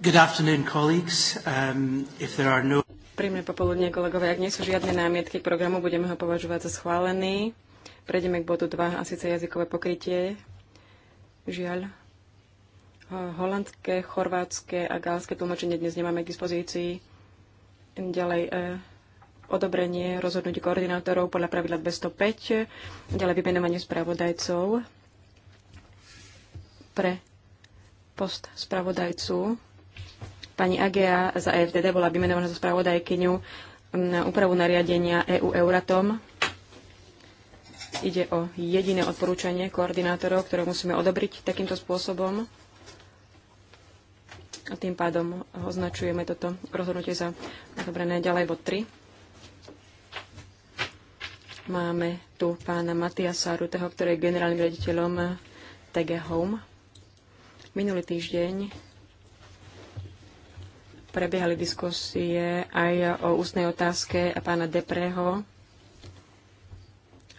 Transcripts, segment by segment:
Good afternoon, colleagues. Um, if there are no... popoludne, kolegovia, ak nie sú žiadne námietky k programu, budeme ho považovať za schválený. Prejdeme k bodu 2, a síce jazykové pokrytie. Žiaľ. Holandské, chorvátske a gálske tlmočenie dnes nemáme k dispozícii. Ďalej e, odobrenie rozhodnutí koordinátorov podľa pravidla 205. Ďalej vymenovanie spravodajcov pre post spravodajcu Pani Agea za EFDD bola vymenovaná za spravodajkyňu na úpravu nariadenia EU Euratom. Ide o jediné odporúčanie koordinátorov, ktoré musíme odobriť takýmto spôsobom. A tým pádom označujeme toto rozhodnutie za odobrené ďalej bod 3. Máme tu pána Matiasa Ruteho, ktorý je generálnym riaditeľom TG Home. Minulý týždeň Prebiehali diskusie aj o ústnej otázke pána Depreho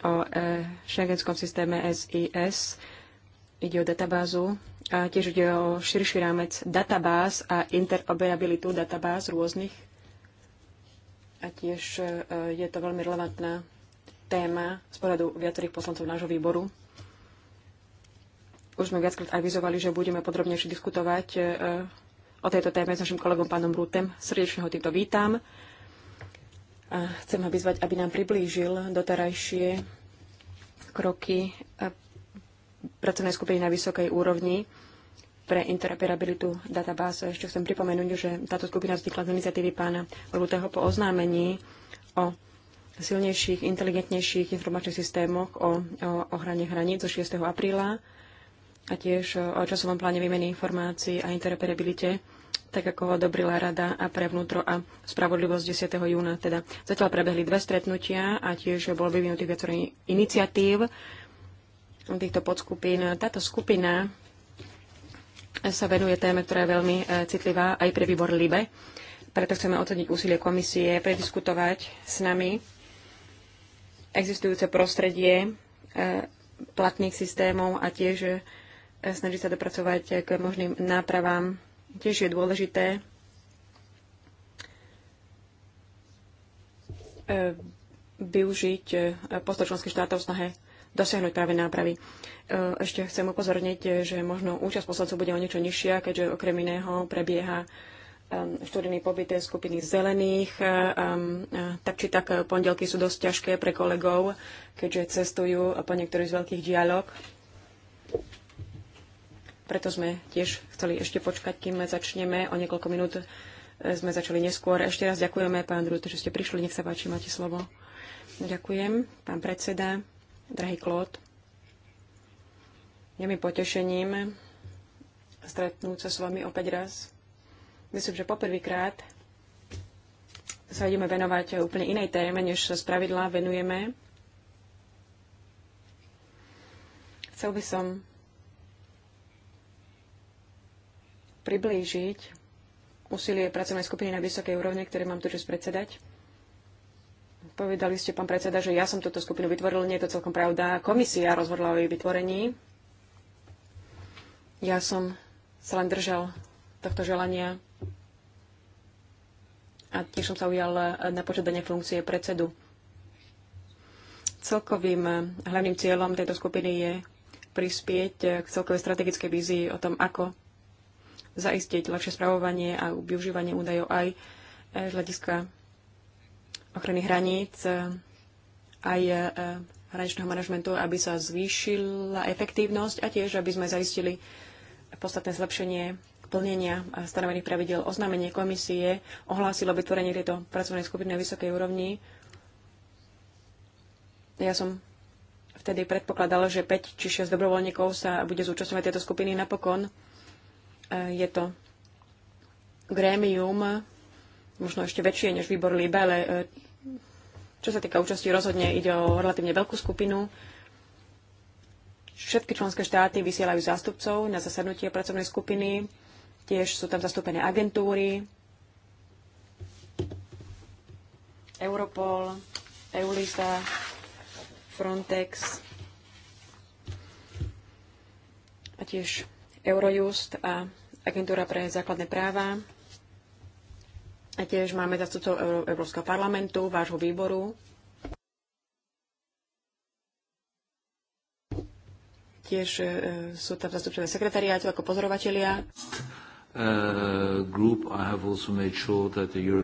o e, šengenskom systéme SIS. Ide o databázu a tiež ide o širší rámec databáz a interoperabilitu databáz rôznych. A tiež e, je to veľmi relevantná téma z pohľadu viacerých poslancov nášho výboru. Už sme viackrát avizovali, že budeme podrobnejšie diskutovať e, o tejto téme s našim kolegom pánom Rútem. Srdečne ho týmto vítam. A chcem ho vyzvať, aby nám priblížil doterajšie kroky e, pracovnej skupiny na vysokej úrovni pre interoperabilitu databáz. Ešte chcem pripomenúť, že táto skupina vznikla z iniciatívy pána Rutého po oznámení o silnejších, inteligentnejších informačných systémoch o, o ochrane hraníc zo 6. apríla a tiež e, o časovom pláne výmeny informácií a interoperabilite, tak ako ho odobrila Rada a pre vnútro a spravodlivosť 10. júna. Teda zatiaľ prebehli dve stretnutia a tiež bolo vyvinutých viacero iniciatív týchto podskupín. Táto skupina sa venuje téme, ktorá je veľmi e, citlivá aj pre výbor LIBE. Preto chceme oceniť úsilie komisie, prediskutovať s nami existujúce prostredie e, platných systémov a tiež snaží sa dopracovať k možným nápravám. Tiež je dôležité e, využiť e, postoj členských štátov v snahe dosiahnuť práve nápravy. E, ešte chcem upozorniť, že možno účasť poslancov bude o niečo nižšia, keďže okrem iného prebieha študijný pobyt skupiny zelených. Tak či tak pondelky sú dosť ťažké pre kolegov, keďže cestujú po niektorých z veľkých dialog. Preto sme tiež chceli ešte počkať, kým začneme. O niekoľko minút e, sme začali neskôr. Ešte raz ďakujeme, pán Drut, že ste prišli. Nech sa páči, máte slovo. Ďakujem, pán predseda, drahý Klód. Je mi potešením stretnúť sa s vami opäť raz. Myslím, že poprvýkrát sa ideme venovať úplne inej téme, než sa z pravidla venujeme. Chcel by som priblížiť úsilie pracovnej skupiny na vysokej úrovni, ktoré mám tu čas predsedať. Povedali ste, pán predseda, že ja som túto skupinu vytvoril, nie je to celkom pravda. Komisia rozhodla o jej vytvorení. Ja som sa len držal tohto želania a tiež som sa ujal na počadanie funkcie predsedu. Celkovým hlavným cieľom tejto skupiny je prispieť k celkovej strategickej vízii o tom, ako zaistiť lepšie spravovanie a využívanie údajov aj e, z hľadiska ochrany hraníc, e, aj e, hraničného manažmentu, aby sa zvýšila efektívnosť a tiež, aby sme zaistili podstatné zlepšenie plnenia stanovených pravidel. Oznámenie komisie ohlásilo vytvorenie tejto pracovnej skupiny na vysokej úrovni. Ja som vtedy predpokladala, že 5 či 6 dobrovoľníkov sa bude zúčastňovať tejto skupiny. Napokon Eh, je to grémium, možno ešte väčšie než výbor LIBE, ale eh, čo sa týka účasti, rozhodne ide o relatívne veľkú skupinu. Všetky členské štáty vysielajú zástupcov na zasadnutie pracovnej skupiny. Tiež sú tam zastúpené agentúry, Europol, EULISA, Frontex a tiež Eurojust a agentúra pre základné práva. A tiež máme zastupcov Európskeho parlamentu, vášho výboru. Tiež e, sú tam zastupcovia sekretariátu ako pozorovatelia. Uh, group, I have also made sure that the Euro-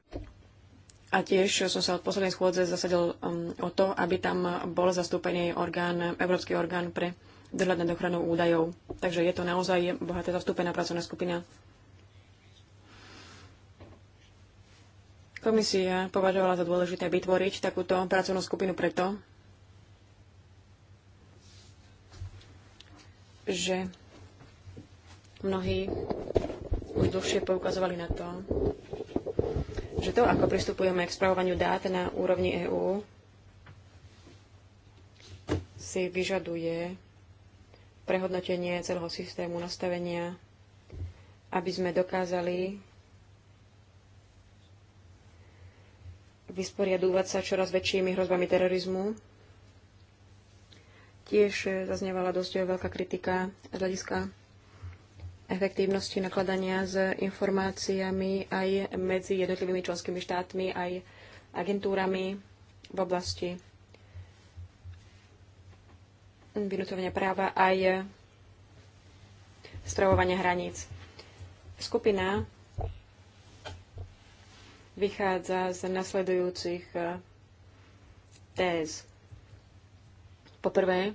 a tiež som sa od poslednej schôdze zasadil um, o to, aby tam bol zastúpený orgán, Európsky orgán pre dohľad nad ochranou údajov. Takže je to naozaj bohaté zastúpená pracovná skupina. Komisia považovala za dôležité vytvoriť takúto pracovnú skupinu preto, že mnohí už dlhšie poukazovali na to, že to, ako pristupujeme k spravovaniu dát na úrovni EÚ, si vyžaduje prehodnotenie celého systému nastavenia, aby sme dokázali vysporiadúvať sa čoraz väčšími hrozbami terorizmu. Tiež zaznievala dosť veľká kritika z hľadiska efektívnosti nakladania s informáciami aj medzi jednotlivými členskými štátmi, aj agentúrami v oblasti vynúcovania práva aj stravovania hraníc. Skupina vychádza z nasledujúcich e, téz. Poprvé,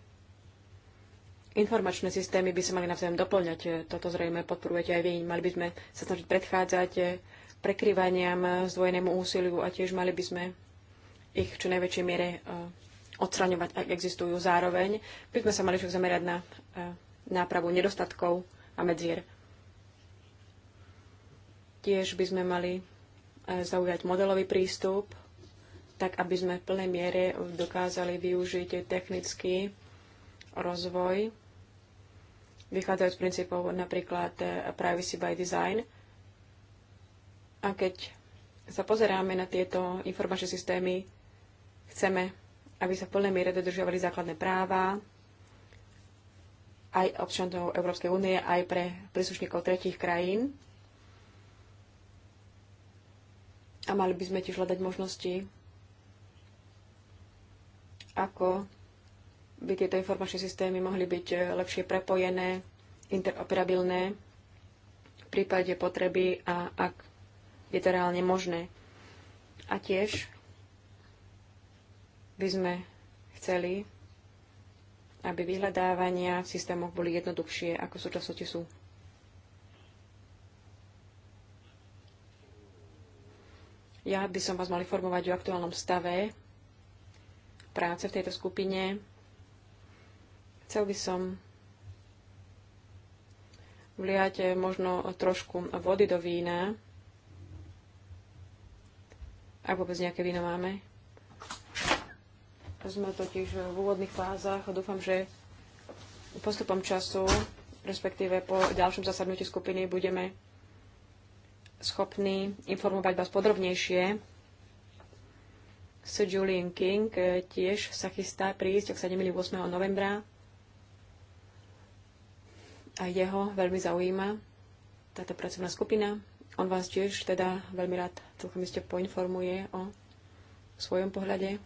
informačné systémy by sa mali navzájom doplňať. Toto zrejme podporujete aj vy. Mali by sme sa snažiť predchádzať prekryvaniam, zdvojenému úsiliu a tiež mali by sme ich čo najväčšej miere e, odstraňovať, ak existujú zároveň. By sme sa mali však zamerať na e, nápravu nedostatkov a medzier. Tiež by sme mali e, zaujať modelový prístup, tak aby sme v plnej miere dokázali využiť technický rozvoj, vychádzajúc z princípov napríklad e, privacy by design. A keď sa pozeráme na tieto informačné systémy, chceme aby sa v plnej miere dodržiavali základné práva aj občanov Európskej únie, aj pre príslušníkov tretích krajín. A mali by sme tiež hľadať možnosti, ako by tieto informačné systémy mohli byť lepšie prepojené, interoperabilné v prípade potreby a ak je to reálne možné. A tiež by sme chceli, aby vyhľadávania v systémoch boli jednoduchšie, ako sú súčasnosti sú. Ja by som vás mali formovať o aktuálnom stave práce v tejto skupine. Chcel by som vliať možno trošku vody do vína, ak vôbec nejaké víno máme. Sme totiž v úvodných fázach a dúfam, že postupom času, respektíve po ďalšom zasadnutí skupiny, budeme schopní informovať vás podrobnejšie. Sir Julian King eh, tiež sa chystá prísť, ak sa nemili 8. novembra. A jeho veľmi zaujíma táto pracovná skupina. On vás tiež teda veľmi rád celkom iste poinformuje o svojom pohľade.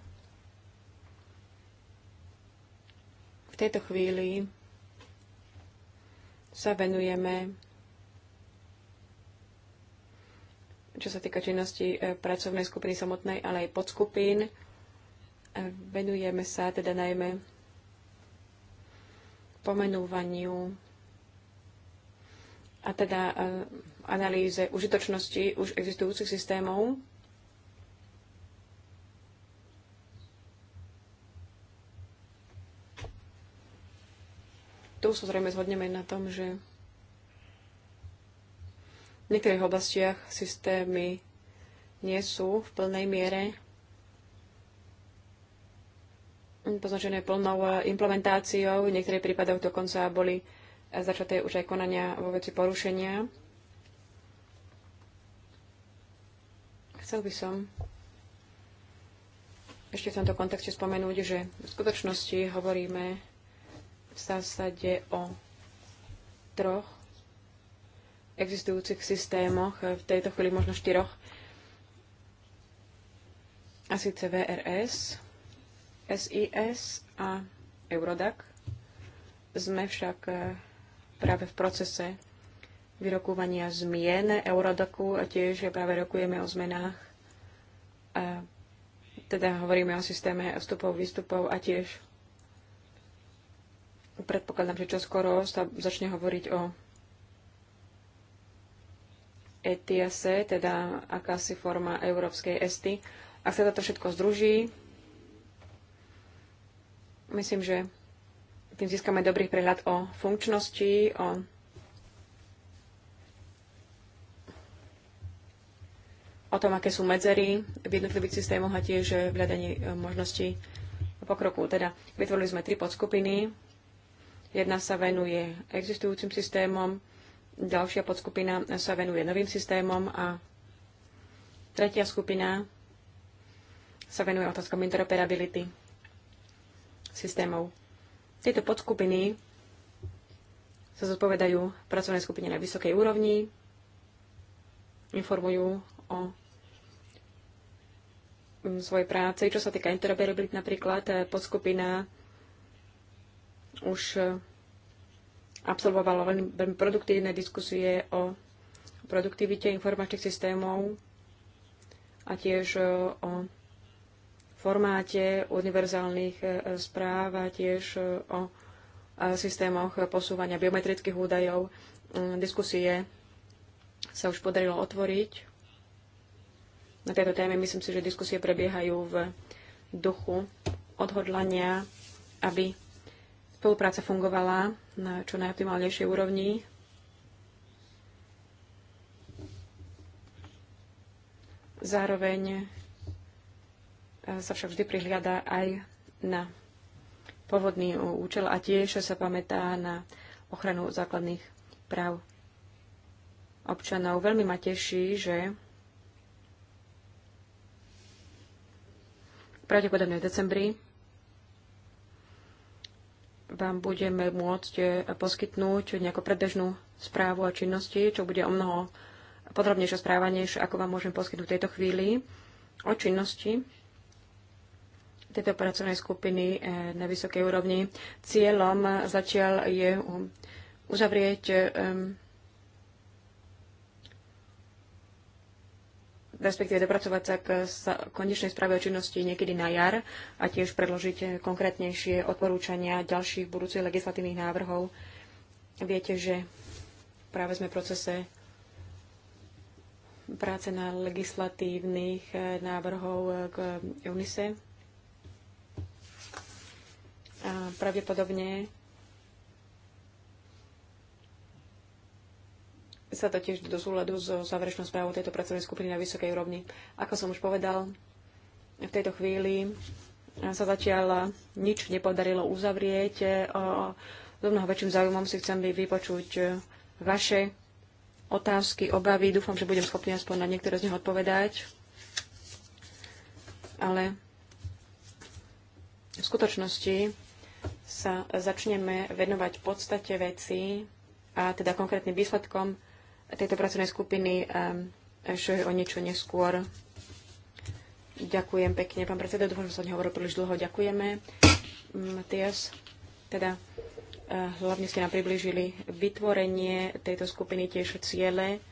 V tejto chvíli sa venujeme, čo sa týka činnosti e, pracovnej skupiny samotnej, ale aj podskupín. E, venujeme sa teda najmä pomenúvaniu a teda e, analýze užitočnosti už existujúcich systémov Tu sa zrejme zhodneme na tom, že v niektorých oblastiach systémy nie sú v plnej miere poznačené plnou eh, implementáciou. V niektorých prípadoch dokonca boli eh, začaté už aj konania vo veci porušenia. Chcel by som ešte v tomto kontexte spomenúť, že v skutočnosti hovoríme v zásade o troch existujúcich systémoch, v tejto chvíli možno štyroch, a síce VRS, SIS a Eurodac. Sme však eh, práve v procese vyrokovania zmien Eurodacu a tiež práve rokujeme o zmenách. A eh, teda hovoríme o systéme vstupov, výstupov a tiež Predpokladám, že čoskoro sa začne hovoriť o ETS, teda akási forma európskej esty. Ak sa toto všetko združí, myslím, že tým získame dobrý prehľad o funkčnosti, o o tom, aké sú medzery v jednotlivých systémoch a tiež eh, v hľadaní eh, možností pokroku. Teda vytvorili sme tri podskupiny Jedna sa venuje existujúcim systémom, ďalšia podskupina sa venuje novým systémom a tretia skupina sa venuje otázkom interoperability systémov. Tieto podskupiny sa zodpovedajú pracovnej skupine na vysokej úrovni, informujú o svojej práci. Čo sa týka interoperability napríklad, podskupina už e, absolvovalo veľmi, veľmi produktívne diskusie o produktivite informačných systémov a tiež e, o formáte univerzálnych e, správ a tiež o systémoch posúvania biometrických údajov. Diskusie sa už podarilo otvoriť. Na tejto téme myslím si, že diskusie prebiehajú v duchu odhodlania, aby spolupráca fungovala na čo najoptimálnejšej úrovni. Zároveň e, sa však vždy prihliada aj na pôvodný účel a tiež sa pamätá na ochranu základných práv občanov. Veľmi ma teší, že pravdepodobne v decembri vám budeme môcť e, poskytnúť nejakú predbežnú správu a činnosti, čo bude o mnoho podrobnejšie správa, než ako vám môžem poskytnúť v tejto chvíli o činnosti tejto pracovnej skupiny e, na vysokej úrovni. Cieľom zatiaľ je uzavrieť respektíve dopracovať sa k konečnej správe o činnosti niekedy na jar a tiež predložiť konkrétnejšie odporúčania ďalších budúcich legislatívnych návrhov. Viete, že práve sme v procese práce na legislatívnych eh, návrhov eh, k UNICE. A pravdepodobne sa to tiež do súladu so záverečnou správou tejto pracovnej skupiny na vysokej úrovni. Ako som už povedal, v tejto chvíli sa zatiaľ nič nepodarilo uzavrieť. So mnoho väčším záujmom si chcem vypočuť vaše otázky, obavy. Dúfam, že budem schopný aspoň na niektoré z nich odpovedať. Ale v skutočnosti sa začneme venovať podstate veci a teda konkrétnym výsledkom tejto pracovnej skupiny ehm, ešte o niečo neskôr. Ďakujem pekne, pán predseda. Dúfam, že som nehovoril príliš dlho. Ďakujeme, mm, Matias. Teda eh, hlavne ste nám priblížili vytvorenie tejto skupiny, tiež ciele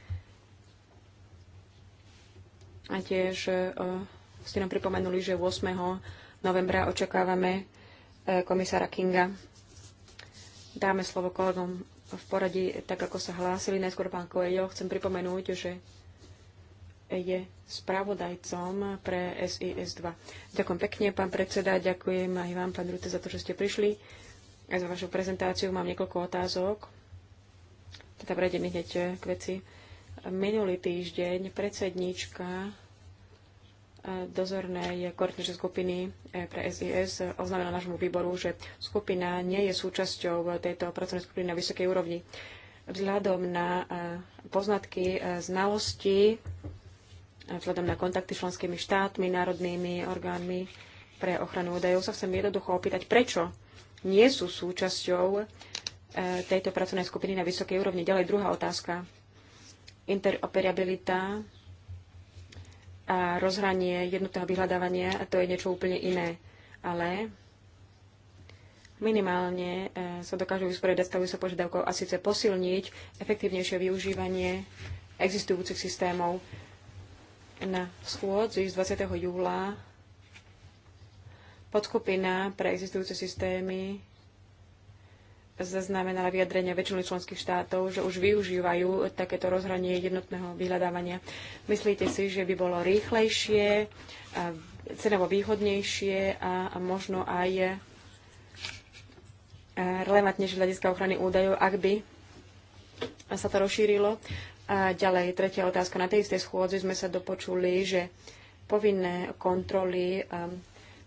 a tiež eh, ste nám pripomenuli, že 8. novembra očakávame eh, komisára Kinga. Dáme slovo kolegom v poradí, tak ako sa hlásili najskôr pán Koejo, chcem pripomenúť, že je spravodajcom pre SIS-2. Ďakujem pekne, pán predseda, ďakujem aj vám, pán Rute, za to, že ste prišli. Aj za vašu prezentáciu mám niekoľko otázok. Teda prejdeme hneď k veci. Minulý týždeň predsednička dozornej koordinačnej skupiny eh, pre SIS oznámila nášmu výboru, že skupina nie je súčasťou tejto pracovnej skupiny na vysokej úrovni. Vzhľadom na eh, poznatky, eh, znalosti, vzhľadom na kontakty s členskými štátmi, národnými orgánmi pre ochranu údajov sa chcem jednoducho opýtať, prečo nie sú súčasťou tejto pracovnej skupiny na vysokej úrovni. Ďalej druhá otázka. Interoperabilita a rozhranie jednotného vyhľadávania, to je niečo úplne iné. Ale minimálne e, sa dokážu vysporiadať s sa požiadavkou a síce posilniť efektívnejšie využívanie existujúcich systémov. Na schôdzi z 20. júla podskupina pre existujúce systémy zaznamenala vyjadrenia väčšiny členských štátov, že už využívajú takéto rozhranie jednotného vyhľadávania. Myslíte si, že by bolo rýchlejšie, cenovo výhodnejšie a, možno aj e, relevantnejšie hľadiska ochrany údajov, ak by sa to rozšírilo? A ďalej, tretia otázka. Na tej istej schôdzi sme sa dopočuli, že povinné kontroly e,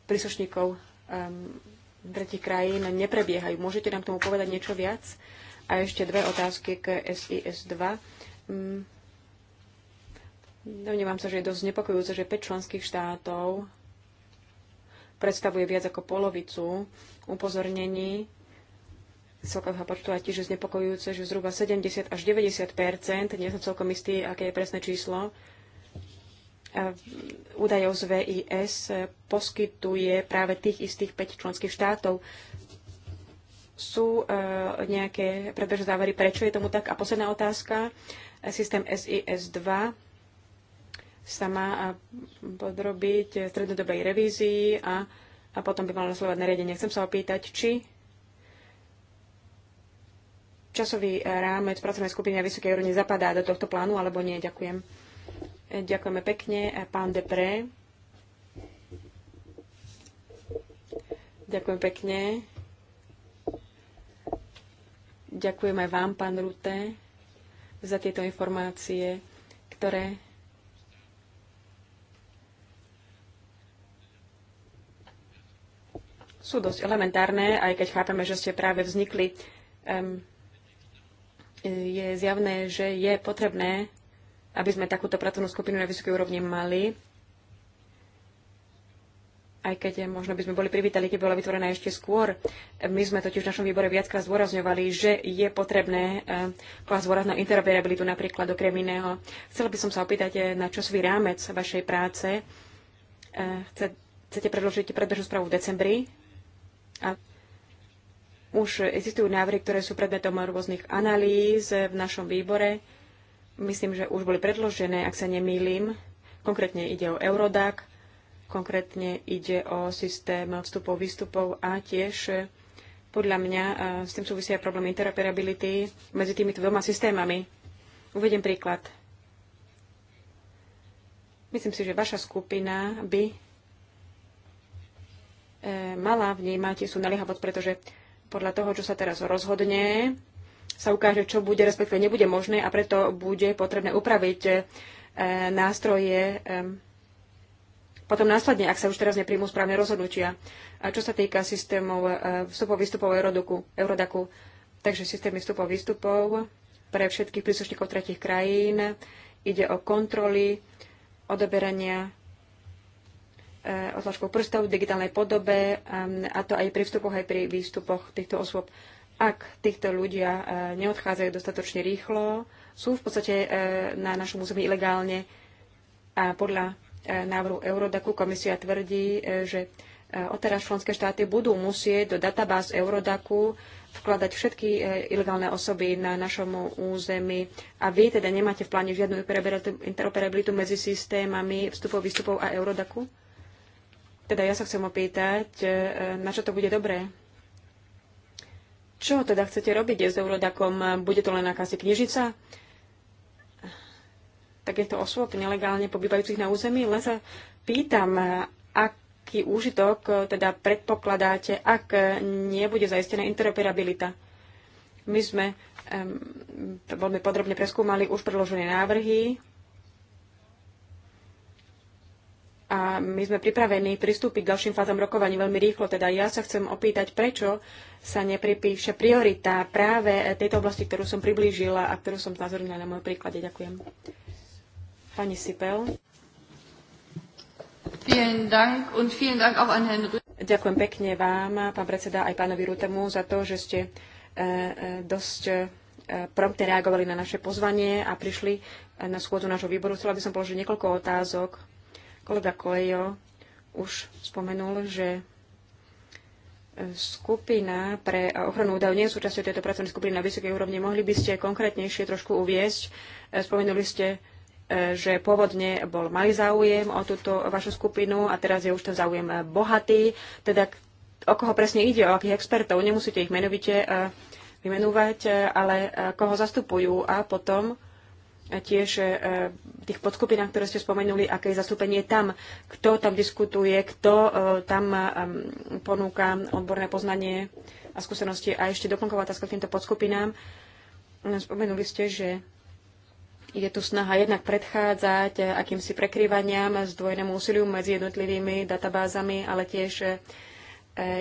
príslušníkov e, tretich krajín neprebiehajú. Môžete nám tomu povedať niečo viac? A ešte dve otázky k SIS-2. Mm. Domnievam sa, že je dosť znepokojujúce, že 5 členských štátov predstavuje viac ako polovicu upozornení celkového počtu a tiež znepokojujúce, že zhruba 70 až 90 nie som celkom istý, aké je presné číslo, údajov z VIS poskytuje práve tých istých 5 členských štátov. Sú e, nejaké predbežné závery, prečo je tomu tak? A posledná otázka. Systém SIS-2 sa má e, podrobiť strednodobej revízii a, a potom by malo nasledovať nariadenie. Chcem sa opýtať, či časový e, rámec pracovnej skupiny na vysokej úrovni zapadá do tohto plánu, alebo nie. Ďakujem. Ďakujeme pekne. Pán depre. Ďakujem pekne. Ďakujem aj vám, pán Rute, za tieto informácie, ktoré sú dosť elementárne, aj keď chápeme, že ste práve vznikli. Um, je zjavné, že je potrebné aby sme takúto pracovnú skupinu na vysokej úrovni mali. Aj keď možno by sme boli privítali, keby bola vytvorená ešte skôr. My sme totiž v našom výbore viackrát zdôrazňovali, že je potrebné eh, klas dôraz na interoperabilitu napríklad okrem iného. Chcela by som sa opýtať eh, na časový rámec vašej práce. Eh, chcete predložiť predbežnú správu v decembri? A už existujú návrhy, ktoré sú predmetom rôznych analýz v našom výbore myslím, že už boli predložené, ak sa nemýlim. Konkrétne ide o Eurodac, konkrétne ide o systém vstupov, výstupov a tiež eh, podľa mňa eh, s tým súvisia problém interoperability medzi týmito dvoma systémami. Uvediem príklad. Myslím si, že vaša skupina by eh, mala vnímať sú naliehavosť, pretože podľa toho, čo sa teraz rozhodne, sa ukáže, čo bude, respektíve nebude možné a preto bude potrebné upraviť e, nástroje e, potom následne, ak sa už teraz nepríjmú správne rozhodnutia. A čo sa týka systémov e, vstupov výstupov Eurodaku, takže systémy vstupov výstupov pre všetkých príslušníkov tretich krajín, ide o kontroly, odoberania otlačkov prstov v digitálnej podobe, a to aj pri vstupoch, aj pri výstupoch týchto osôb. Ak týchto ľudia e, neodchádzajú dostatočne rýchlo, sú v podstate e, na našom území ilegálne a podľa e, návrhu Eurodaku komisia tvrdí, že odteraz členské štáty budú musieť do databáz Eurodaku vkladať všetky ilegálne osoby na našom území a vy teda nemáte v pláne žiadnu interoperabilitu medzi systémami vstupov, výstupov a Eurodaku? Teda ja sa chcem opýtať, na čo to bude dobré? Čo teda chcete robiť s Eurodakom? Bude to len akási knižica takýchto osôb nelegálne pobývajúcich na území? Len sa pýtam, aký úžitok teda predpokladáte, ak nebude zaistená interoperabilita. My sme um, veľmi podrobne preskúmali už predložené návrhy a my sme pripravení pristúpiť k ďalším fázam rokovaní veľmi rýchlo. Teda ja sa chcem opýtať, prečo sa nepripíše priorita práve tejto oblasti, ktorú som priblížila a ktorú som znázornila na môj príklade. Ďakujem. Pani Sipel. Ďakujem pekne vám, pán predseda, aj pánovi Rutemu za to, že ste e, e, dosť e, promptne reagovali na naše pozvanie a prišli na schôdzu nášho výboru. Chcela by som položiť niekoľko otázok Kolega Kojo už spomenul, že e, skupina pre ochranu údajov nie je súčasťou tejto pracovnej skupiny na vysokej úrovni. Mohli by ste konkrétnejšie trošku uviesť? E, spomenuli ste, e, že pôvodne bol malý záujem o túto vašu skupinu a teraz je už ten záujem bohatý. Teda o koho presne ide, o akých expertov, nemusíte ich menovite vymenúvať, ale koho zastupujú a potom tiež e, v tých podskupinách, ktoré ste spomenuli, aké je zastúpenie tam, kto tam diskutuje, kto e, tam e, ponúka odborné poznanie a skúsenosti. A ešte doplnková otázka k týmto podskupinám. Spomenuli ste, že je tu snaha jednak predchádzať akýmsi prekrývaniam, zdvojenému úsiliu medzi jednotlivými databázami, ale tiež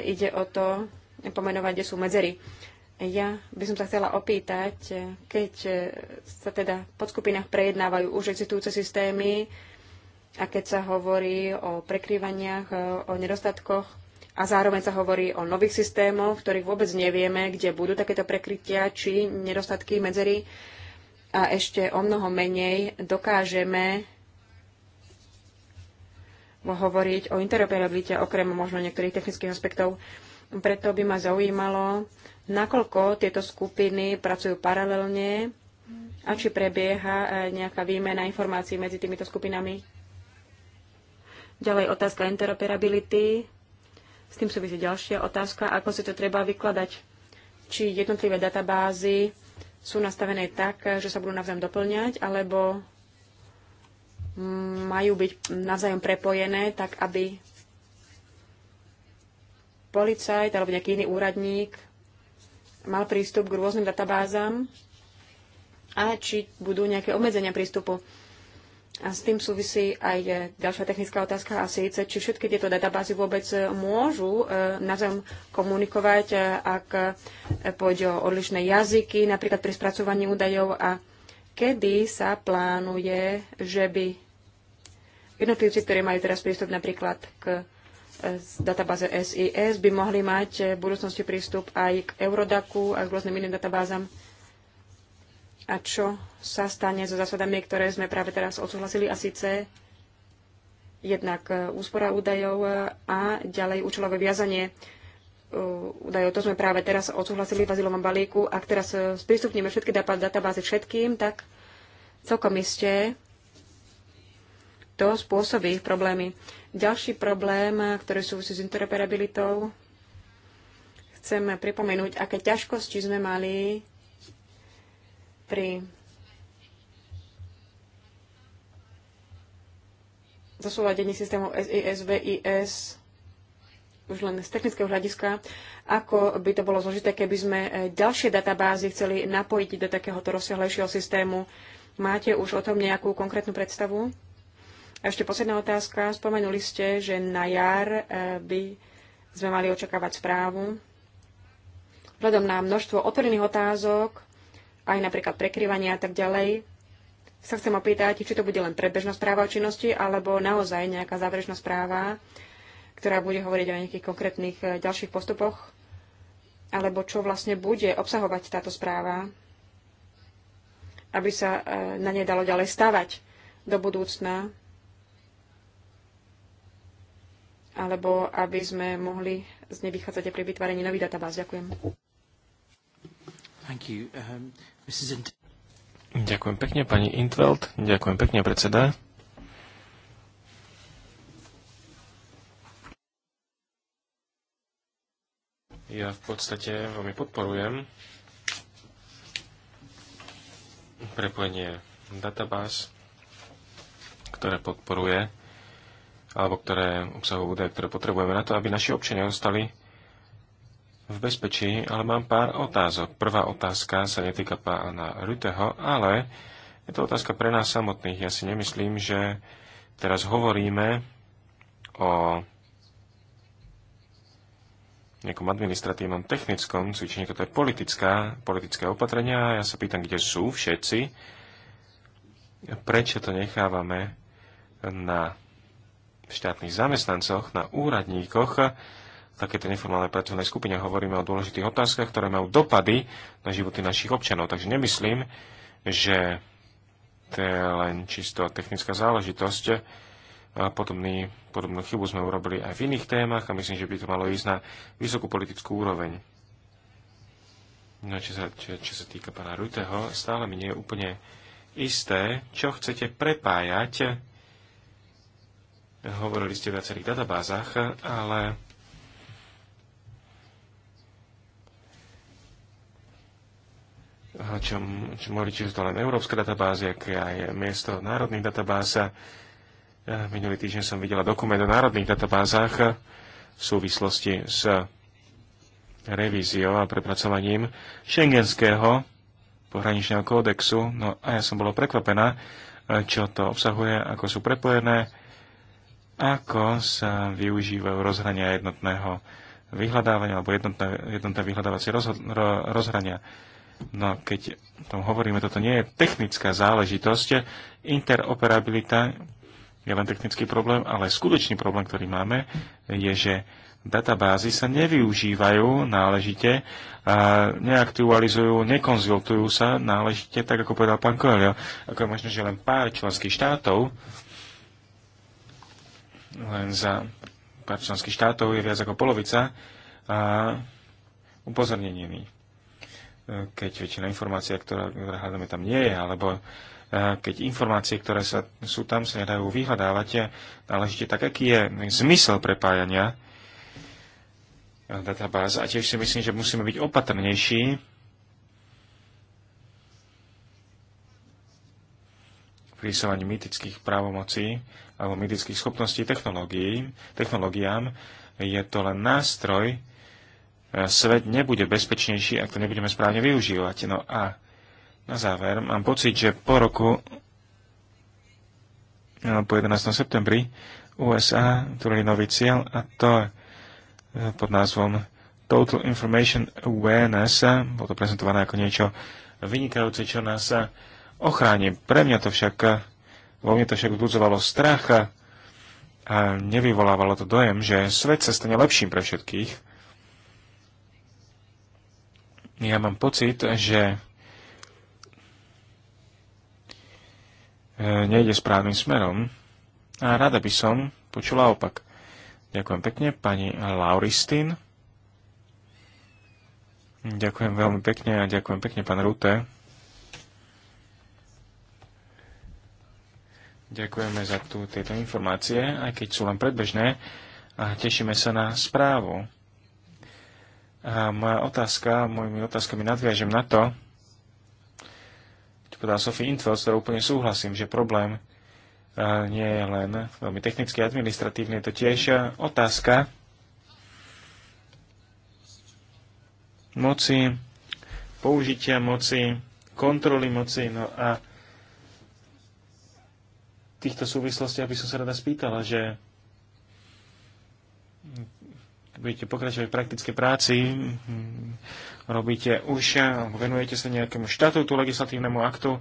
ide o to pomenovať, kde sú medzery. Ja by som sa chcela opýtať, keď sa teda v podskupinách prejednávajú už existujúce systémy a keď sa hovorí o prekrývaniach, o nedostatkoch a zároveň sa hovorí o nových systémoch, v ktorých vôbec nevieme, kde budú takéto prekrytia či nedostatky, medzery a ešte o mnoho menej dokážeme hovoriť o interoperabilite okrem možno niektorých technických aspektov. Preto by ma zaujímalo, nakoľko tieto skupiny pracujú paralelne a či prebieha e, nejaká výmena informácií medzi týmito skupinami. Ďalej otázka interoperability. S tým súvisí ďalšia otázka, ako si to treba vykladať. Či jednotlivé databázy sú nastavené tak, že sa budú navzájom doplňať, alebo majú byť navzájom prepojené, tak aby policajt alebo nejaký iný úradník mal prístup k rôznym databázám a či budú nejaké obmedzenia prístupu. A s tým súvisí aj ďalšia technická otázka a síce, či všetky tieto databázy vôbec môžu e, zem komunikovať, e, ak pôjde o odlišné jazyky, napríklad pri spracovaní údajov a kedy sa plánuje, že by jednotlivci, ktorí majú teraz prístup napríklad k z databáze SIS by mohli mať eh, v budúcnosti prístup aj k Eurodaku a k rôznym iným databázam. A čo sa stane so zásadami, ktoré sme práve teraz odsúhlasili a síce jednak eh, úspora údajov eh, a ďalej účelové viazanie údajov. To sme práve teraz odsúhlasili v azylovom balíku. Ak teraz sprístupníme všetky databázy všetkým, tak celkom iste to spôsobí problémy. Ďalší problém, ktorý súvisí s interoperabilitou, chcem pripomenúť, aké ťažkosti sme mali pri zosúladení systému SIS, VIS už len z technického hľadiska, ako by to bolo zložité, keby sme e, ďalšie databázy chceli napojiť do takéhoto rozsiahlejšieho systému. Máte už o tom nejakú konkrétnu predstavu? A ešte posledná otázka. Spomenuli ste, že na jar eh, by sme mali očakávať správu. Vzhľadom na množstvo otvorených otázok, aj napríklad prekryvania a tak ďalej, sa chcem opýtať, či to bude len predbežná správa o činnosti, alebo naozaj nejaká záverečná správa, ktorá bude hovoriť o nejakých konkrétnych eh, ďalších postupoch, alebo čo vlastne bude obsahovať táto správa, aby sa eh, na nej dalo ďalej stavať do budúcna alebo aby sme mohli z nej vychádzať aj pri vytváraní nových databáz. Ďakujem. Thank you. Um, Mrs. Int- Ďakujem pekne, pani Intveld. Ďakujem pekne, predseda. Ja v podstate veľmi podporujem prepojenie databáz, ktoré podporuje alebo ktoré obsahujú údaje, ktoré potrebujeme na to, aby naši občania ostali v bezpečí, ale mám pár otázok. Prvá otázka sa netýka pána Ruteho, ale je to otázka pre nás samotných. Ja si nemyslím, že teraz hovoríme o nejakom administratívnom technickom cvičení, toto je politická, politické opatrenia a ja sa pýtam, kde sú všetci, prečo to nechávame na v štátnych zamestnancoch, na úradníkoch, v takéto neformálnej pracovnej skupine hovoríme o dôležitých otázkach, ktoré majú dopady na životy našich občanov. Takže nemyslím, že to je len čisto technická záležitosť. Podobný, podobnú chybu sme urobili aj v iných témach a myslím, že by to malo ísť na vysokú politickú úroveň. No, čo sa, čo, čo sa týka pána Ruteho, stále mi nie je úplne isté, čo chcete prepájať Hovorili ste o viacerých databázach, ale čo, čo hovorí, či sú to len európska databáza, aké aj miesto národných databáz. Minulý týždeň som videla dokument o národných databázach v súvislosti s revíziou a prepracovaním šengenského pohraničného kódexu. No a ja som bola prekvapená, čo to obsahuje, ako sú prepojené ako sa využívajú rozhrania jednotného vyhľadávania alebo jednotné, jednotné vyhľadávacie rozho- ro- rozhrania. No keď tom hovoríme, toto nie je technická záležitosť. Interoperabilita je len technický problém, ale skutočný problém, ktorý máme, je, že databázy sa nevyužívajú náležite, a neaktualizujú, nekonzultujú sa náležite, tak ako povedal pán Koelio, ako je možno, že len pár členských štátov len za pár členských štátov je viac ako polovica a upozornenými. Keď väčšina informácia, ktorá hľadáme tam nie je, alebo keď informácie, ktoré sa, sú tam, sa nedajú vyhľadávať, náležite tak, aký je zmysel prepájania databáza. A tiež si myslím, že musíme byť opatrnejší prisovaní mýtických právomocí alebo mýtických schopností technológií, technológiám. Je to len nástroj, e, svet nebude bezpečnejší, ak to nebudeme správne využívať. No a na záver mám pocit, že po roku e, po 11. septembri USA tvorili nový cieľ a to e, pod názvom Total Information Awareness. Bolo to prezentované ako niečo vynikajúce, čo nás sa ochránim. Pre mňa to však, vo mne to však vzbudzovalo strach a nevyvolávalo to dojem, že svet sa stane lepším pre všetkých. Ja mám pocit, že e, nejde správnym smerom a rada by som počula opak. Ďakujem pekne, pani Lauristin. Ďakujem veľmi pekne a ďakujem pekne, pán Rute. Ďakujeme za tú, tieto informácie, aj keď sú len predbežné a tešíme sa na správu. A moja otázka, mojimi otázkami nadviažem na to, čo povedala Sophie Intfeld, s ktorou úplne súhlasím, že problém nie je len veľmi technicky administratívny, je to tiež otázka moci, použitia moci, kontroly moci, no a týchto súvislostiach by som sa rada spýtala, že budete pokračovať v praktickej práci, robíte už, venujete sa nejakému štatútu, legislatívnemu aktu,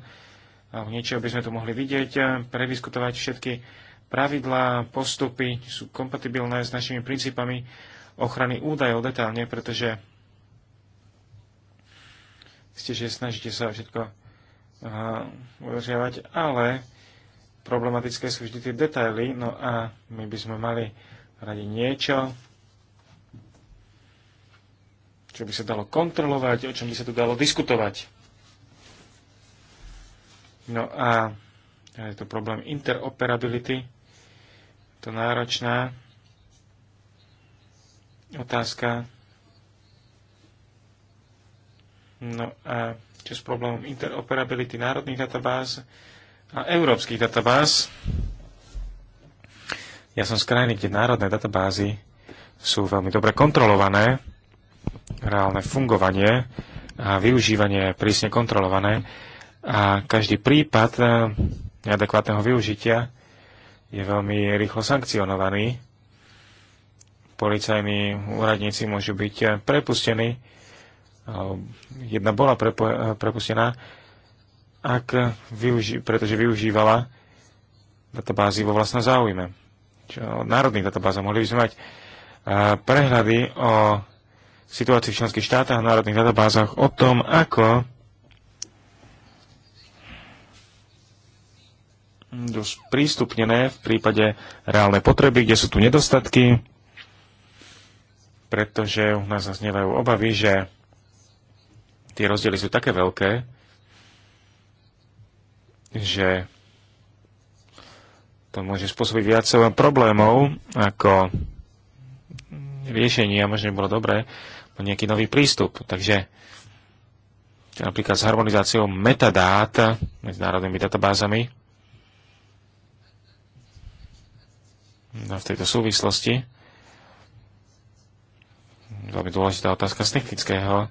alebo niečo by sme to mohli vidieť, prediskutovať všetky pravidlá, postupy, sú kompatibilné s našimi princípami ochrany údajov detálne, pretože ste, že snažíte sa všetko eh, uvažiavať, ale problematické sú vždy tie detaily, no a my by sme mali radi niečo, čo by sa dalo kontrolovať, o čom by sa tu dalo diskutovať. No a je to problém interoperability, to náročná otázka. No a čo s problémom interoperability národných databáz, a európskych databáz. Ja som z krajiny, kde národné databázy sú veľmi dobre kontrolované, reálne fungovanie a využívanie je prísne kontrolované a každý prípad eh, neadekvátneho využitia je veľmi rýchlo sankcionovaný. Policajní úradníci môžu byť eh, prepustení. Eh, jedna bola prepustená ak využi- pretože využívala databázy vo vlastnom záujme. Čo, národných databázov mohli by sme mať prehľady o situácii v členských štátach, v národných databázach, o tom, ako prístupnené v prípade reálnej potreby, kde sú tu nedostatky, pretože u nás zaznievajú obavy, že tie rozdiely sú také veľké, že to môže spôsobiť viac problémov ako riešenie a možno by bolo dobré nejaký nový prístup. Takže napríklad s harmonizáciou metadát medzinárodnými databázami no, v tejto súvislosti veľmi dôležitá otázka z technického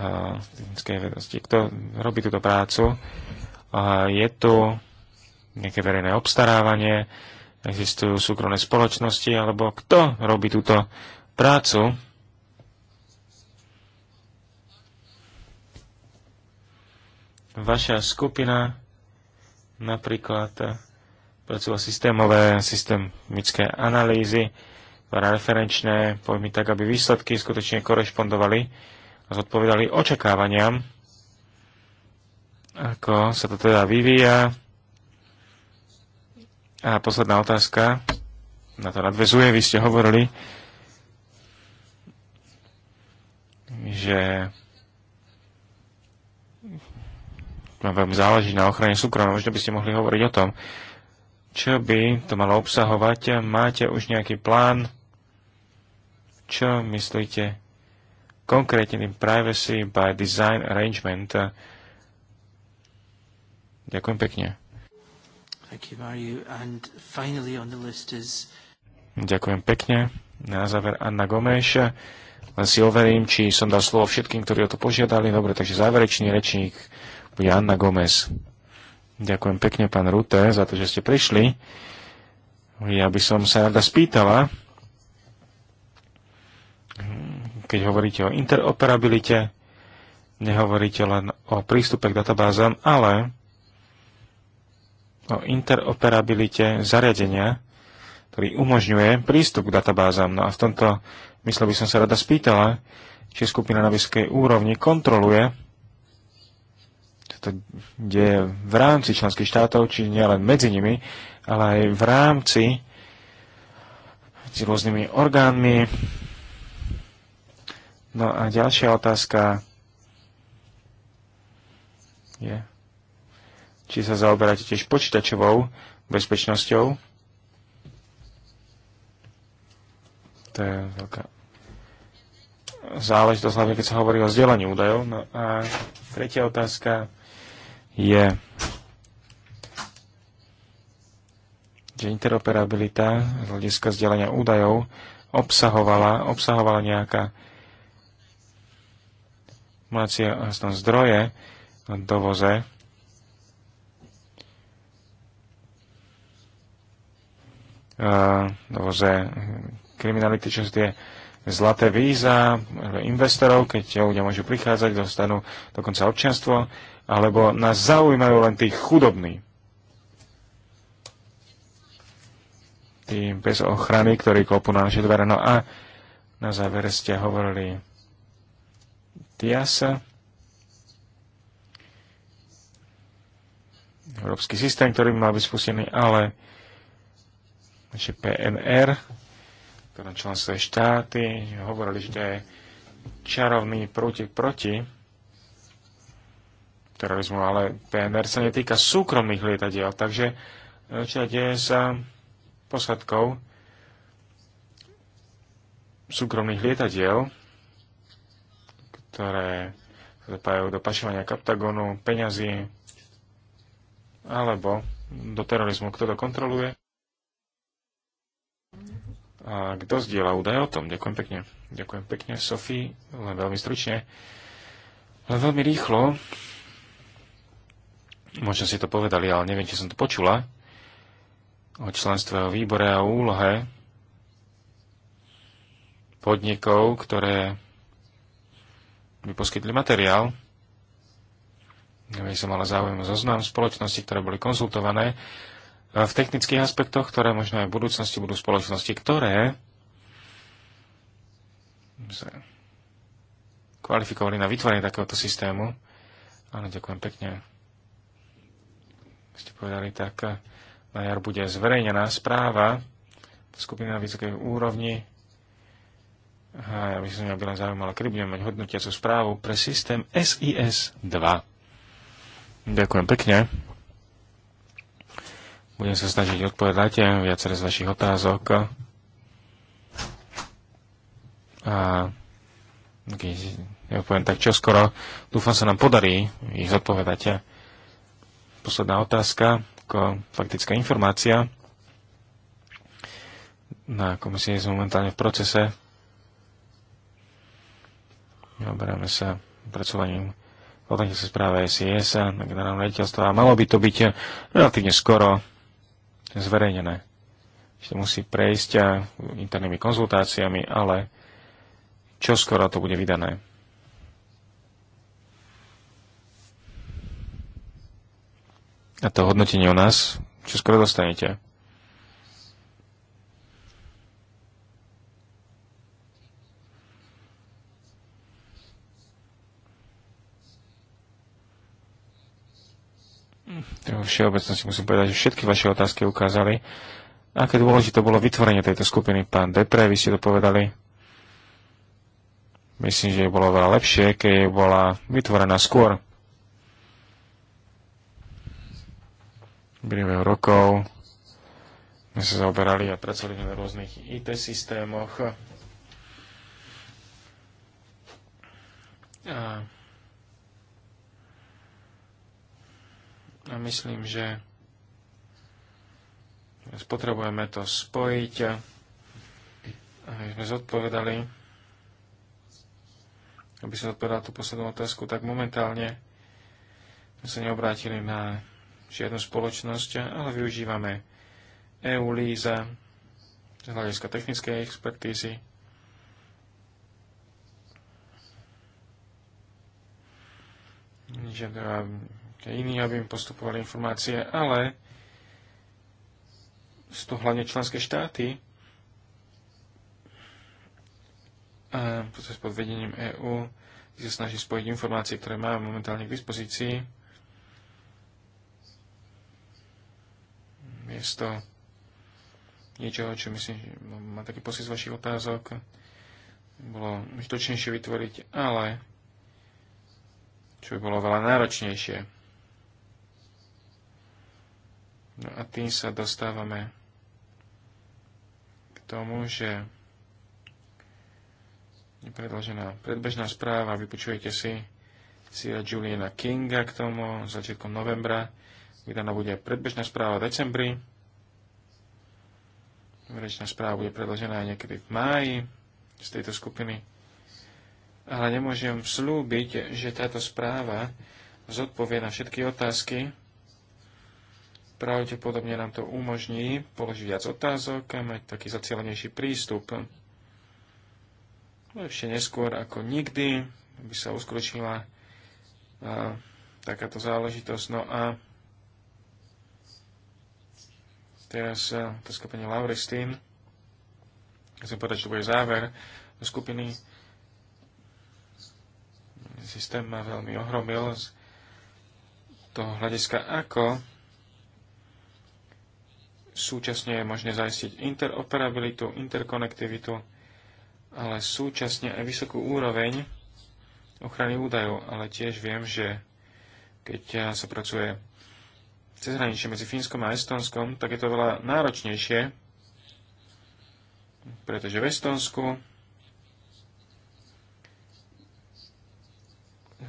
eh, z technickej vedosti. Kto robí túto prácu? je tu nejaké verejné obstarávanie, existujú súkromné spoločnosti, alebo kto robí túto prácu. Vaša skupina napríklad pracuje systémové, systémické analýzy, referenčné pojmy tak, aby výsledky skutočne korešpondovali a zodpovedali očakávaniam ako sa to teda vyvíja. A posledná otázka, na to nadvezuje, vy ste hovorili, že vám veľmi záleží na ochrane súkromia. Možno by ste mohli hovoriť o tom, čo by to malo obsahovať. Máte už nejaký plán? Čo myslíte konkrétne tým privacy by design arrangement? Ďakujem pekne. You, is... Ďakujem pekne. Na záver Anna Gomeš. Len si overím, či som dal slovo všetkým, ktorí o to požiadali. Dobre, takže záverečný rečník bude Anna Gomez. Ďakujem pekne, pán Rute, za to, že ste prišli. Ja by som sa rada spýtala, keď hovoríte o interoperabilite, nehovoríte len o prístupe k databázam, ale o interoperabilite zariadenia, ktorý umožňuje prístup k databázam. No a v tomto mysle by som sa rada spýtala, či skupina na vysokej úrovni kontroluje, čo to deje v rámci členských štátov, či nielen medzi nimi, ale aj v rámci s rôznymi orgánmi. No a ďalšia otázka je či sa zaoberáte tiež počítačovou bezpečnosťou. To je veľká záležitosť, hlavne keď sa hovorí o vzdelaní údajov. No a tretia otázka je, že interoperabilita z hľadiska vzdelania údajov obsahovala, obsahovala nejaká informácia zdroje dovoze dovoze eh, kriminality, čo sú tie zlaté víza eh, investorov, keď ľudia môžu prichádzať, dostanú dokonca občianstvo, alebo nás zaujímajú len tí chudobní. Tí bez ochrany, ktorí klopú na naše dvere. No a na záver ste hovorili TIAS, európsky systém, ktorý by mal byť spustený, ale naše PNR, ktorom členské štáty hovorili, že to je čarovný prútik proti terorizmu, ale PNR sa netýka súkromných lietadiel, takže eh, čo deje sa eh, posadkou súkromných lietadiel, ktoré zapájajú do pašovania kaptagonu, peňazí alebo do terorizmu. Kto to kontroluje? A kto zdieľa údaje o tom? Ďakujem pekne. Ďakujem pekne, Sofii, len veľmi stručne. Len veľmi rýchlo. Možno si to povedali, ale neviem, či som to počula. O členstve o výbore a úlohe podnikov, ktoré by poskytli materiál. Neviem, som mala záujem o zoznam spoločnosti, ktoré boli konzultované v technických aspektoch, ktoré možno aj v budúcnosti budú spoločnosti, ktoré kvalifikovali na vytvorenie takéhoto systému. Áno, ďakujem pekne. Ste povedali tak, eh, na jar bude zverejnená správa skupina na vysokej úrovni. A ja by som mňa byla zaujímala, kedy budeme mať hodnotiacu správu pre systém SIS-2. Ďakujem pekne. Budem sa snažiť odpovedať viaceré z vašich otázok. A keď ja poviem tak čoskoro, dúfam sa nám podarí ich zodpovedať. Posledná otázka, ako faktická informácia. Na komisii sme momentálne v procese. Oberáme sa pracovaním hodnotia sa správe SIS na generálne rediteľstvo a malo by to byť relatívne skoro zverejnené. Ešte musí prejsť internými konzultáciami, ale čo skoro to bude vydané. A to hodnotenie o nás, čo skoro dostanete. v všeobecnosti musím povedať, že všetky vaše otázky ukázali, aké dôležité bolo vytvorenie tejto skupiny. Pán Depre, vy ste to povedali. Myslím, že je bolo veľa lepšie, keď bola vytvorená skôr. Minulého rokov My sa zaoberali a pracovali na rôznych IT systémoch. A A myslím, že potrebujeme to spojiť. Aby sme zodpovedali, aby sme zodpovedali tú poslednú otázku, tak momentálne sme sa neobrátili na žiadnu spoločnosť, ale využívame EU Líza z hľadiska technickej expertízy. Žiadna niekto iný, aby im postupovali informácie, ale sú toho hlavne členské štáty a proces pod vedením EÚ sa snaží spojiť informácie, ktoré máme momentálne k dispozícii miesto niečoho, čo myslím, že má taký pocit z vašich otázok, bolo užitočnejšie vytvoriť, ale čo by bolo veľa náročnejšie. No a tým sa dostávame k tomu, že je predložená predbežná správa, vypočujete si Sira Juliana Kinga k tomu začiatkom novembra. Vydaná bude predbežná správa v decembri. Verečná správa bude predložená aj niekedy v máji z tejto skupiny. Ale nemôžem slúbiť, že táto správa zodpovie na všetky otázky, Pravdepodobne nám to umožní položiť viac otázok a mať taký zacielenejší prístup. No, ešte neskôr ako nikdy by sa uskutočnila takáto záležitosť. No a teraz to skupenie Lauristín. Chcem povedať, že to bude záver do skupiny. Systém ma veľmi ohromil z toho hľadiska, ako Súčasne je možné zaistiť interoperabilitu, interkonektivitu, ale súčasne aj vysokú úroveň ochrany údajov. Ale tiež viem, že keď sa pracuje cez cezhraničie medzi Fínskom a Estonskom, tak je to veľa náročnejšie, pretože v Estonsku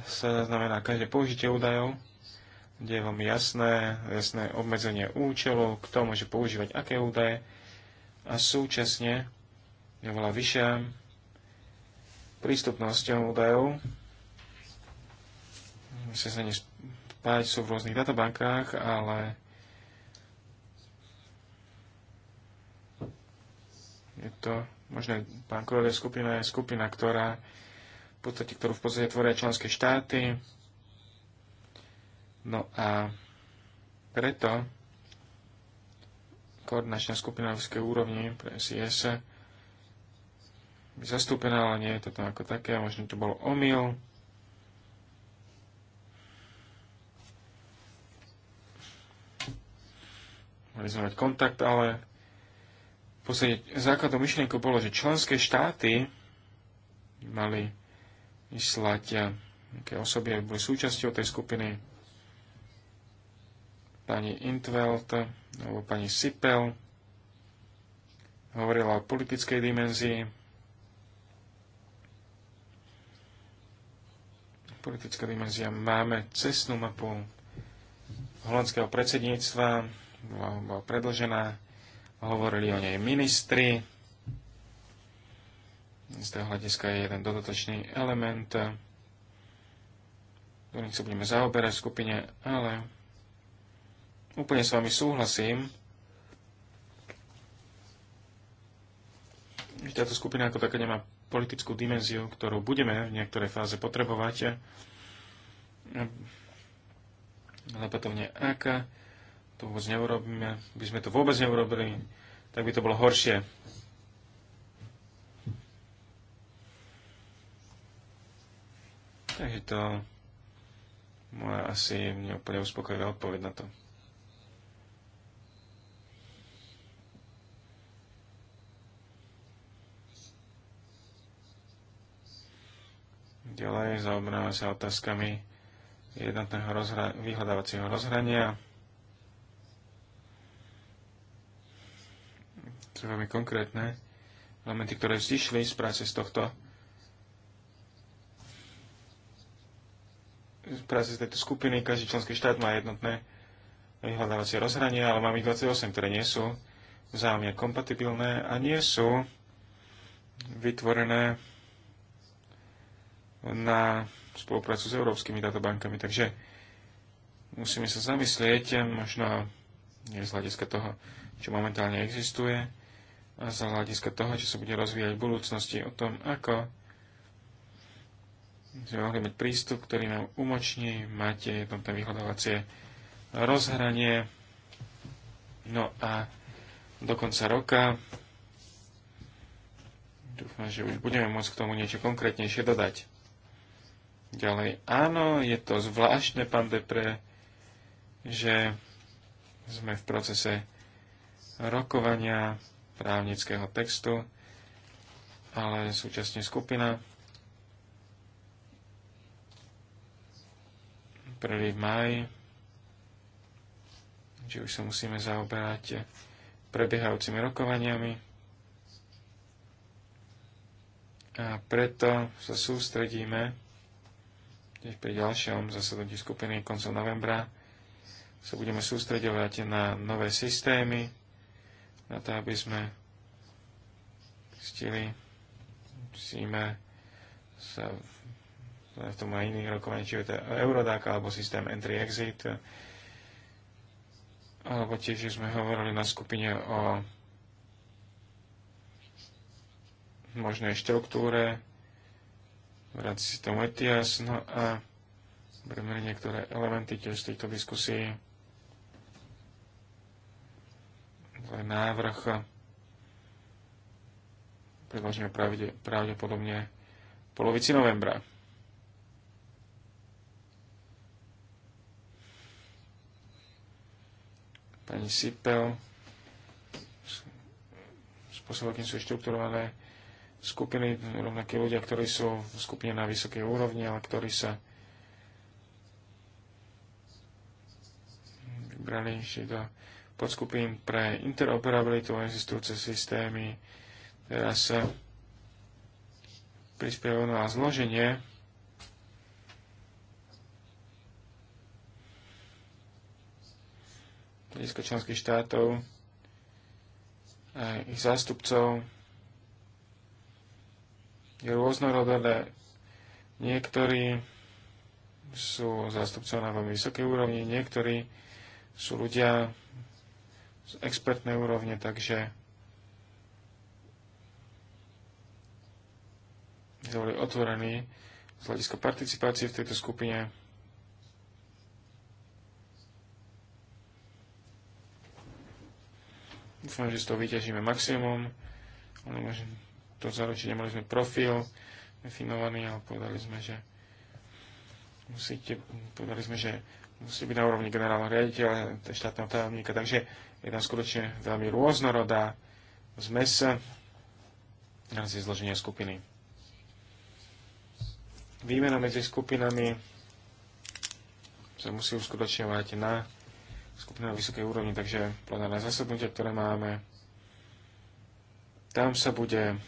sa znamená každé použitie údajov, kde je veľmi jasné, jasné obmedzenie účelu, kto môže používať aké údaje a súčasne je veľa vyššia prístupnosť údajov. Musia sa nespáť, sú v rôznych databankách, ale je to možno banková skupina je skupina, ktorá v podstate, ktorú v podstate tvoria členské štáty, No a preto koordinačná skupina európskej úrovni pre SIS zastúpená, ale nie je to tam ako také, možno to bol omyl. Mali sme mať kontakt, ale v podstate základom myšlienkou bolo, že členské štáty mali vyslať nejaké osoby, aby boli súčasťou tej skupiny pani Intveld alebo pani Sipel hovorila o politickej dimenzii. Politická dimenzia máme cestnú mapu holandského predsedníctva, bola, bola predlžená, hovorili o nej ministri. Z toho hľadiska je jeden dodatočný element, ktorým sa budeme zaoberať v skupine, ale Úplne s vami súhlasím. Táto skupina ako taká nemá politickú dimenziu, ktorú budeme v niektorej fáze potrebovať. nie, aká to vôbec neurobíme, by sme to vôbec neurobili, tak by to bolo horšie. Takže to moja asi neúplne uspokojivá odpoveď na to. Ďalej zaoberáme sa otázkami jednotného rozhra- vyhľadávacieho rozhrania. To veľmi konkrétne elementy, ktoré vzýšli z práce z tohto z práce z tejto skupiny. Každý členský štát má jednotné vyhľadávacie rozhranie, ale máme ich 28, ktoré nie sú vzájomne kompatibilné a nie sú vytvorené na spoluprácu s európskymi databankami. Takže musíme sa zamyslieť, možno nie z hľadiska toho, čo momentálne existuje, a z hľadiska toho, čo sa bude rozvíjať v budúcnosti, o tom, ako sme mohli mať prístup, ktorý nám umoční mať jednotné vyhľadávacie rozhranie. No a do konca roka dúfam, že už budeme môcť k tomu niečo konkrétnejšie dodať. Ďalej, áno, je to zvláštne, pán Depre, že sme v procese rokovania právnického textu, ale súčasne skupina prvý maj, že už sa musíme zaoberať prebiehajúcimi rokovaniami. A preto sa sústredíme Tiež pri ďalšom zasadnutí skupiny koncom novembra sa budeme sústredovať na nové systémy, na to, aby sme stili, musíme sa v tom aj iných rokovaní, či je to Eurodáka, alebo systém Entry-Exit, alebo tiež sme hovorili na skupine o možnej štruktúre v rámci systému ETIAS. No a budeme niektoré elementy tiež z tejto diskusí To je návrh. Predložíme pravde, pravdepodobne v polovici novembra. Pani Sipel, spôsob, akým sú štrukturované skupiny, rovnakí ľudia, ktorí sú v skupine na vysokej úrovni, ale ktorí sa vybrali ešte do podskupín pre interoperabilitu existujúce systémy. Teraz sa prispievajú na zloženie hľadiska členských štátov a ich zástupcov rôznorodé. Niektorí sú zástupcov na veľmi vysokej úrovni, niektorí sú ľudia z expertnej úrovne, takže sme boli otvorení z hľadiska participácie v tejto skupine. Dúfam, že z toho vyťažíme maximum to zaručiť. Nemali sme profil definovaný, ale povedali sme, že musíte, povedali sme, že musí byť na úrovni generálneho riaditeľa, štátneho tajomníka, takže je tam skutočne veľmi rôznorodá zmes rámci zloženia skupiny. Výmena medzi skupinami sa musí uskutočňovať na skupina na vysokej úrovni, takže plenárne zasadnutie, ktoré máme, tam sa bude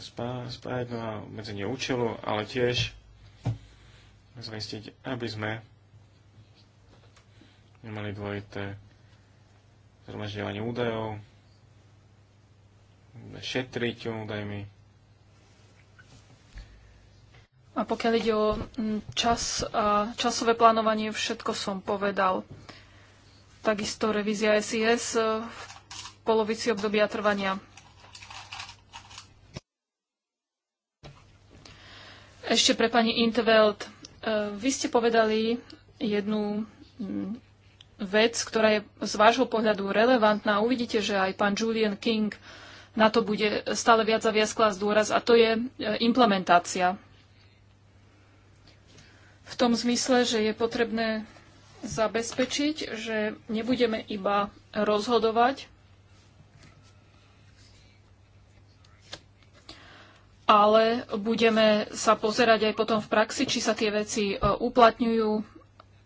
spravedlnú no a obmedzenie účelu, ale tiež zaistiť, aby sme nemali dvojité zhromažďovanie údajov, šetriť údajmi. A pokiaľ ide o mm, čas a časové plánovanie, všetko som povedal. Takisto revízia SIS eh, v polovici obdobia trvania Ešte pre pani Intveld. E, vy ste povedali jednu mm, vec, ktorá je z vášho pohľadu relevantná. Uvidíte, že aj pán Julian King na to bude stále viac a viac klásť dôraz, a to je e, implementácia. V tom zmysle, že je potrebné zabezpečiť, že nebudeme iba rozhodovať, ale budeme sa pozerať aj potom v praxi, či sa tie veci e, uplatňujú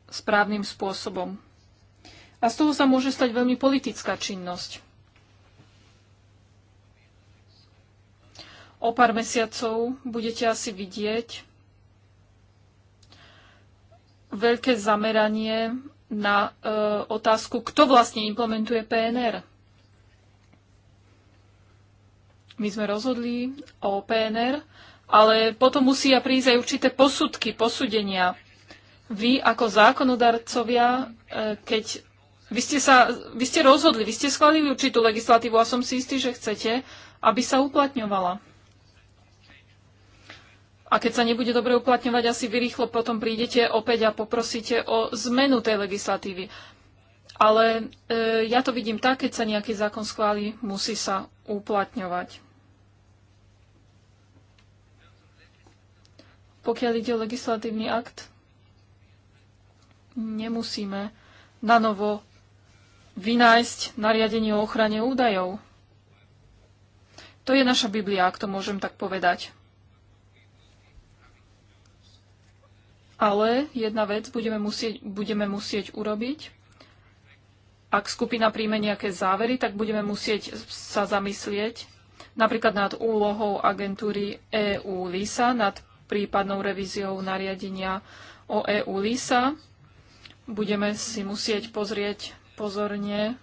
správnym spôsobom. A z toho sa môže stať veľmi politická činnosť. O pár mesiacov budete asi vidieť veľké zameranie na e, otázku, kto vlastne implementuje PNR my sme rozhodli o PNR, ale potom musia prísť aj určité posudky, posudenia. Vy ako zákonodarcovia, e, keď vy ste, sa, vy ste rozhodli, vy ste schválili určitú legislatívu a som si istý, že chcete, aby sa uplatňovala. A keď sa nebude dobre uplatňovať, asi vy rýchlo potom prídete opäť a poprosíte o zmenu tej legislatívy. Ale e, ja to vidím tak, keď sa nejaký zákon schváli, musí sa uplatňovať. Pokiaľ ide o legislatívny akt, nemusíme na novo vynájsť nariadenie o ochrane údajov. To je naša Biblia, ak to môžem tak povedať. Ale jedna vec budeme musieť, budeme musieť urobiť. Ak skupina príjme nejaké závery, tak budeme musieť sa zamyslieť napríklad nad úlohou agentúry EU LISA, nad prípadnou revíziou nariadenia o EU LISA. Budeme si musieť pozrieť pozorne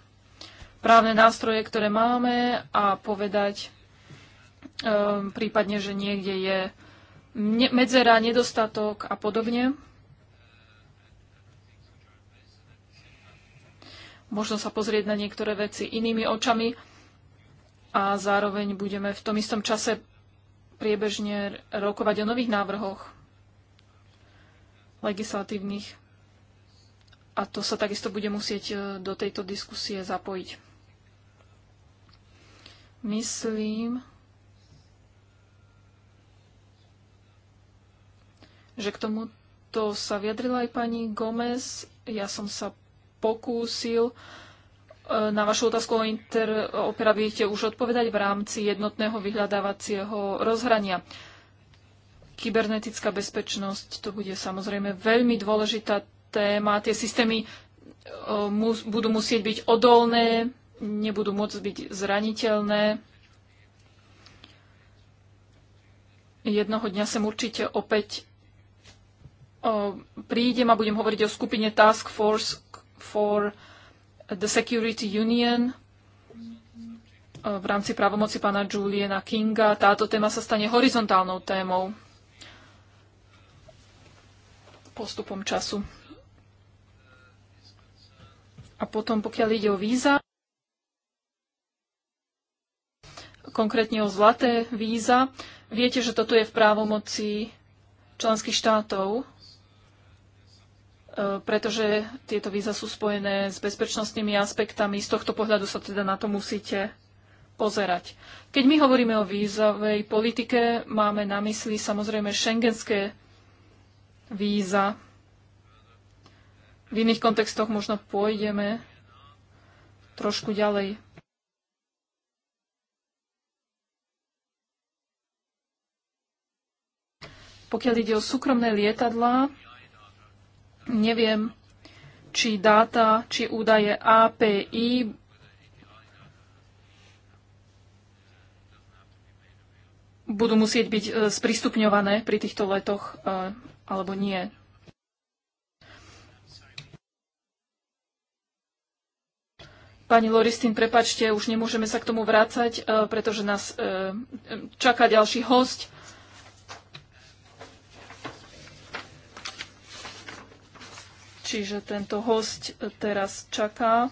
právne nástroje, ktoré máme a povedať um, prípadne, že niekde je ne- medzera, nedostatok a podobne. Možno sa pozrieť na niektoré veci inými očami a zároveň budeme v tom istom čase priebežne rokovať o nových návrhoch legislatívnych. A to sa takisto bude musieť e, do tejto diskusie zapojiť. Myslím, že k tomuto sa vyjadrila aj pani Gomez. Ja som sa pokúsil uh, na vašu otázku o interoperabilite už odpovedať v rámci jednotného vyhľadávacieho rozhrania. Kybernetická bezpečnosť, to bude samozrejme veľmi dôležitá téma. Tie systémy e, budú musieť byť odolné, nebudú môcť byť zraniteľné. Jednoho dňa sem určite opäť e, prídem a budem hovoriť o skupine Task Force for The Security Union uh, v rámci právomoci pána Juliana Kinga. Táto téma sa stane horizontálnou témou postupom času. A potom, pokiaľ ide o víza, konkrétne o zlaté víza, viete, že toto je v právomoci členských štátov E, pretože tieto víza sú spojené s bezpečnostnými aspektami. Z tohto pohľadu sa teda na to musíte pozerať. Keď my hovoríme o vízovej politike, máme na mysli samozrejme šengenské víza. V iných kontextoch možno pôjdeme trošku ďalej. Pokiaľ ide o súkromné lietadlá, Neviem, či dáta, či údaje API budú musieť byť e, sprístupňované pri týchto letoch e, alebo nie. Pani Loristin, prepačte, už nemôžeme sa k tomu vrácať, e, pretože nás čaká ďalší host. Čiže tento host teraz čaká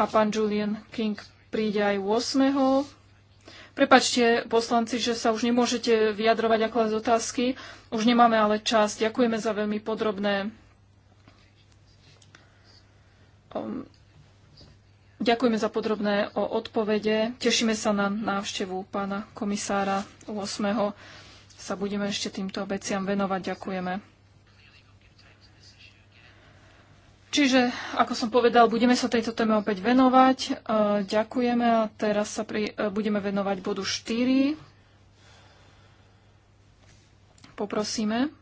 a pán Julian King príde aj 8. Prepačte, poslanci, že sa už nemôžete vyjadrovať ako z otázky. Už nemáme ale čas. Ďakujeme za veľmi podrobné um, Ďakujeme za podrobné o odpovede. Tešíme sa na návštevu pána komisára 8. sa budeme ešte týmto veciam venovať. Ďakujeme. Čiže, ako som povedal, budeme sa tejto téme opäť venovať. E, ďakujeme a teraz sa pri, e, budeme venovať bodu 4. Poprosíme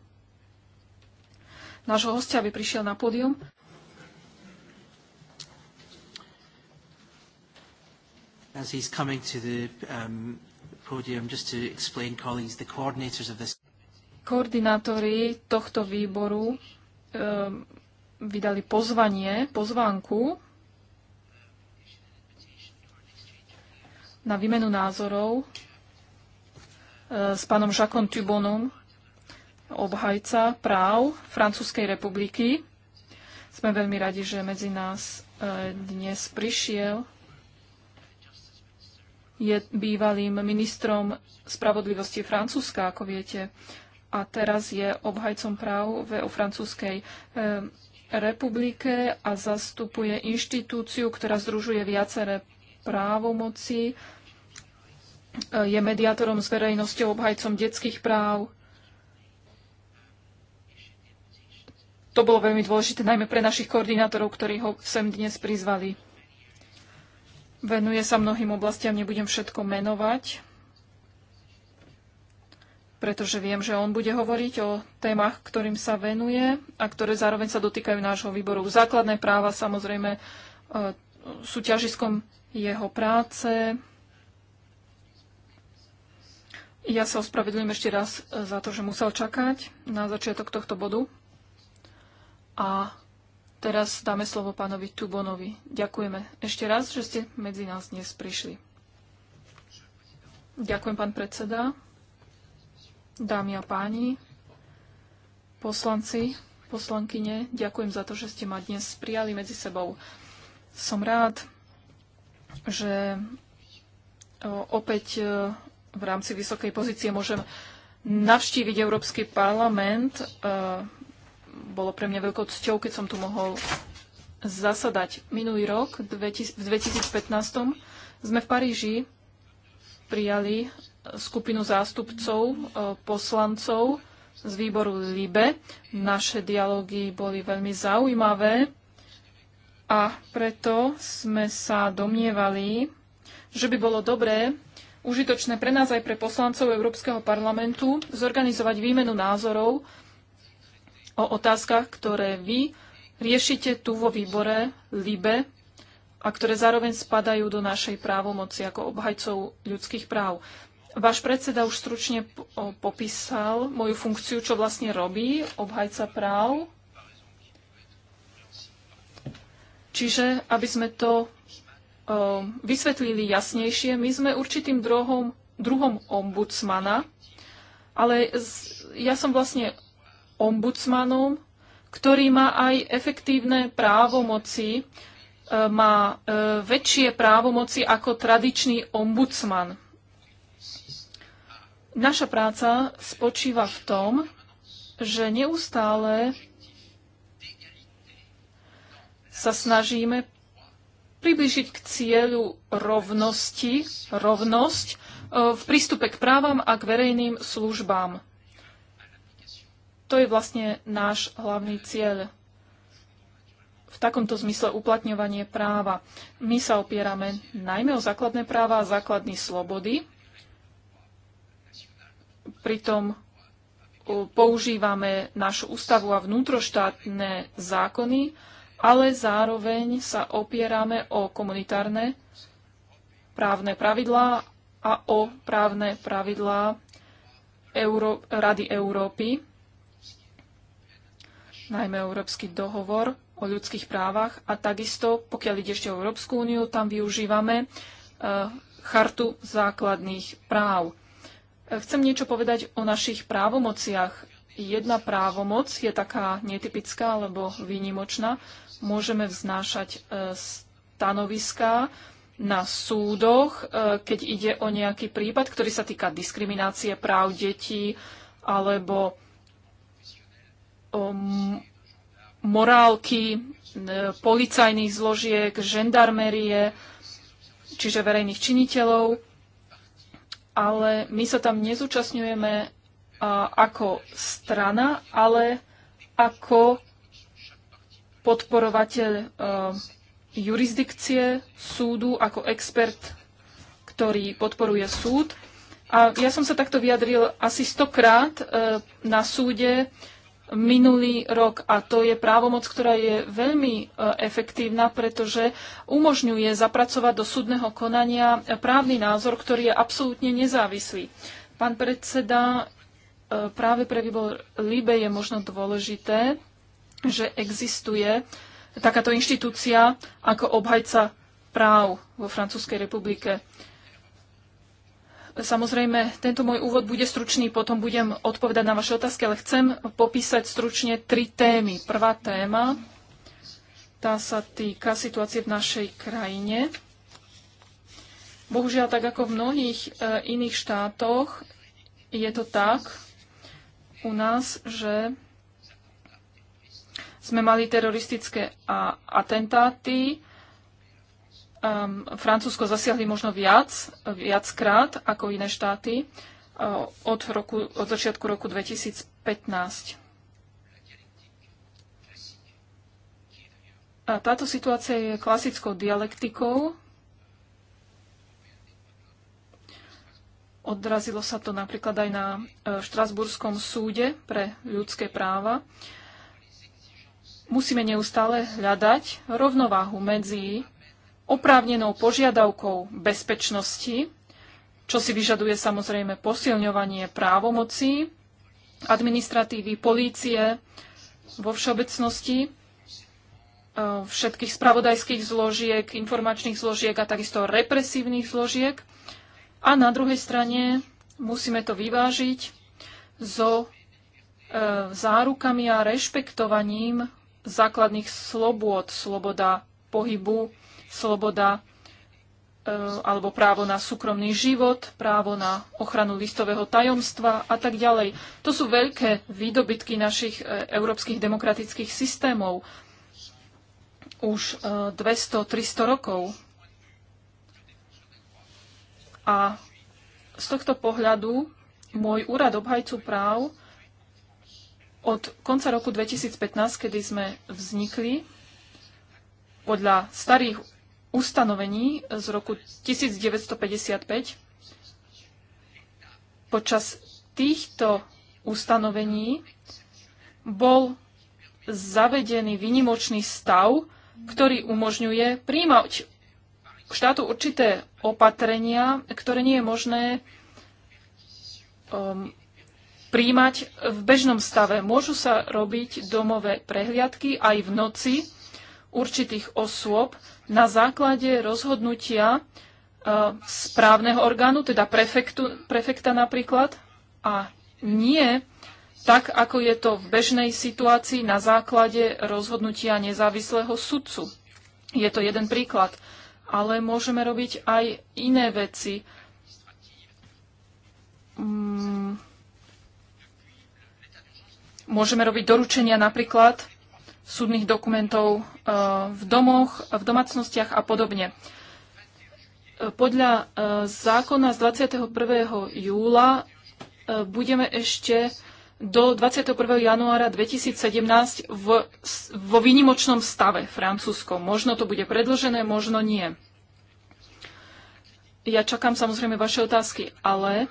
nášho hostia, aby prišiel na pódium. As he's coming to the um, podium, just to explain, colleagues, the coordinators of this... Koordinátori tohto výboru um, vydali pozvanie, pozvánku na výmenu názorov e, s pánom Jacques Tubonom, obhajca práv Francúzskej republiky. Sme veľmi radi, že medzi nás e, dnes prišiel. Je bývalým ministrom spravodlivosti Francúzska, ako viete a teraz je obhajcom práv v francúzskej eh, republike a zastupuje inštitúciu, ktorá združuje viaceré právomoci. Eh, je mediátorom s verejnosťou, obhajcom detských práv. To bolo veľmi dôležité, najmä pre našich koordinátorov, ktorí ho sem dnes prizvali. Venuje sa mnohým oblastiam, nebudem všetko menovať pretože viem, že on bude hovoriť o témach, ktorým sa venuje a ktoré zároveň sa dotýkajú nášho výboru. Základné práva samozrejme e, sú ťažiskom jeho práce. Ja sa ospravedlňujem ešte raz e, za to, že musel čakať na začiatok tohto bodu. A teraz dáme slovo pánovi Tubonovi. Ďakujeme ešte raz, že ste medzi nás dnes prišli. Ďakujem, pán predseda. Dámy a páni, poslanci, poslankyne, ďakujem za to, že ste ma dnes prijali medzi sebou. Som rád, že e, opäť e, v rámci vysokej pozície môžem navštíviť Európsky parlament. E, bolo pre mňa veľkou cťou, keď som tu mohol zasadať. Minulý rok, v 2015, sme v Paríži prijali skupinu zástupcov e, poslancov z výboru LIBE. Naše dialógy boli veľmi zaujímavé a preto sme sa domnievali, že by bolo dobré, užitočné pre nás aj pre poslancov Európskeho parlamentu zorganizovať výmenu názorov o otázkach, ktoré vy riešite tu vo výbore LIBE a ktoré zároveň spadajú do našej právomoci ako obhajcov ľudských práv. Váš predseda už stručne popísal moju funkciu, čo vlastne robí obhajca práv. Čiže, aby sme to vysvetlili jasnejšie, my sme určitým druhom, druhom ombudsmana, ale ja som vlastne ombudsmanom, ktorý má aj efektívne právomoci, e, má e, väčšie právomoci ako tradičný ombudsman. Naša práca spočíva v tom, že neustále sa snažíme približiť k cieľu rovnosti, rovnosť e, v prístupe k právam a k verejným službám. To je vlastne náš hlavný cieľ. V takomto zmysle uplatňovanie práva. My sa opierame najmä o základné práva a základné slobody, pritom uh, používame našu ústavu a vnútroštátne zákony, ale zároveň sa opierame o komunitárne právne pravidlá a o právne pravidlá Euró- Rady Európy, najmä Európsky dohovor o ľudských právach a takisto, pokiaľ ide ešte o Európsku úniu, tam využívame uh, chartu základných práv. Chcem niečo povedať o našich právomociach. Jedna právomoc je taká netypická alebo výnimočná. Môžeme vznášať e, stanoviská na súdoch, e, keď ide o nejaký prípad, ktorý sa týka diskriminácie práv detí alebo morálky e, policajných zložiek, žendarmerie, čiže verejných činiteľov ale my sa tam nezúčastňujeme ako strana, ale ako podporovateľ e, jurisdikcie súdu, ako expert, ktorý podporuje súd. A ja som sa takto vyjadril asi stokrát e, na súde minulý rok. A to je právomoc, ktorá je veľmi e, efektívna, pretože umožňuje zapracovať do súdneho konania právny názor, ktorý je absolútne nezávislý. Pán predseda, e, práve pre výbor LIBE je možno dôležité, že existuje takáto inštitúcia ako obhajca práv vo Francúzskej republike. Samozrejme, tento môj úvod bude stručný, potom budem odpovedať na vaše otázky, ale chcem popísať stručne tri témy. Prvá téma, tá sa týka situácie v našej krajine. Bohužiaľ, tak ako v mnohých e, iných štátoch, je to tak u nás, že sme mali teroristické atentáty um, Francúzsko zasiahli možno viac, viackrát ako iné štáty uh, od, roku, od začiatku roku 2015. A táto situácia je klasickou dialektikou. Odrazilo sa to napríklad aj na eh, Štrasburskom súde pre ľudské práva, musíme neustále hľadať rovnováhu medzi oprávnenou požiadavkou bezpečnosti, čo si vyžaduje samozrejme posilňovanie právomocí, administratívy, polície vo všeobecnosti, e, všetkých spravodajských zložiek, informačných zložiek a takisto represívnych zložiek. A na druhej strane musíme to vyvážiť so e, zárukami a rešpektovaním základných slobôd, sloboda pohybu, sloboda e, alebo právo na súkromný život, právo na ochranu listového tajomstva a tak ďalej. To sú veľké výdobytky našich e, európskych demokratických systémov už 200-300 e, rokov. A z tohto pohľadu môj úrad obhajcu práv od konca roku 2015, kedy sme vznikli, podľa starých ustanovení z roku 1955. Počas týchto ustanovení bol zavedený vynimočný stav, ktorý umožňuje príjmať štátu určité opatrenia, ktoré nie je možné um, príjmať v bežnom stave. Môžu sa robiť domové prehliadky aj v noci, určitých osôb na základe rozhodnutia e, správneho orgánu, teda prefektu, prefekta napríklad, a nie tak, ako je to v bežnej situácii na základe rozhodnutia nezávislého sudcu. Je to jeden príklad, ale môžeme robiť aj iné veci. Mm. Môžeme robiť doručenia napríklad súdnych dokumentov e, v domoch, v domácnostiach a podobne. E, podľa e, zákona z 21. júla budeme ešte do 21. januára 2017 v, vo výnimočnom stave Francúzsko. Možno to bude predlžené, možno nie. Ja čakám samozrejme vaše otázky, ale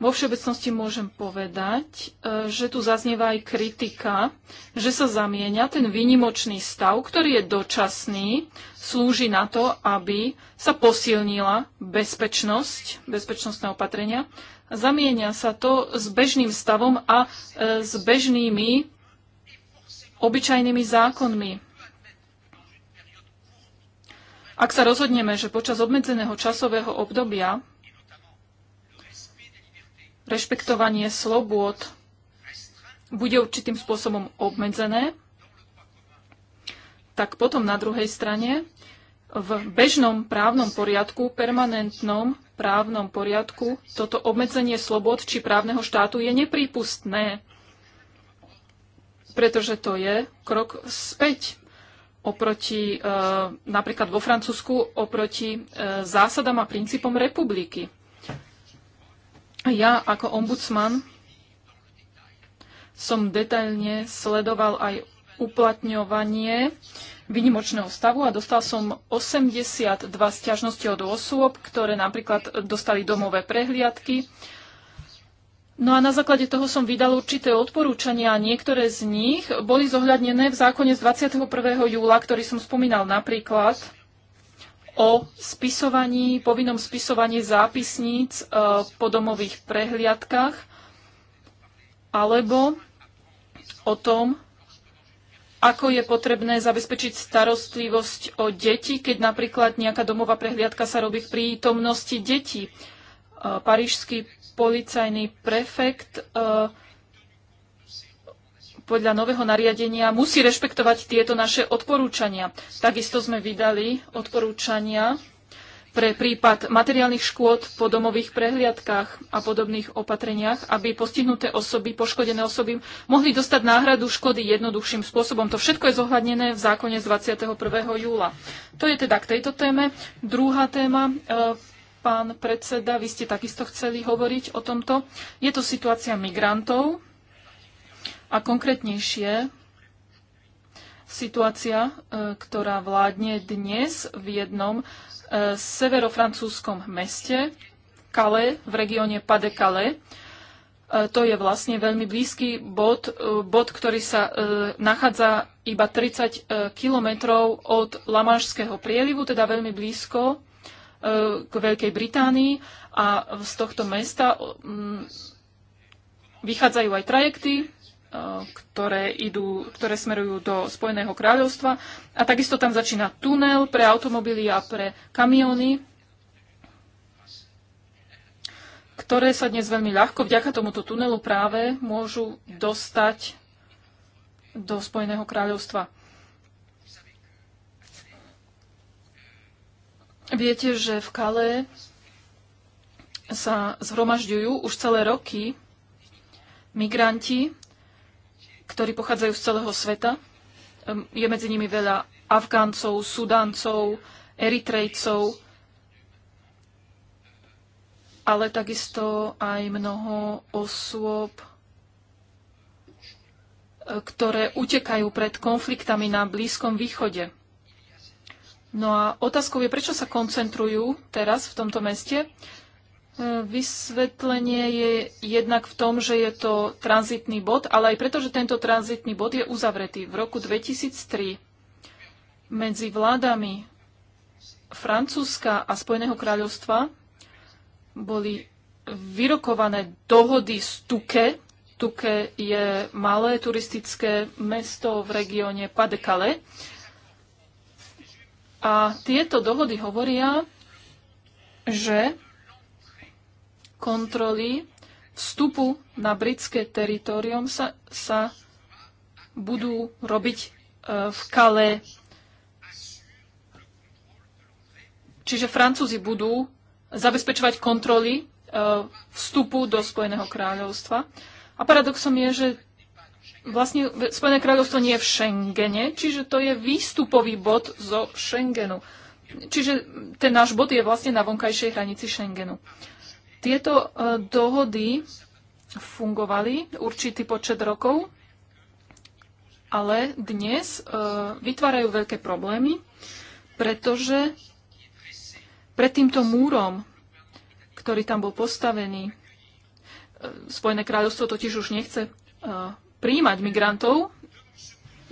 vo všeobecnosti môžem povedať, e, že tu zaznieva aj kritika, že sa zamieňa ten výnimočný stav, ktorý je dočasný, slúži na to, aby sa posilnila bezpečnosť, bezpečnostné opatrenia. Zamieňa sa to s bežným stavom a e, s bežnými obyčajnými zákonmi. Ak sa rozhodneme, že počas obmedzeného časového obdobia rešpektovanie slobôd bude určitým spôsobom obmedzené, tak potom na druhej strane v bežnom právnom poriadku, permanentnom právnom poriadku, toto obmedzenie slobod či právneho štátu je neprípustné, pretože to je krok späť oproti e, napríklad vo Francúzsku, oproti e, zásadám a princípom republiky. Ja ako ombudsman som detailne sledoval aj uplatňovanie vynimočného stavu a dostal som 82 stiažnosti od osôb, ktoré napríklad dostali domové prehliadky. No a na základe toho som vydal určité odporúčania a niektoré z nich boli zohľadnené v zákone z 21. júla, ktorý som spomínal napríklad o spisovaní, povinnom spisovaní zápisníc e, po domových prehliadkách alebo o tom, ako je potrebné zabezpečiť starostlivosť o deti, keď napríklad nejaká domová prehliadka sa robí v prítomnosti detí. E, Parížský policajný prefekt uh, podľa nového nariadenia musí rešpektovať tieto naše odporúčania. Takisto sme vydali odporúčania pre prípad materiálnych škôd po domových prehliadkách a podobných opatreniach, aby postihnuté osoby, poškodené osoby mohli dostať náhradu škody jednoduchším spôsobom. To všetko je zohľadnené v zákone z 21. júla. To je teda k tejto téme. Druhá téma, e, pán predseda, vy ste takisto chceli hovoriť o tomto. Je to situácia migrantov a konkrétnejšie, situácia, e, ktorá vládne dnes v jednom e, severofrancúzskom meste, Calais, v regióne Pas-de-Calais, e, to je vlastne veľmi blízky bod, bod, ktorý sa nachádza iba 30 kilometrov od Lamanšského prielivu, teda veľmi blízko k Veľkej Británii a z tohto mesta mm, vychádzajú aj trajekty ktoré, idú, ktoré smerujú do Spojeného kráľovstva. A takisto tam začína tunel pre automobily a pre kamióny, ktoré sa dnes veľmi ľahko vďaka tomuto tunelu práve môžu dostať do Spojeného kráľovstva. Viete, že v Kale sa zhromažďujú už celé roky migranti, ktorí pochádzajú z celého sveta. Je medzi nimi veľa Afgáncov, Sudáncov, Eritrejcov, ale takisto aj mnoho osôb, e, ktoré utekajú pred konfliktami na Blízkom východe. No a otázkou je, prečo sa koncentrujú teraz v tomto meste? Vysvetlenie je jednak v tom, že je to tranzitný bod, ale aj preto, že tento tranzitný bod je uzavretý. V roku 2003 medzi vládami Francúzska a Spojeného kráľovstva boli vyrokované dohody z Tuke. Tuke je malé turistické mesto v regióne Padekale. de A tieto dohody hovoria, že kontroly vstupu na britské teritorium sa, sa budú robiť e, v Kale. Čiže Francúzi budú zabezpečovať kontroly e, vstupu do Spojeného kráľovstva. A paradoxom je, že vlastne Spojené kráľovstvo nie je v Schengene, čiže to je výstupový bod zo Schengenu. Čiže ten náš bod je vlastne na vonkajšej hranici Schengenu. Uh, tieto e, dohody fungovali určitý počet rokov, ale dnes e, vytvárajú veľké problémy, pretože pred týmto múrom, ktorý tam bol postavený, e, Spojené kráľovstvo totiž už nechce príjmať migrantov,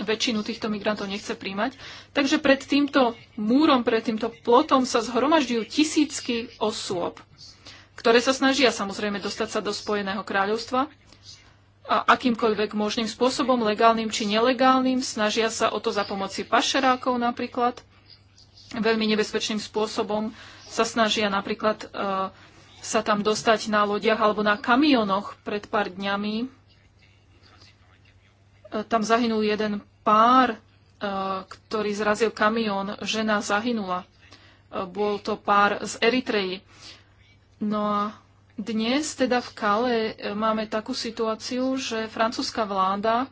väčšinu týchto migrantov nechce príjmať. Takže pred týmto múrom, pred týmto plotom sa zhromažďujú tisícky osôb ktoré sa snažia samozrejme dostať sa do Spojeného kráľovstva a akýmkoľvek možným spôsobom, legálnym či nelegálnym, snažia sa o to za pomoci pašerákov napríklad. Veľmi nebezpečným spôsobom sa snažia napríklad e, sa tam dostať na lodiach alebo na kamionoch pred pár dňami. E, tam zahynul jeden pár, e, ktorý zrazil kamión, žena zahynula. E, bol to pár z Eritreji. E, No a dnes teda v Kale e, máme takú situáciu, že francúzska vláda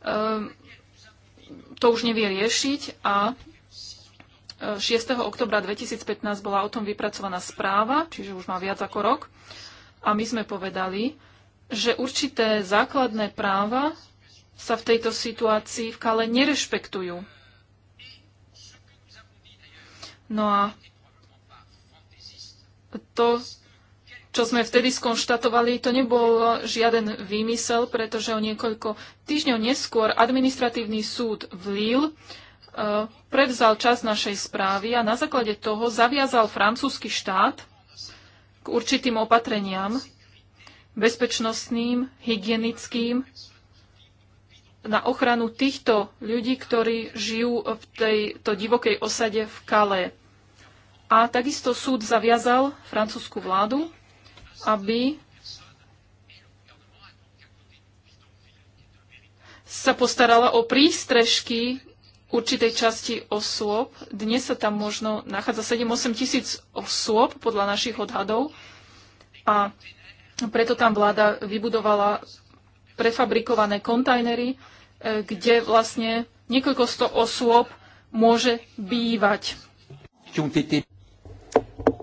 e, to už nevie riešiť a 6. E, oktobra 2015 bola o tom vypracovaná správa, čiže už má viac ako rok. A my sme povedali, že určité základné práva sa v tejto situácii v Kale nerešpektujú. No a to, čo sme vtedy skonštatovali, to nebol žiaden výmysel, pretože o niekoľko týždňov neskôr administratívny súd v Lille e, prevzal čas našej správy a na základe toho zaviazal francúzsky štát k určitým opatreniam, bezpečnostným, hygienickým, na ochranu týchto ľudí, ktorí žijú v tejto divokej osade v Kale. A takisto súd zaviazal francúzsku vládu, aby sa postarala o prístrežky určitej časti osôb. Dnes sa tam možno nachádza 7-8 tisíc osôb podľa našich odhadov a preto tam vláda vybudovala prefabrikované kontajnery, e, kde vlastne niekoľko sto osôb môže bývať.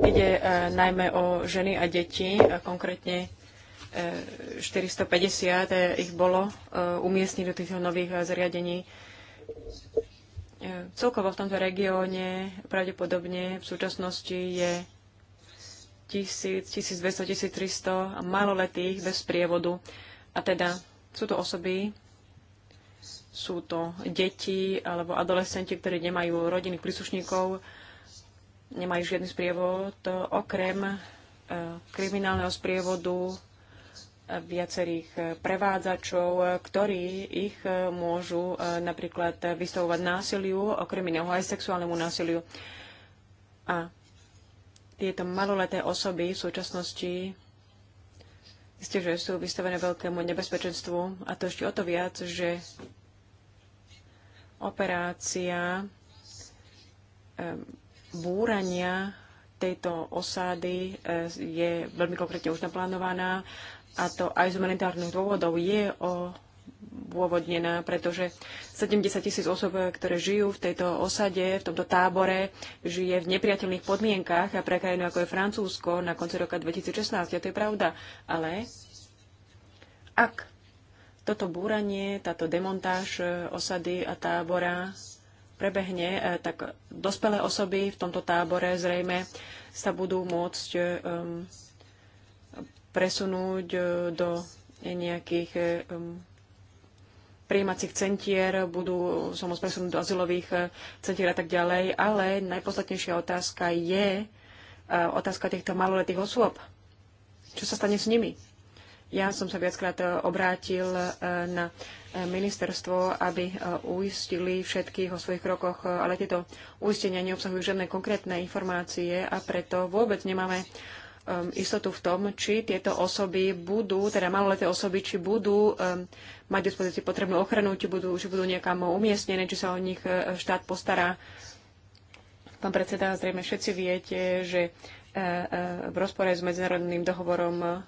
Ide e, najmä o ženy a deti, a e, konkrétne 450 e, ich bolo umiestnených do týchto nových zariadení. Celkovo v tomto regióne pravdepodobne v súčasnosti je 1200, 1300 maloletých bez prievodu. A teda sú to osoby, sú to deti alebo adolescenti, ktorí nemajú rodinných príslušníkov, nemajú žiadny sprievod, okrem e, kriminálneho sprievodu e, viacerých e, prevádzačov, ktorí ich môžu napríklad vystavovať násiliu, okrem iného aj sexuálnemu násiliu. A tieto maloleté osoby v súčasnosti isté, že sú vystavené veľkému nebezpečenstvu a to ešte o to viac, že operácia búrania tejto osády e, je veľmi konkrétne už naplánovaná a to aj z humanitárnych dôvodov je o dôvodnená, pretože 70 tisíc osob, e, ktoré žijú v tejto osade, v tomto tábore, žije v nepriateľných podmienkách a pre krajinu ako je Francúzsko na konci roka 2016. A to je pravda. Ale ak toto búranie, táto demontáž e, osady a tábora prebehne, e, tak dospelé osoby v tomto tábore zrejme sa budú môcť e, presunúť e, do nejakých prijímacích centier, budú sa môcť presunúť do azylových centier a tak ďalej, ale najpodstatnejšia otázka je otázka týchto maloletých osôb. Čo sa stane s nimi? Ja som sa viackrát e, obrátil e, na e, ministerstvo, aby uistili všetkých o svojich krokoch, ale tieto uistenia neobsahujú žiadne konkrétne informácie a preto vôbec nemáme istotu v tom, či tieto osoby budú, teda maloleté osoby, či budú mať v dispozícii potrebnú ochranu, či budú, či budú niekam umiestnené, či sa o nich štát postará. Pán predseda, zrejme všetci viete, že v rozpore s medzinárodným dohovorom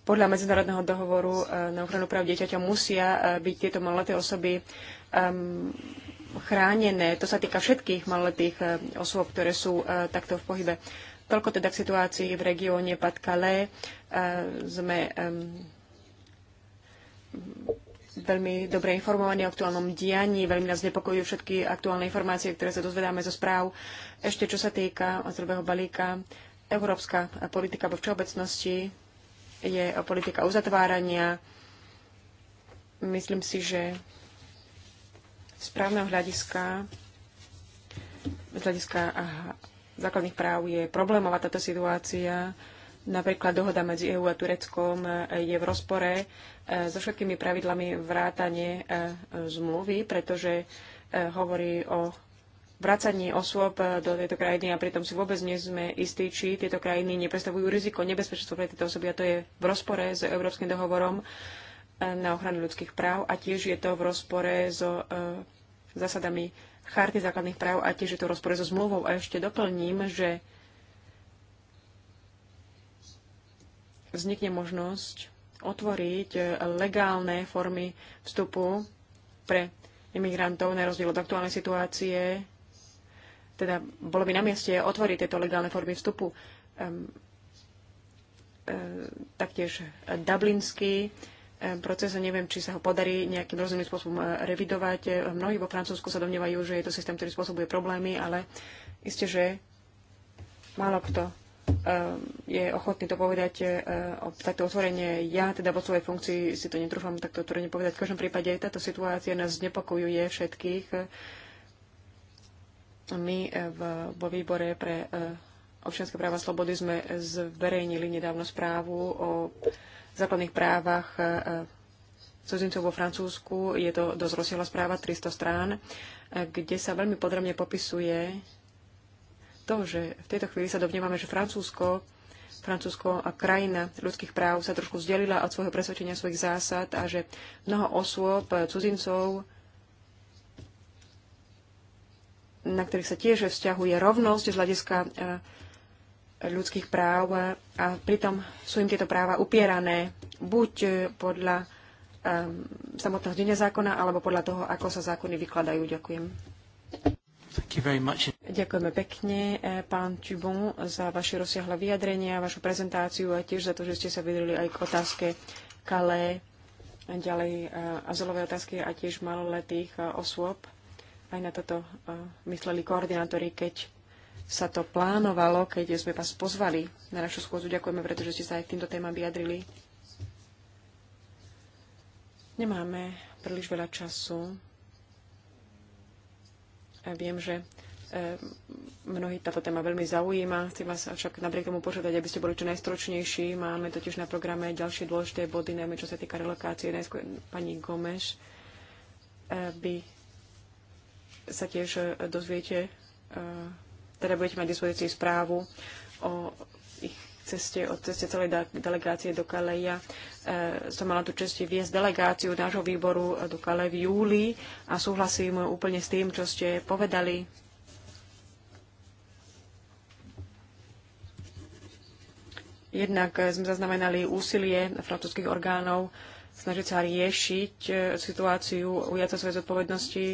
podľa medzinárodného dohovoru eh, na ochranu práv dieťaťa musia eh, byť tieto maloleté osoby ehm, chránené. To sa týka všetkých maloletých eh, osôb, ktoré sú takto v pohybe. Toľko teda k situácii v regióne Patkale. Sme ehm, veľmi dobre informovaní o aktuálnom dianí, veľmi nás nepokojujú všetky aktuálne informácie, ktoré sa dozvedáme zo správ. Ešte čo sa týka azylového balíka, Európska politika vo všeobecnosti je politika uzatvárania. Myslím si, že z právneho hľadiska, z hľadiska aha, základných práv je problémová táto situácia. Napríklad dohoda medzi EÚ a Tureckom eh, je v rozpore eh, so všetkými pravidlami vrátane eh, zmluvy, pretože hovorí o vracanie osôb eh, do tejto krajiny a pritom si vôbec nie sme istí, či tieto krajiny neprestavujú riziko, nebezpečenstvo pre tieto osoby a to je v rozpore s Európskym dohovorom eh, na ochranu ľudských práv a tiež je to v rozpore so e, zásadami charty základných práv a tiež je to v rozpore so zmluvou. A ešte doplním, že vznikne možnosť otvoriť legálne formy vstupu pre imigrantov na rozdiel od aktuálnej situácie, teda bolo by na mieste otvoriť tieto legálne formy vstupu. E, taktiež dublinský e, proces, neviem, či sa ho podarí nejakým rozumným spôsobom e, revidovať. Mnohí vo Francúzsku sa domnievajú, že je to systém, ktorý spôsobuje problémy, ale isté, že málo kto je ochotný to povedať takto otvorenie. Ja teda vo svojej funkcii si to netrúfam takto otvorene povedať. V každom prípade táto situácia nás znepokojuje všetkých my e, v, vo výbore pre e, občianske práva a slobody sme zverejnili nedávno správu o základných právach e, cudzincov vo Francúzsku. Je to dosť rozsiela správa, 300 strán, kde sa veľmi podrobne popisuje to, že v tejto chvíli sa dovnímame, že Francúzsko, Francúzsko a krajina ľudských práv sa trošku vzdelila od svojho presvedčenia svojich zásad a že mnoho osôb, cudzincov, na ktorých sa tiež vzťahuje rovnosť z hľadiska e, ľudských práv e, a pritom sú im tieto práva upierané buď e, podľa um, samotného dňa zákona alebo podľa toho, ako sa zákony vykladajú. Ďakujem. Ďakujeme pekne, pán Čubon, za vaše rozsiahle vyjadrenia, vašu prezentáciu a tiež za to, že ste sa vydrili aj k otázke Kalé, ďalej azylové otázky a tiež maloletých osôb. Aj na toto e, mysleli koordinátori, keď sa to plánovalo, keď sme vás pozvali na našu schôdzu. Ďakujeme, pretože ste sa aj k týmto témam vyjadrili. Nemáme príliš veľa času. A viem, že e, mnohí táto téma veľmi zaujíma. Chcem vás však napriek tomu požiadať, aby ste boli čo najstročnejší. Máme totiž na programe ďalšie dôležité body, najmä čo sa týka relokácie. Najskôr pani Gomeš e, by sa tiež e, dozviete, e, teda budete mať dispozícii správu o ich ceste, o ceste celej delegácie do Kaleja. E, som mala tu čest viesť delegáciu nášho výboru do Kale v júli a súhlasím úplne s tým, čo ste povedali. Jednak sme zaznamenali úsilie francúzských orgánov snažiť sa riešiť situáciu, ujaca svojej zodpovednosti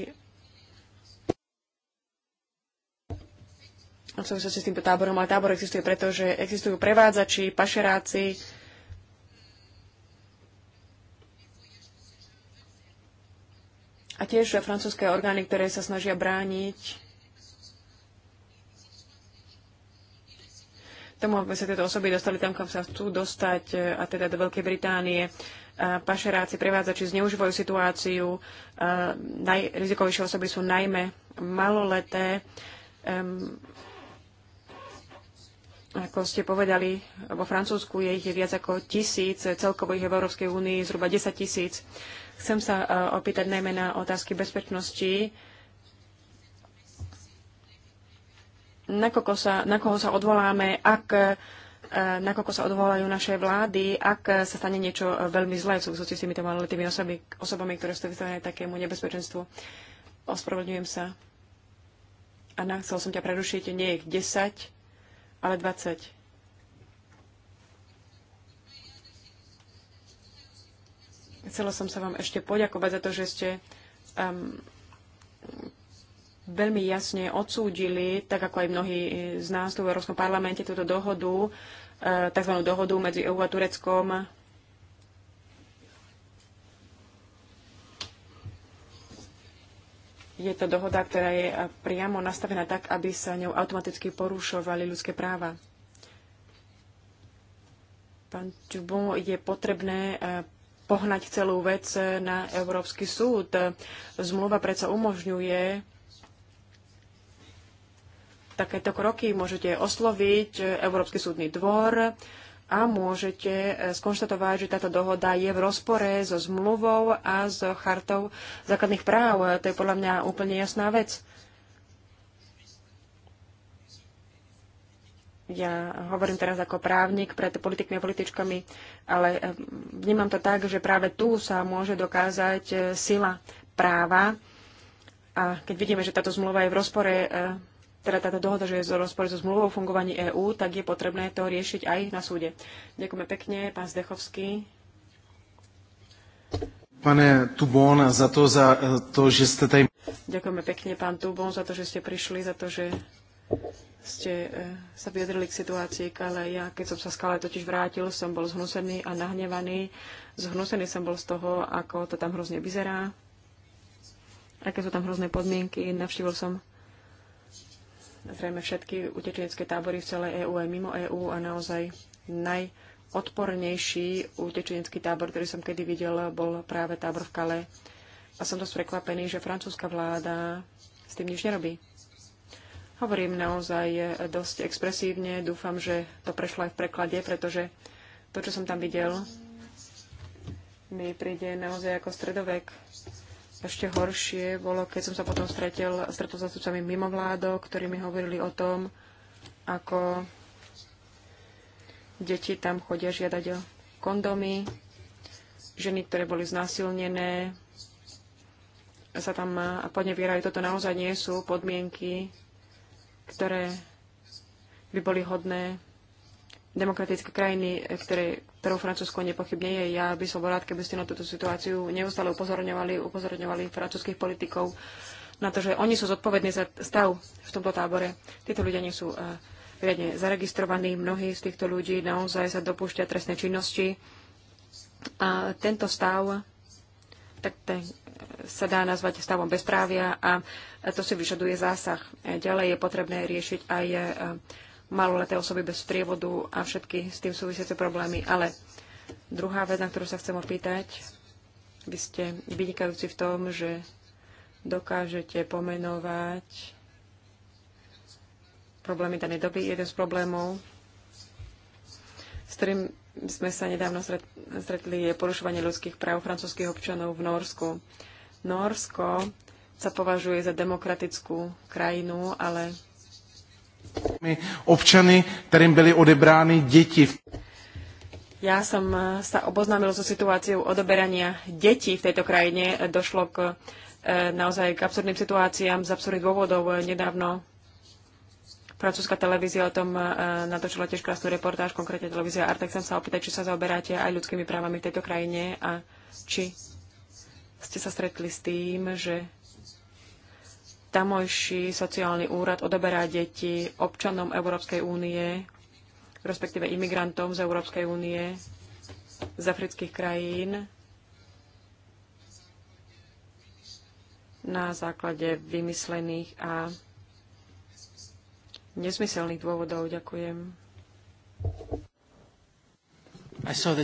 v súvislosti s týmto táborom, ale tábor existuje preto, že existujú prevádzači, pašeráci, a tiež francúzske orgány, ktoré sa snažia brániť tomu, aby sa tieto osoby dostali tam, kam sa chcú dostať, a teda do Veľkej Británie. Pašeráci, prevádzači zneužívajú situáciu. Najrizikovejšie osoby sú najmä maloleté. Ako ste povedali, vo Francúzsku je ich viac ako tisíc, celkovo ich je v Európskej únii zhruba 10 tisíc. Chcem sa e, opýtať najmä na otázky bezpečnosti. sa, na koho sa odvoláme, ak e, nakoľko sa odvolajú naše vlády, ak sa stane niečo e, veľmi zlé v súvislosti s týmito maloletými osobami, ktoré sú vystavené takému nebezpečenstvu. Ospravedlňujem sa. Anna, chcel som ťa prerušiť. Nie je 10 ale 20. Chcela som sa vám ešte poďakovať za to, že ste um, veľmi jasne odsúdili, tak ako aj mnohí z nás tu v Európskom parlamente, túto dohodu, uh, tzv. dohodu medzi EU a Tureckom Je to dohoda, ktorá je priamo nastavená tak, aby sa ňou automaticky porušovali ľudské práva. Pán Čubon, je potrebné e, pohnať celú vec na Európsky súd. Zmluva predsa umožňuje takéto kroky. Môžete osloviť Európsky súdny dvor, a môžete e, skonštatovať, že táto dohoda je v rozpore so zmluvou a s so chartou základných práv. E, to je podľa mňa úplne jasná vec. Ja hovorím teraz ako právnik pred politikmi a političkami, ale e, vnímam to tak, že práve tu sa môže dokázať sila práva. A keď vidíme, že táto zmluva je v rozpore teda táto dohoda, že je z rozpore so zmluvou o fungovaní EÚ, tak je potrebné to riešiť aj na súde. Ďakujeme pekne, pán Zdechovský. Pane Tubón, za to, za eh, to, že ste tady... Ďakujeme pekne, pán Tubón, za to, že ste prišli, za to, že ste eh, sa vyjadrili k situácii, ale ja, keď som sa z Kale totiž vrátil, som bol zhnusený a nahnevaný. Zhnusený som bol z toho, ako to tam hrozne vyzerá, aké sú tam hrozné podmienky. Navštívil som zrejme všetky utečenecké tábory v celej EÚ aj mimo EÚ a naozaj najodpornejší utečenecký tábor, ktorý som kedy videl, bol práve tábor v Kale. A som dosť prekvapený, že francúzska vláda s tým nič nerobí. Hovorím naozaj dosť expresívne, dúfam, že to prešlo aj v preklade, pretože to, čo som tam videl, mi príde naozaj ako stredovek ešte horšie bolo, keď som sa potom stretol s mimo mimovládok, ktorí mi hovorili o tom, ako deti tam chodia žiadať o kondomy, ženy, ktoré boli znásilnené, sa tam a podnevierajú. Toto naozaj nie sú podmienky, ktoré by boli hodné demokratické krajiny, ktoré, ktorou Francúzsko nepochybne je. Ja by som bol rád, keby ste na túto situáciu neustále upozorňovali, upozorňovali francúzských politikov na to, že oni sú zodpovední za stav v tomto tábore. Títo ľudia nie sú uh, riadne zaregistrovaní. Mnohí z týchto ľudí naozaj sa dopúšťa trestné činnosti. A tento stav tak ten, eh, sa dá nazvať stavom bezprávia a to si vyžaduje zásah. Ďalej je potrebné riešiť aj uh, maloleté osoby bez prievodu a všetky s tým súvisiace problémy. Ale druhá vec, na ktorú sa chcem opýtať, vy ste vynikajúci v tom, že dokážete pomenovať problémy danej doby. Jeden z problémov, s ktorým sme sa nedávno stretli, je porušovanie ľudských práv francúzských občanov v Norsku. Norsko sa považuje za demokratickú krajinu, ale občany, ktorým byli odebrány deti. Ja som sa oboznámil so situáciou odoberania detí v tejto krajine. Došlo k eh, naozaj k absurdným situáciám z absurdných dôvodov nedávno. Francúzska televízia o tom eh, natočila tiež krásnu reportáž, konkrétne televízia Arte. Chcem sa opýtať, či sa zaoberáte aj ľudskými právami v tejto krajine a či ste sa stretli s tým, že tamojší sociálny úrad odoberá deti občanom Európskej únie, respektíve imigrantom z Európskej únie, z afrických krajín na základe vymyslených a nesmyselných dôvodov. Ďakujem. Áno,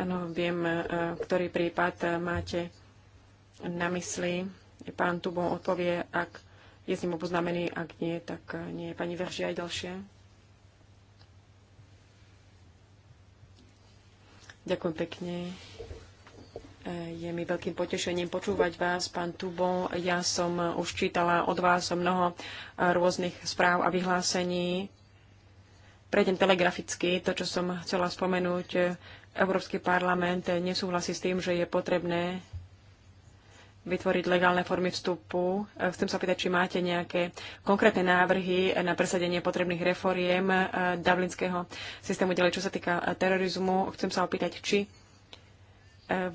Ano, viem, e, ktorý prípad máte na mysli. Pán Tubon odpovie, ak je s ním oboznámený, ak nie, tak eh, nie. Pani Veržia aj ďalšie. Ďakujem pekne. Eh, je mi veľkým potešením počúvať vás, pán Tubo. Ja som eh, už čítala od vás mnoho rôznych správ a vyhlásení. Prejdem telegraficky. To, čo som chcela spomenúť, Európsky parlament nesúhlasí s tým, že je potrebné vytvoriť legálne formy vstupu. E, chcem sa pýtať, či máte nejaké konkrétne návrhy na presadenie potrebných reforiem e, dublinského systému. Ďalej, čo sa týka e, terorizmu, chcem sa opýtať, či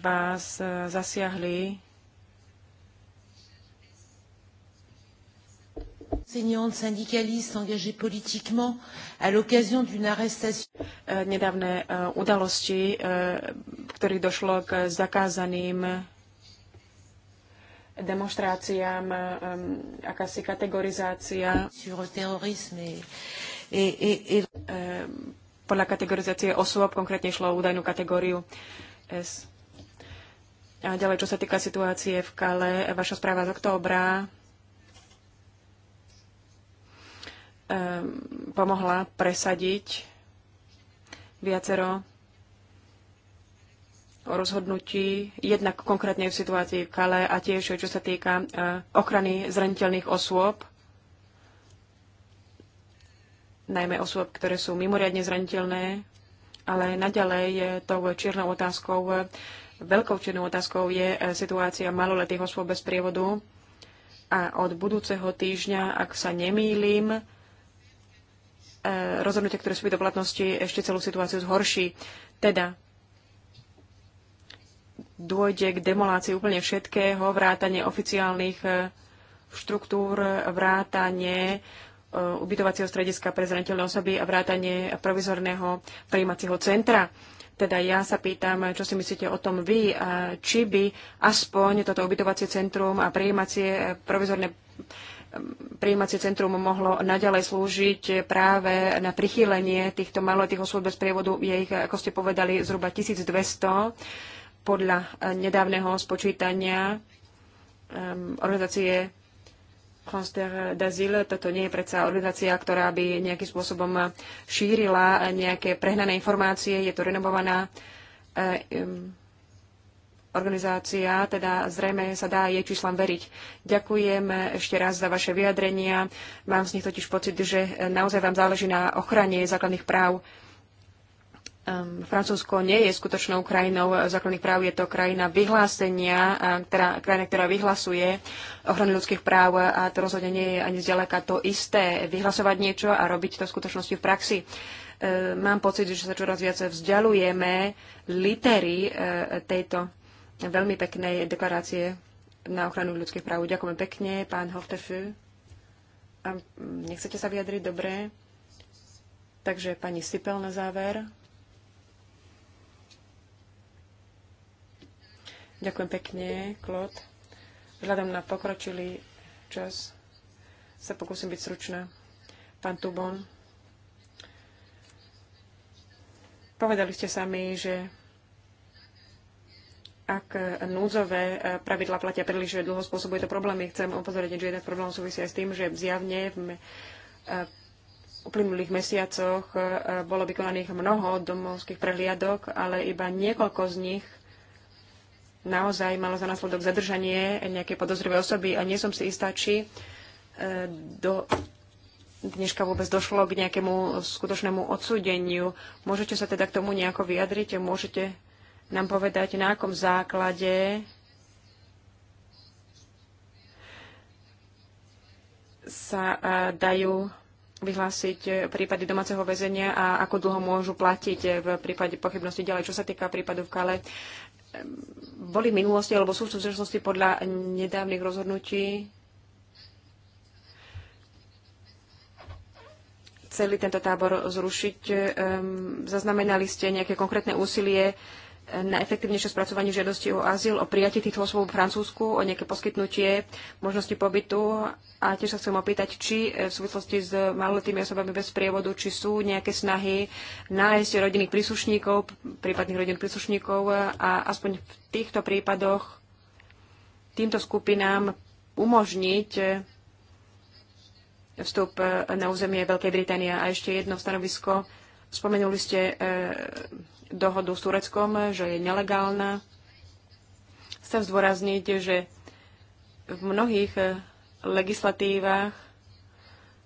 vás zasiahli Nedávne udalosti, ktorých došlo k zakázaným demonstráciám, um, akási kategorizácia um, podľa kategorizácie osôb, konkrétne šlo o údajnú kategóriu S. A ďalej, čo sa týka situácie v Kale, vaša správa z októbra um, pomohla presadiť viacero rozhodnutí, jednak konkrétne v situácii v Kale a tiež čo sa týka e, ochrany zraniteľných osôb, najmä osôb, ktoré sú mimoriadne zraniteľné, ale naďalej je tou čiernou otázkou, e, veľkou čiernou otázkou je e, situácia maloletých osôb bez prievodu a od budúceho týždňa, ak sa nemýlim, rozhodnutie, ktoré sú do platnosti, ešte celú situáciu zhorší. Teda dôjde k demolácii úplne všetkého, vrátanie oficiálnych e, štruktúr, vrátanie e, ubytovacieho strediska pre zraniteľné osoby a vrátanie provizorného prijímacieho centra. Teda ja sa pýtam, čo si myslíte o tom vy, či by aspoň toto ubytovacie centrum a prijímacie e, provizorné prijímacie centrum mohlo naďalej slúžiť práve na prichýlenie týchto maloletých osôb bez prievodu. Je ich, ako ste povedali, zhruba 1200 podľa eh, nedávneho spočítania um, organizácie Conster Dazil. toto nie je predsa organizácia, ktorá by nejakým spôsobom šírila nejaké prehnané informácie, je to renovovaná um, eh, organizácia, teda zrejme sa dá jej číslam veriť. Ďakujem eh, ešte raz za vaše vyjadrenia. Mám z nich totiž pocit, že naozaj vám záleží na ochrane základných práv Francúzsko nie je skutočnou krajinou základných práv, je to krajina vyhlásenia, ktorá, teda krajina, ktorá vyhlasuje ochranu ľudských práv a to rozhodne nie je ani zďaleka to isté. Vyhlasovať niečo a robiť to v skutočnosti v praxi. Mám pocit, že sa čoraz viac vzdialujeme litery e, tejto veľmi peknej deklarácie na ochranu ľudských práv. Ďakujem pekne, pán Hoftefü. Mm, nechcete sa vyjadriť? Dobre. Takže pani Sipel na záver. Ďakujem pekne, Klod. Vzhľadom na pokročilý čas sa pokúsim byť stručná. Pán Tubon, povedali ste sami, že ak núdzové eh, pravidla platia príliš dlho, spôsobuje to problémy. Chcem upozorniť, že jeden z problémov súvisí aj s tým, že zjavne v eh, uplynulých mesiacoch eh, bolo vykonaných mnoho domovských prehliadok, ale iba niekoľko z nich naozaj malo za následok zadržanie nejakej podozrivej osoby a nie som si istá, či e, do dneška vôbec došlo k nejakému skutočnému odsúdeniu. Môžete sa teda k tomu nejako vyjadriť? Môžete nám povedať, na akom základe sa e, dajú vyhlásiť prípady domáceho väzenia a ako dlho môžu platiť v prípade pochybnosti ďalej. Čo sa týka prípadu v Kale, boli v minulosti alebo sú v súčasnosti podľa nedávnych rozhodnutí celý tento tábor zrušiť. Ehm, zaznamenali ste nejaké konkrétne úsilie na efektívnejšie spracovanie žiadosti o azyl, o prijatie týchto osôb v Francúzsku, o nejaké poskytnutie možnosti pobytu. A tiež sa chcem opýtať, či e, v súvislosti s maloletými osobami bez prievodu, či sú nejaké snahy nájsť rodinných príslušníkov, prípadných rodinných príslušníkov e, a aspoň v týchto prípadoch týmto skupinám umožniť e, vstup na územie Veľkej Británie. A ešte jedno stanovisko. Spomenuli ste e, dohodu s Tureckom, že je nelegálna. Chcem zdôrazniť, že v mnohých eh, legislatívach,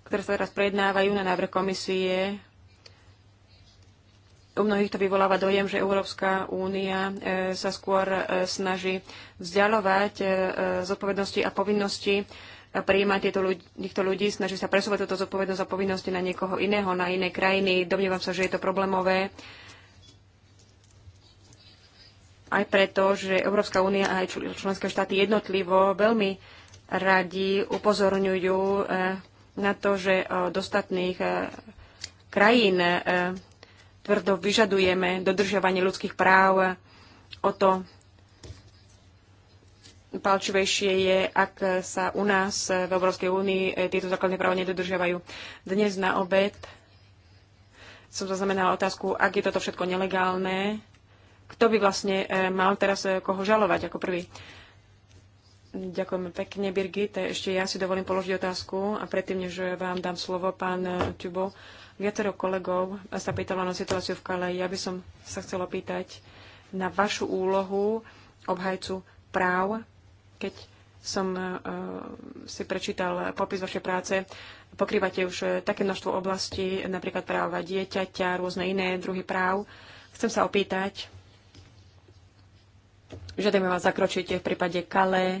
ktoré sa teraz prejednávajú na návrh komisie, u mnohých to vyvoláva dojem, že Európska únia eh, sa skôr eh, snaží vzdialovať zodpovednosti a povinnosti prijímať tieto ľudí, týchto ľudí, snaží sa presúvať túto zodpovednosť a povinnosti na niekoho iného, na iné krajiny. Domnievam sa, že je to problémové aj preto, že Európska únia a aj členské štáty jednotlivo veľmi radi upozorňujú e, na to, že od ostatných e, krajín e, tvrdo vyžadujeme dodržiavanie ľudských práv. O to palčivejšie je, ak sa u nás v Európskej únii tieto základné práva nedodržiavajú. Dnes na obed som zaznamenala otázku, ak je toto všetko nelegálne, kto by vlastne e, mal teraz e, koho žalovať ako prvý. Ďakujem pekne, Birgit. Ešte ja si dovolím položiť otázku a predtým, než vám dám slovo, pán Tubo, e, viacero kolegov sa pýtalo na situáciu v Kalei. Ja by som sa chcela pýtať na vašu úlohu obhajcu práv, keď som uh, si prečítal popis vašej práce. Pokrývate už také množstvo oblastí, napríklad práva dieťaťa, rôzne iné druhy práv. Chcem sa opýtať, Žiadame vás zakročiť v prípade Kale, e,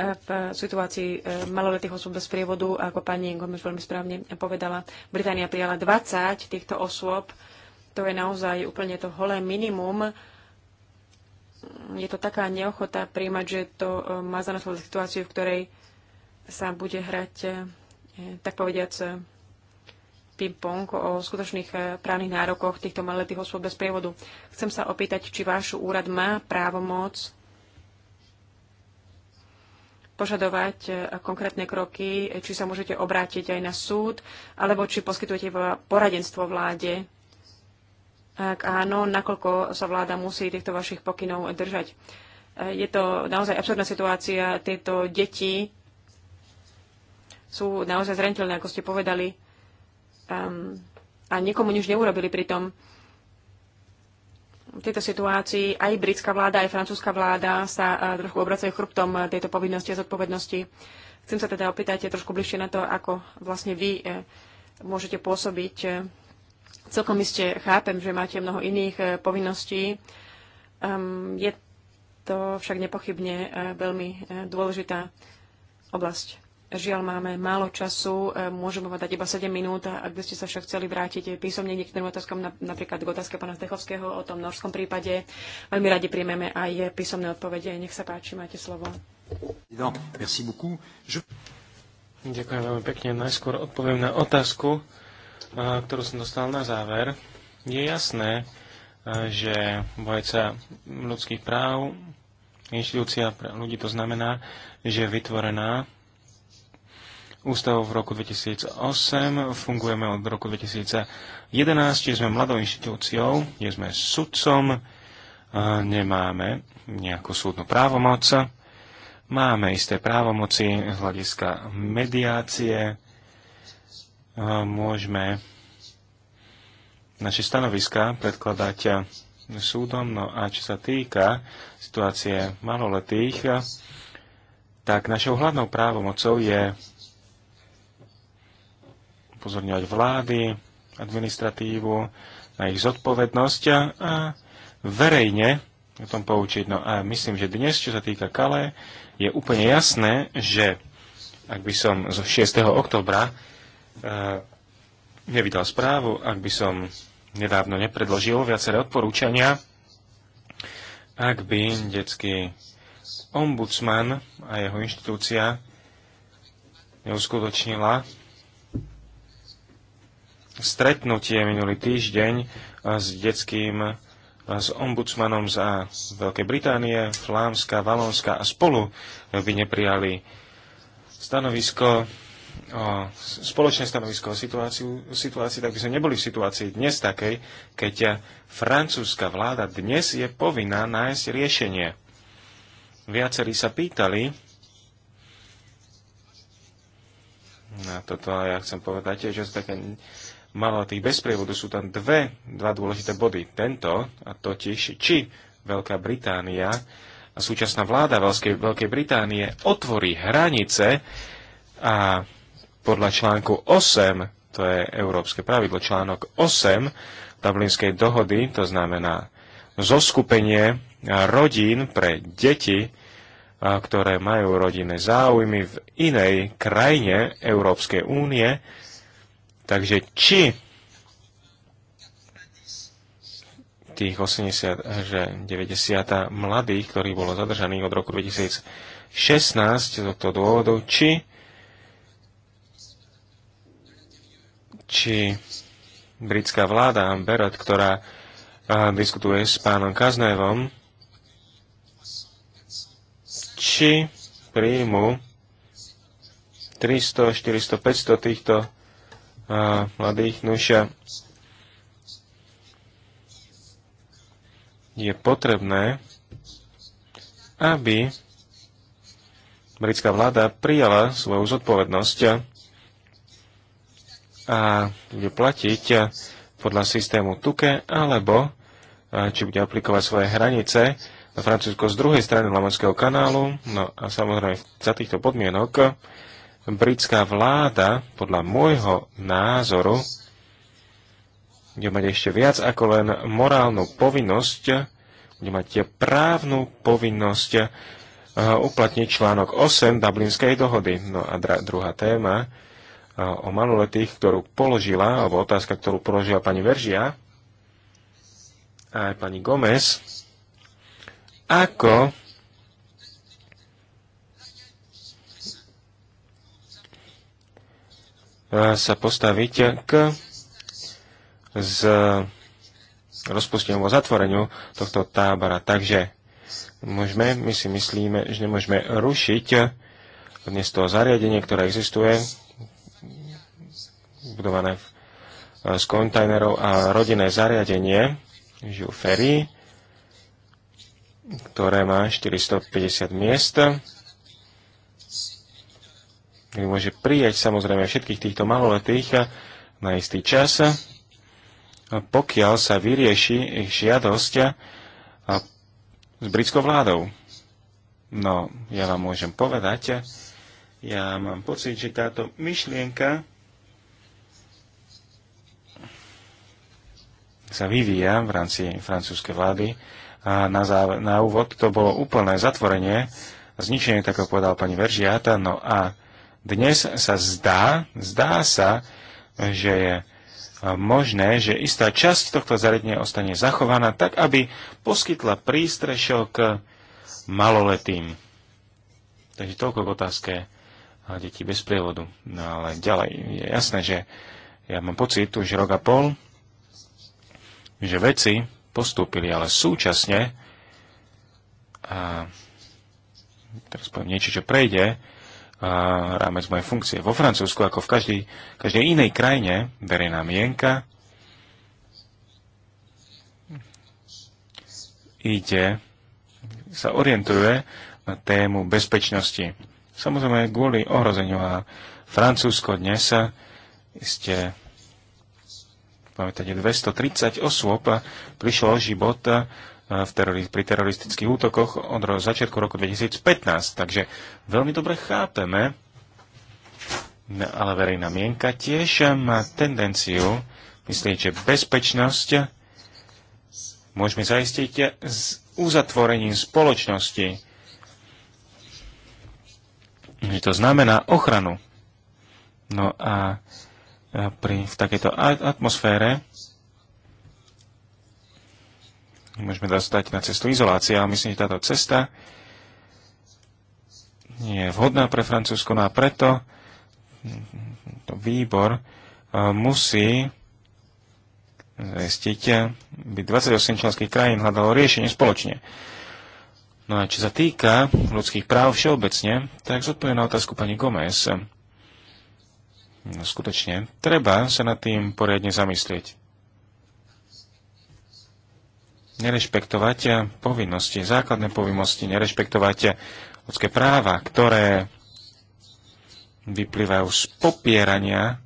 v situácii e, maloletých osôb bez prievodu, ako pani Gomes veľmi správne povedala. Británia prijala 20 týchto osôb. To je naozaj úplne to holé minimum. Je to taká neochota príjmať, že to e, má za situáciu, v ktorej sa bude hrať, tak povediac, ping-pong o skutočných e, právnych nárokoch týchto maletých osôb bez prievodu. Chcem sa opýtať, či váš úrad má právomoc požadovať e, konkrétne kroky, e, či sa môžete obrátiť aj na súd, alebo či poskytujete poradenstvo vláde. Ak áno, nakoľko sa vláda musí týchto vašich pokynov držať. Je to naozaj absurdná situácia. Tieto deti sú naozaj zraniteľné, ako ste povedali um, a nikomu nič neurobili pritom. V tejto situácii aj britská vláda, aj francúzska vláda sa e, trochu obracajú chrbtom e, tejto povinnosti a zodpovednosti. Chcem sa teda opýtať e, trošku bližšie na to, ako vlastne vy môžete pôsobiť. Celkom iste chápem, že máte mnoho iných povinností. Je to však nepochybne veľmi dôležitá oblasť. Žiaľ, máme málo času, e, môžeme vám dať iba 7 minút, ak by ste sa však chceli vrátiť písomne k niektorým otázkam, napríklad k otázke pána Stechovského o tom norskom prípade. Veľmi radi príjmeme aj písomné odpovede. Nech sa páči, máte slovo. Ďakujem veľmi pekne. Najskôr odpoviem na otázku, e, ktorú som dostal na záver. Je jasné, e, že bojca ľudských práv, inštitúcia pre ľudí, to znamená, že je vytvorená ústavou v roku 2008, fungujeme od roku 2011, čiže sme mladou inštitúciou, nie sme sudcom, nemáme nejakú súdnu právomoc, máme isté právomoci z hľadiska mediácie, môžeme naše stanoviska predkladať súdom. No a čo sa týka situácie maloletých, tak našou hlavnou právomocou je upozorňovať vlády, administratívu, na ich zodpovednosť a, verejne o tom poučiť. No a myslím, že dnes, čo sa týka Kale, je úplne jasné, že ak by som zo 6. oktobra e, nevydal správu, ak by som nedávno nepredložil viaceré odporúčania, ak by detský ombudsman a jeho inštitúcia neuskutočnila stretnutie minulý týždeň eh, s detským eh, s ombudsmanom za eh, Veľkej Británie, Flámska, Valónska a spolu by neprijali stanovisko o, spoločné stanovisko o situáciu, situácii, tak by sme neboli v situácii dnes takej, keď francúzska vláda dnes je povinná nájsť riešenie. Viacerí sa pýtali, na toto ja chcem povedať, že to také maloletých bez prievodu sú tam dve, dva dôležité body. Tento, a totiž, či Veľká Británia a súčasná vláda Veľkej, Veľkej Británie otvorí hranice a podľa článku 8, to je európske pravidlo, článok 8 Dublinskej dohody, to znamená zoskupenie rodín pre deti, ktoré majú rodinné záujmy v inej krajine Európskej únie, Takže či tých 80 až 90 mladých, ktorí bolo zadržaných od roku 2016 z tohto dôvodu, či či britská vláda Berot, ktorá diskutuje s pánom Kaznevom, či príjmu 300, 400, 500 týchto mladých. Nuž no je potrebné, aby britská vláda prijala svoju zodpovednosť a bude platiť podľa systému TUKE, alebo či bude aplikovať svoje hranice na Francúzsko z druhej strany Lamanského kanálu. No a samozrejme za týchto podmienok britská vláda, podľa môjho názoru, bude mať ešte viac ako len morálnu povinnosť, bude mať právnu povinnosť eh, uplatniť článok 8 Dublinskej dohody. No a druhá téma eh, o maloletých, ktorú položila, alebo otázka, ktorú položila pani Veržia a aj pani Gomez, ako sa postaviť k z rozpusteniu alebo zatvoreniu tohto tábora. Takže môžeme, my si myslíme, že nemôžeme rušiť dnes toho zariadenie, ktoré existuje, budované e, z kontajnerov a rodinné zariadenie, žijú ferry, ktoré má 450 miest môže prijať samozrejme všetkých týchto maloletých na istý čas, pokiaľ sa vyrieši ich žiadosť s britskou vládou. No, ja vám môžem povedať, ja mám pocit, že táto myšlienka sa vyvíja v rámci francúzskej vlády. A na, záver, na úvod to bolo úplné zatvorenie, zničenie, tak ako povedal pani Veržiata, no a dnes sa zdá, zdá sa, že je e, možné, že istá časť tohto zariadenia ostane zachovaná tak, aby poskytla prístrešok maloletým. Takže toľko k otázke detí bez prievodu. No ale ďalej je jasné, že ja mám pocit už rok a pol, že veci postúpili, ale súčasne a teraz poviem niečo, čo prejde, rámec mojej funkcie. Vo Francúzsku, ako v každej, každej inej krajine, verejná mienka ide, sa orientuje na tému bezpečnosti. Samozrejme, kvôli ohrozeniu a Francúzsko dnes ste pamätáte, 230 osôb prišlo o život v terori- pri teroristických útokoch od začiatku roku 2015. Takže veľmi dobre chápeme, no, ale verejná mienka tiež má tendenciu myslieť, že bezpečnosť môžeme zaistiť s uzatvorením spoločnosti. Že to znamená ochranu. No a pri, v takejto atmosfére môžeme dostať na cestu izolácie. ale myslím, že táto cesta nie je vhodná pre Francúzsko, no a preto to výbor e, musí zistiť, by 28 členských krajín hľadalo riešenie spoločne. No a čo sa týka ľudských práv všeobecne, tak zodpoviem na otázku pani Gomez. No skutočne, treba sa nad tým poriadne zamyslieť nerešpektovať povinnosti, základné povinnosti, nerešpektovať ľudské práva, ktoré vyplývajú z popierania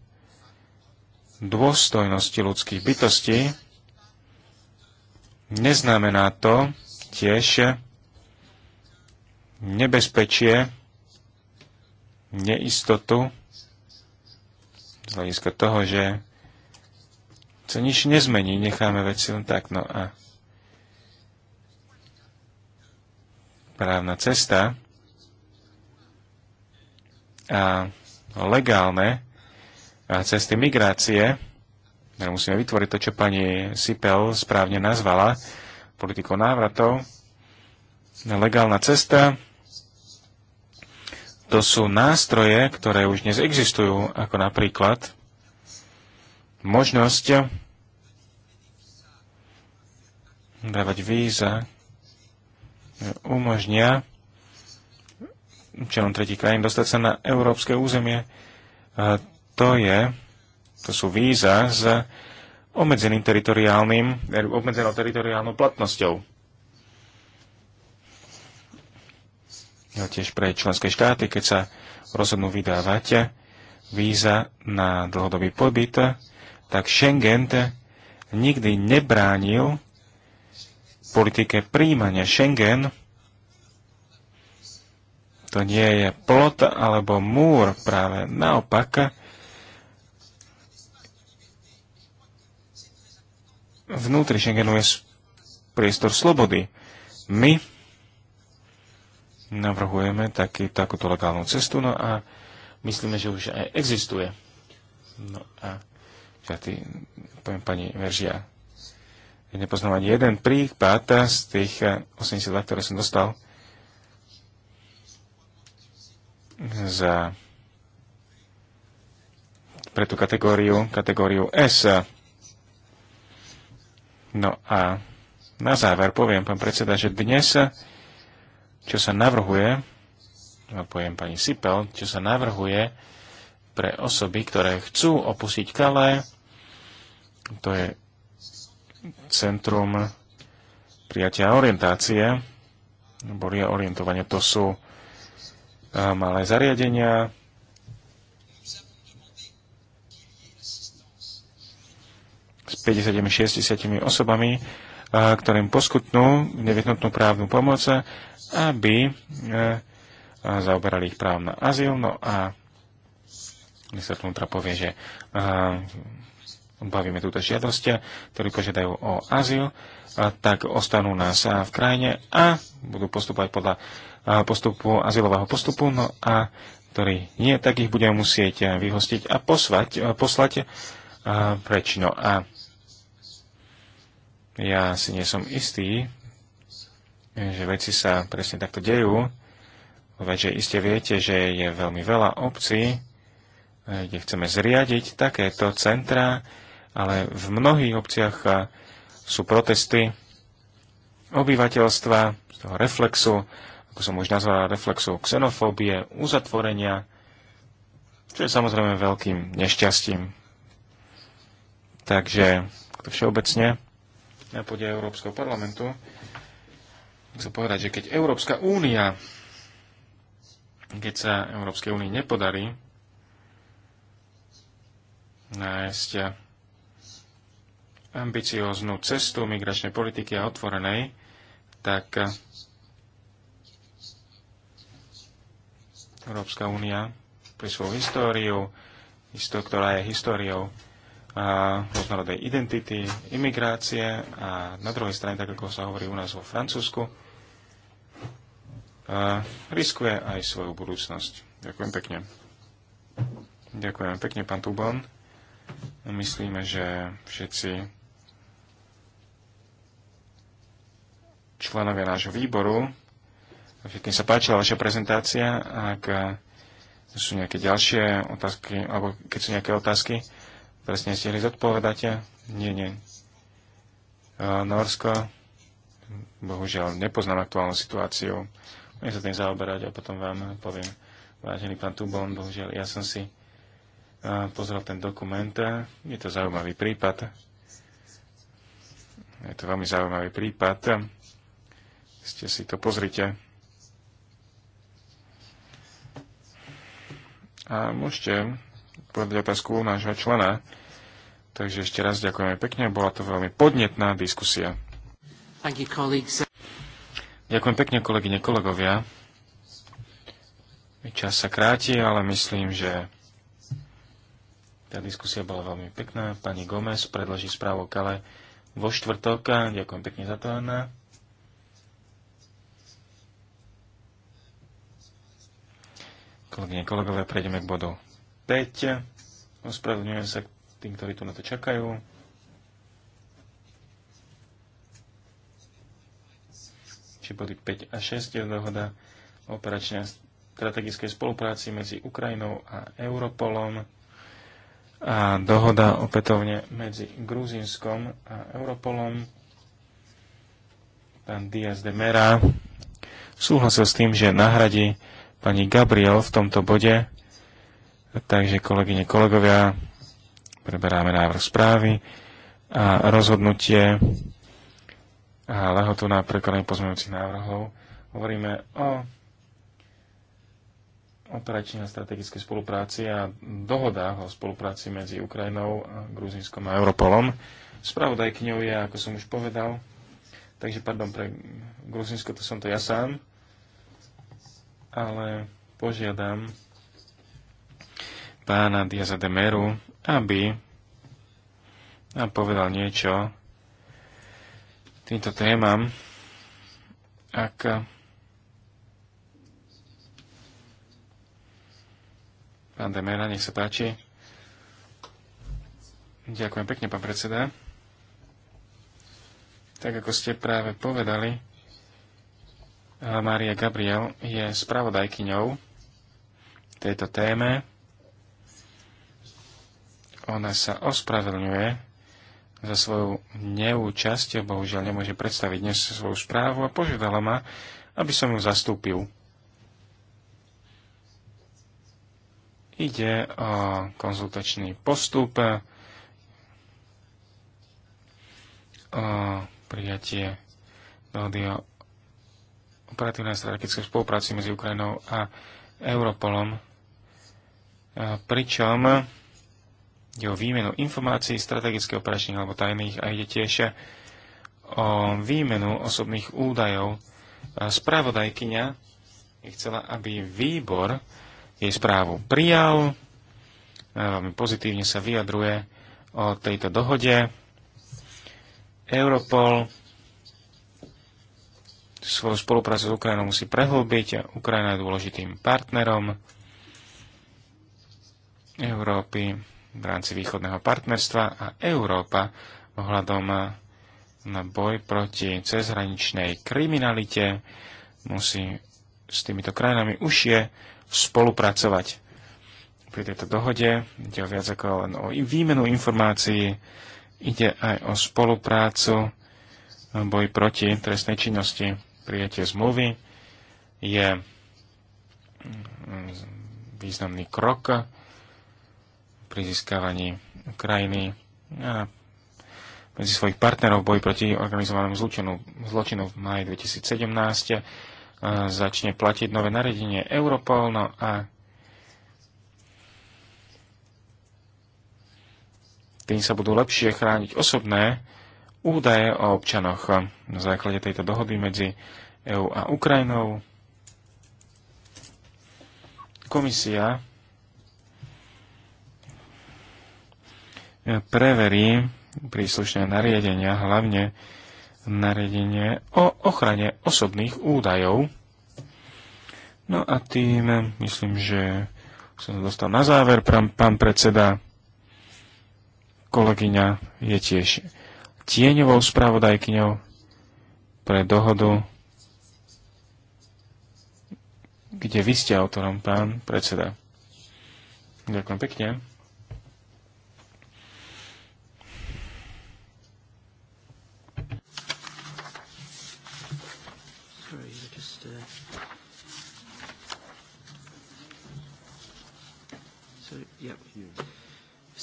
dôstojnosti ľudských bytostí, neznamená to tiež nebezpečie, neistotu z hľadiska toho, že sa nič nezmení, necháme veci len tak. No a právna cesta a legálne cesty migrácie, musíme vytvoriť to, čo pani Sipel správne nazvala politikou návratov, legálna cesta, to sú nástroje, ktoré už dnes existujú, ako napríklad možnosť dávať víza umožnia členom tretí krajín dostať sa na európske územie. To je, to sú víza s obmedzeným teritoriálnym, obmedzenou teritoriálnou platnosťou. Ja tiež pre členské štáty, keď sa rozhodnú vydávať víza na dlhodobý pobyt, tak Schengen nikdy nebránil politike príjmania Schengen to nie je plot alebo múr, práve naopak. Vnútri Schengenu je priestor slobody. My navrhujeme taký, takúto legálnu cestu, no a myslíme, že už aj existuje. No a ja ty, poviem pani Veržia, nepoznám ani jeden prípad z tých 82, eh, ktoré som dostal za pre tú kategóriu, kategóriu S. No a na záver poviem, pán predseda, že dnes, čo sa navrhuje, a no, poviem pani Sipel, čo sa navrhuje pre osoby, ktoré chcú opustiť Kalé, to je Centrum prijatia a orientácie, je orientovanie, to sú eh, malé zariadenia, s 50-60 osobami, eh, ktorým poskytnú nevyhnutnú právnu pomoc, aby eh, zaoberali ich práv na azyl. No a minister vnútra povie, že bavíme túto žiadosť, ktorí požiadajú o azyl, tak ostanú nás v krajine a budú postupovať podľa postupu, azylového postupu, no a ktorí nie, tak ich budeme musieť vyhostiť a posvať, poslať preč. No a ja si nie som istý, že veci sa presne takto dejú, veďže iste viete, že je veľmi veľa obcí, kde chceme zriadiť takéto centra, ale v mnohých obciach sú protesty obyvateľstva, z toho reflexu, ako som už nazval, reflexu xenofóbie, uzatvorenia, čo je samozrejme veľkým nešťastím. Takže to všeobecne na pôde Európskeho parlamentu chcem povedať, že keď Európska únia, keď sa Európskej únii nepodarí nájsť ambicióznu cestu migračnej politiky a otvorenej, tak eh, Európska únia pri svoju históriu, ktorá je históriou a eh, rôznorodej identity, imigrácie a na druhej strane, tak ako sa hovorí u nás vo Francúzsku, a eh, riskuje aj svoju budúcnosť. Ďakujem pekne. Ďakujem pekne, pán Tubon. Myslíme, že všetci členovia nášho výboru. Všetkým sa páčila vaša prezentácia. Ak sú nejaké ďalšie otázky, alebo keď sú nejaké otázky, ktoré ste nestihli zodpovedať, nie, nie. E, Norsko, bohužiaľ, nepoznám aktuálnu situáciu. Budem sa tým zaoberať a potom vám poviem. Vážený pán Tubon, bohužiaľ, ja som si e, pozrel ten dokument. Je to zaujímavý prípad. Je to veľmi zaujímavý prípad ste si to pozrite. A môžete povedať otázku nášho člena. Takže ešte raz ďakujeme pekne, bola to veľmi podnetná diskusia. You, Ďakujem pekne, kolegyne, kolegovia. Čas sa kráti, ale myslím, že tá diskusia bola veľmi pekná. Pani Gomez predloží správu Kale vo štvrtok. Ďakujem pekne za to, Anna. Kolegyne, kolegové, prejdeme k bodu 5. Ospravedlňujem sa tým, ktorí tu na to čakajú. Či boli 5 a 6 je dohoda o operačnej strategickej spolupráci medzi Ukrajinou a Europolom a dohoda opätovne medzi Gruzínskom a Europolom. Pán Diaz de Mera súhlasil s tým, že nahradí pani Gabriel v tomto bode. Takže kolegyne, kolegovia, preberáme návrh správy a rozhodnutie a lehotu na prekonanie pozmeňujúcich návrhov. Hovoríme o operačnej a strategickej spolupráci a dohodách o spolupráci medzi Ukrajinou, Gruzinskom a Europolom. Spravodajkňou je, ako som už povedal, takže pardon, pre Gruzinsko to som to ja sám ale požiadam pána Diaza de Meru, aby nám povedal niečo týmto témam. Ak Pán Demera, nech sa páči. Ďakujem pekne, pán predseda. Tak ako ste práve povedali, Mária Gabriel je spravodajkyňou tejto téme. Ona sa ospravedlňuje za svoju neúčasť, bohužiaľ nemôže predstaviť dnes svoju správu a požiadala ma, aby som ju zastúpil. Ide o konzultačný postup, o prijatie dohody o operatívnej strategickej spolupráci medzi Ukrajinou a Europolom, pričom ide o výmenu informácií strategických, operačných alebo tajných a ide tiež o výmenu osobných údajov. Spravodajkyňa chcela, aby výbor jej správu prijal, veľmi pozitívne sa vyjadruje o tejto dohode. Europol svoju spoluprácu s Ukrajinou musí prehlbiť. Ukrajina je dôležitým partnerom Európy v rámci východného partnerstva a Európa ohľadom na boj proti cezhraničnej kriminalite musí s týmito krajinami už je spolupracovať. Pri tejto dohode ide o viac ako len o výmenu informácií, ide aj o spoluprácu boj proti trestnej činnosti prijatie zmluvy je významný krok pri získavaní Ukrajiny a medzi svojich partnerov v boji proti organizovanému zločinu, zločinu v maji 2017 začne platiť nové nariadenie Europol no a tým sa budú lepšie chrániť osobné údaje o občanoch. Na základe tejto dohody medzi EÚ a Ukrajinou komisia preverí príslušné nariadenia, hlavne nariadenie o ochrane osobných údajov. No a tým myslím, že som dostal na záver, pán, pán predseda, kolegyňa je tiež tieňovou spravodajkyňou pre dohodu, kde vy ste autorom, pán predseda. Ďakujem pekne.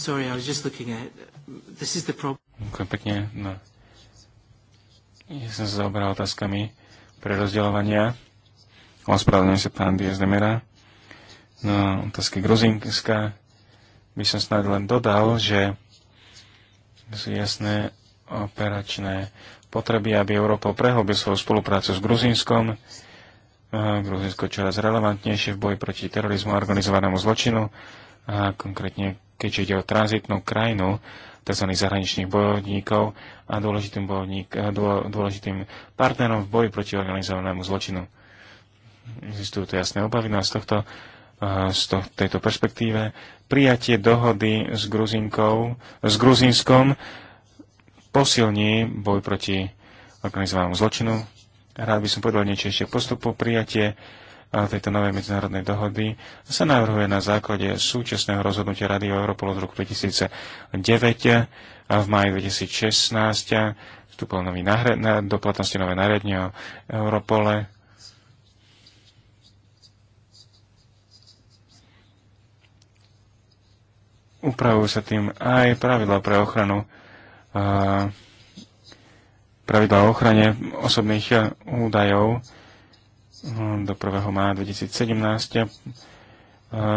Sorry, I uh, was just looking at this is the problem. Ďakujem pekne. No. Ja som sa zaoberal otázkami pre rozdeľovania. Ospravedlňujem sa pán Diaz Demera. No, otázky Gruzinska. By som snad len dodal, že sú jasné operačné potreby, aby Európa prehlbil svoju spoluprácu s Gruzínskom. Gruzinsko čoraz relevantnejšie v boji proti terorizmu a organizovanému zločinu, a konkrétne keďže ide o tranzitnú krajinu tzv. zahraničných bojovníkov a dôležitým, bojovník, eh, dôležitým partnerom v boji proti organizovanému zločinu. Existujú tu jasné obavy, no a z, tohto, eh, z to, tejto perspektíve prijatie dohody s, Gruzinkou, s Gruzinskom posilní boj proti organizovanému zločinu. Rád by som povedal niečo ešte postupu prijatie tejto novej medzinárodnej dohody sa navrhuje na základe súčasného rozhodnutia Rady o Europolu z roku 2009 a v maji 2016 vstúpil nový nahre, na, do platnosti nové nariadenie o Europole. Upravujú sa tým aj pravidla pre ochranu pravidla o ochrane osobných e, údajov Hm, do 1. mája 2017 eh,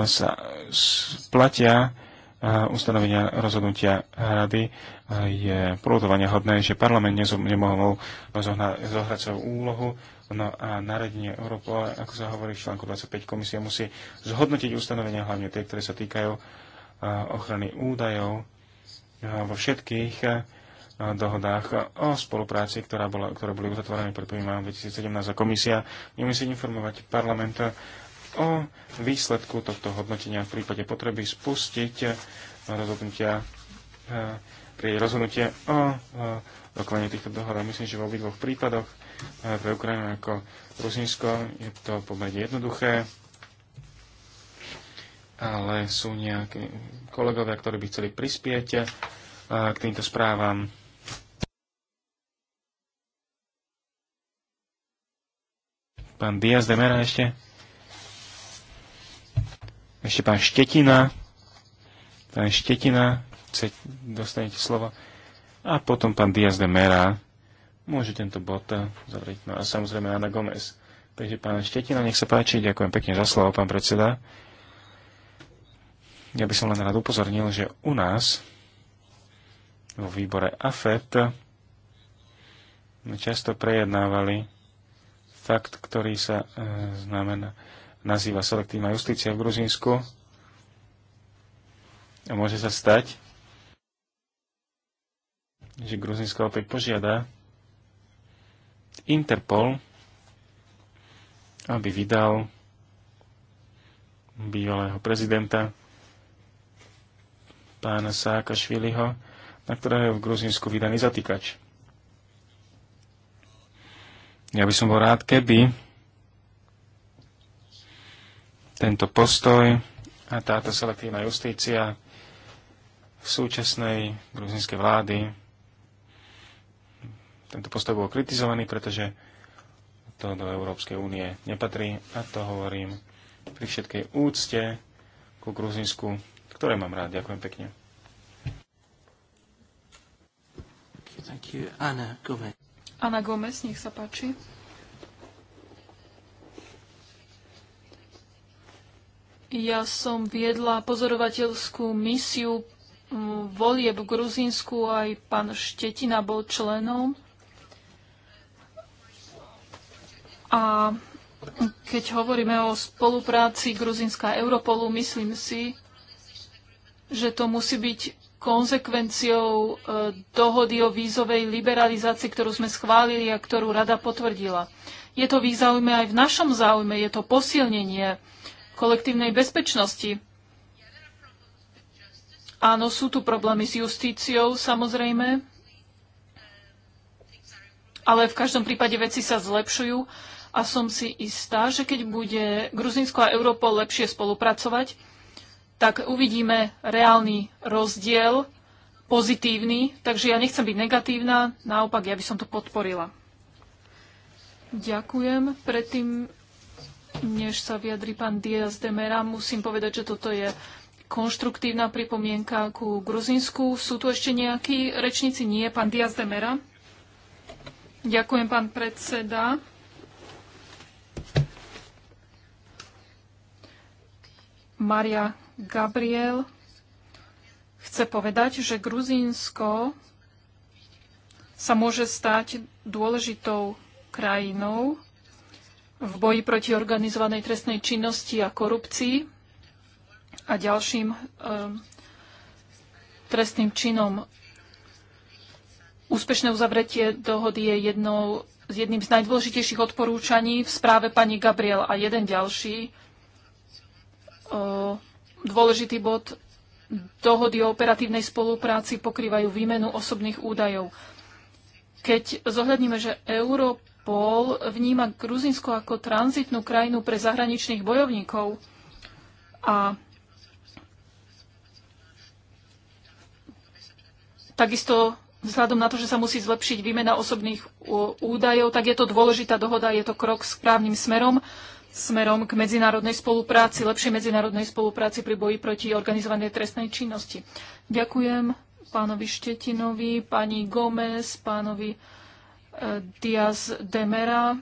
sa platia eh, ustanovenia rozhodnutia rady eh, je prúdovania hodné, že parlament nemohol zohrať svoju úlohu, no a naradenie Európole, ako sa hovorí v článku 25, komisia musí zhodnotiť ustanovenia, hlavne tie, ktoré sa týkajú ochrany údajov vo všetkých dohodách o spolupráci, ktorá bola, ktoré boli uzatvorené pred 1. 2017 a komisia nemusí informovať parlament o výsledku tohto hodnotenia v prípade potreby spustiť eh, rozhodnutia eh, pri rozhodnutie o doklane eh, týchto dohod. Myslím, že v obidvoch prípadoch pre Ukrajinu ako Rusinsko je to pomerne jednoduché ale sú nejakí kolegovia, ktorí by chceli prispieť k týmto správam. Pán Diaz de Mera ešte. Ešte pán Štetina. Pán Štetina, dostanete slovo. A potom pán Diaz de Mera. Môže tento bot zavrieť. No a samozrejme Ana Gomez. Takže pán Štetina, nech sa páči. Ďakujem pekne za slovo, pán predseda. Ja by som len rád upozornil, že u nás vo výbore AFET často prejednávali fakt, ktorý sa e, znamená, nazýva selektívna justícia v Gruzínsku. A môže sa stať, že Gruzínska opäť požiada Interpol, aby vydal bývalého prezidenta pána Sákašviliho, na ktorého je v Gruzinsku vydaný zatýkač. Ja by som bol rád, keby tento postoj a táto selektívna justícia v súčasnej gruzinskej vlády tento postoj bol kritizovaný, pretože to do Európskej únie nepatrí a to hovorím pri všetkej úcte ku Gruzinsku, ktoré mám rád. Ďakujem pekne. Thank you. Anna ahead. Ana Gomez, nech sa páči. Ja som viedla pozorovateľskú misiu volieb v Gruzínsku, aj pán Štetina bol členom. A keď hovoríme o spolupráci Gruzínska a Europolu, myslím si, že to musí byť konsekvenciou e, dohody o vízovej liberalizácii, ktorú sme schválili a ktorú rada potvrdila. Je to v ich záujme aj v našom záujme, je to posilnenie kolektívnej bezpečnosti. Áno, sú tu problémy s justíciou, samozrejme, ale v každom prípade veci sa zlepšujú a som si istá, že keď bude Gruzinsko a Európol lepšie spolupracovať, tak uvidíme reálny rozdiel, pozitívny. Takže ja nechcem byť negatívna, naopak ja by som to podporila. Ďakujem. Predtým, než sa vyjadri pán Diaz de Mera, musím povedať, že toto je konštruktívna pripomienka ku Gruzinsku. Sú tu ešte nejakí rečníci? Nie, pán Diaz de Mera. Ďakujem, pán predseda. Maria Gabriel chce povedať, že Gruzínsko sa môže stať dôležitou krajinou v boji proti organizovanej trestnej činnosti a korupcii a ďalším um, trestným činom. Úspešné uzavretie dohody je jednou, jedným z najdôležitejších odporúčaní v správe pani Gabriel a jeden ďalší. Um, Dôležitý bod dohody o operatívnej spolupráci pokrývajú výmenu osobných údajov. Keď zohľadníme, že Europol vníma Gruzinsko ako tranzitnú krajinu pre zahraničných bojovníkov a takisto vzhľadom na to, že sa musí zlepšiť výmena osobných údajov, tak je to dôležitá dohoda, je to krok správnym smerom smerom k medzinárodnej spolupráci, lepšej medzinárodnej spolupráci pri boji proti organizovanej trestnej činnosti. Ďakujem pánovi Štetinovi, pani Gomez, pánovi e, Diaz Demera.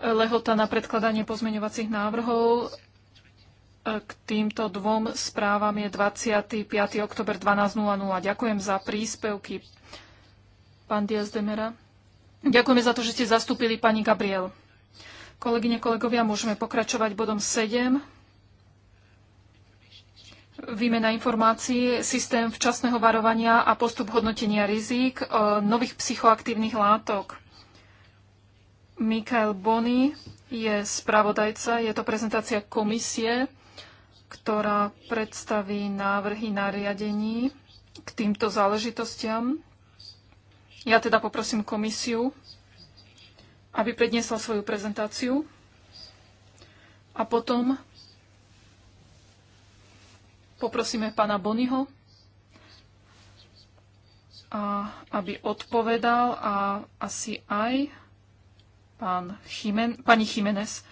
Lehota na predkladanie pozmeňovacích návrhov e, k týmto dvom správam je 25. oktober 12.00. Ďakujem za príspevky, pán Diaz Demera. Ďakujeme za to, že ste zastúpili pani Gabriel. Kolegyne, kolegovia, môžeme pokračovať bodom 7. Výmena informácií, systém včasného varovania a postup hodnotenia rizík e, nových psychoaktívnych látok. Mikael Bony je spravodajca, je to prezentácia komisie, ktorá predstaví návrhy nariadení k týmto záležitostiam. Ja teda poprosím komisiu, aby predniesol svoju prezentáciu a potom poprosíme pána Bonyho, a aby odpovedal a asi aj pán Chimen, pani Chimenez.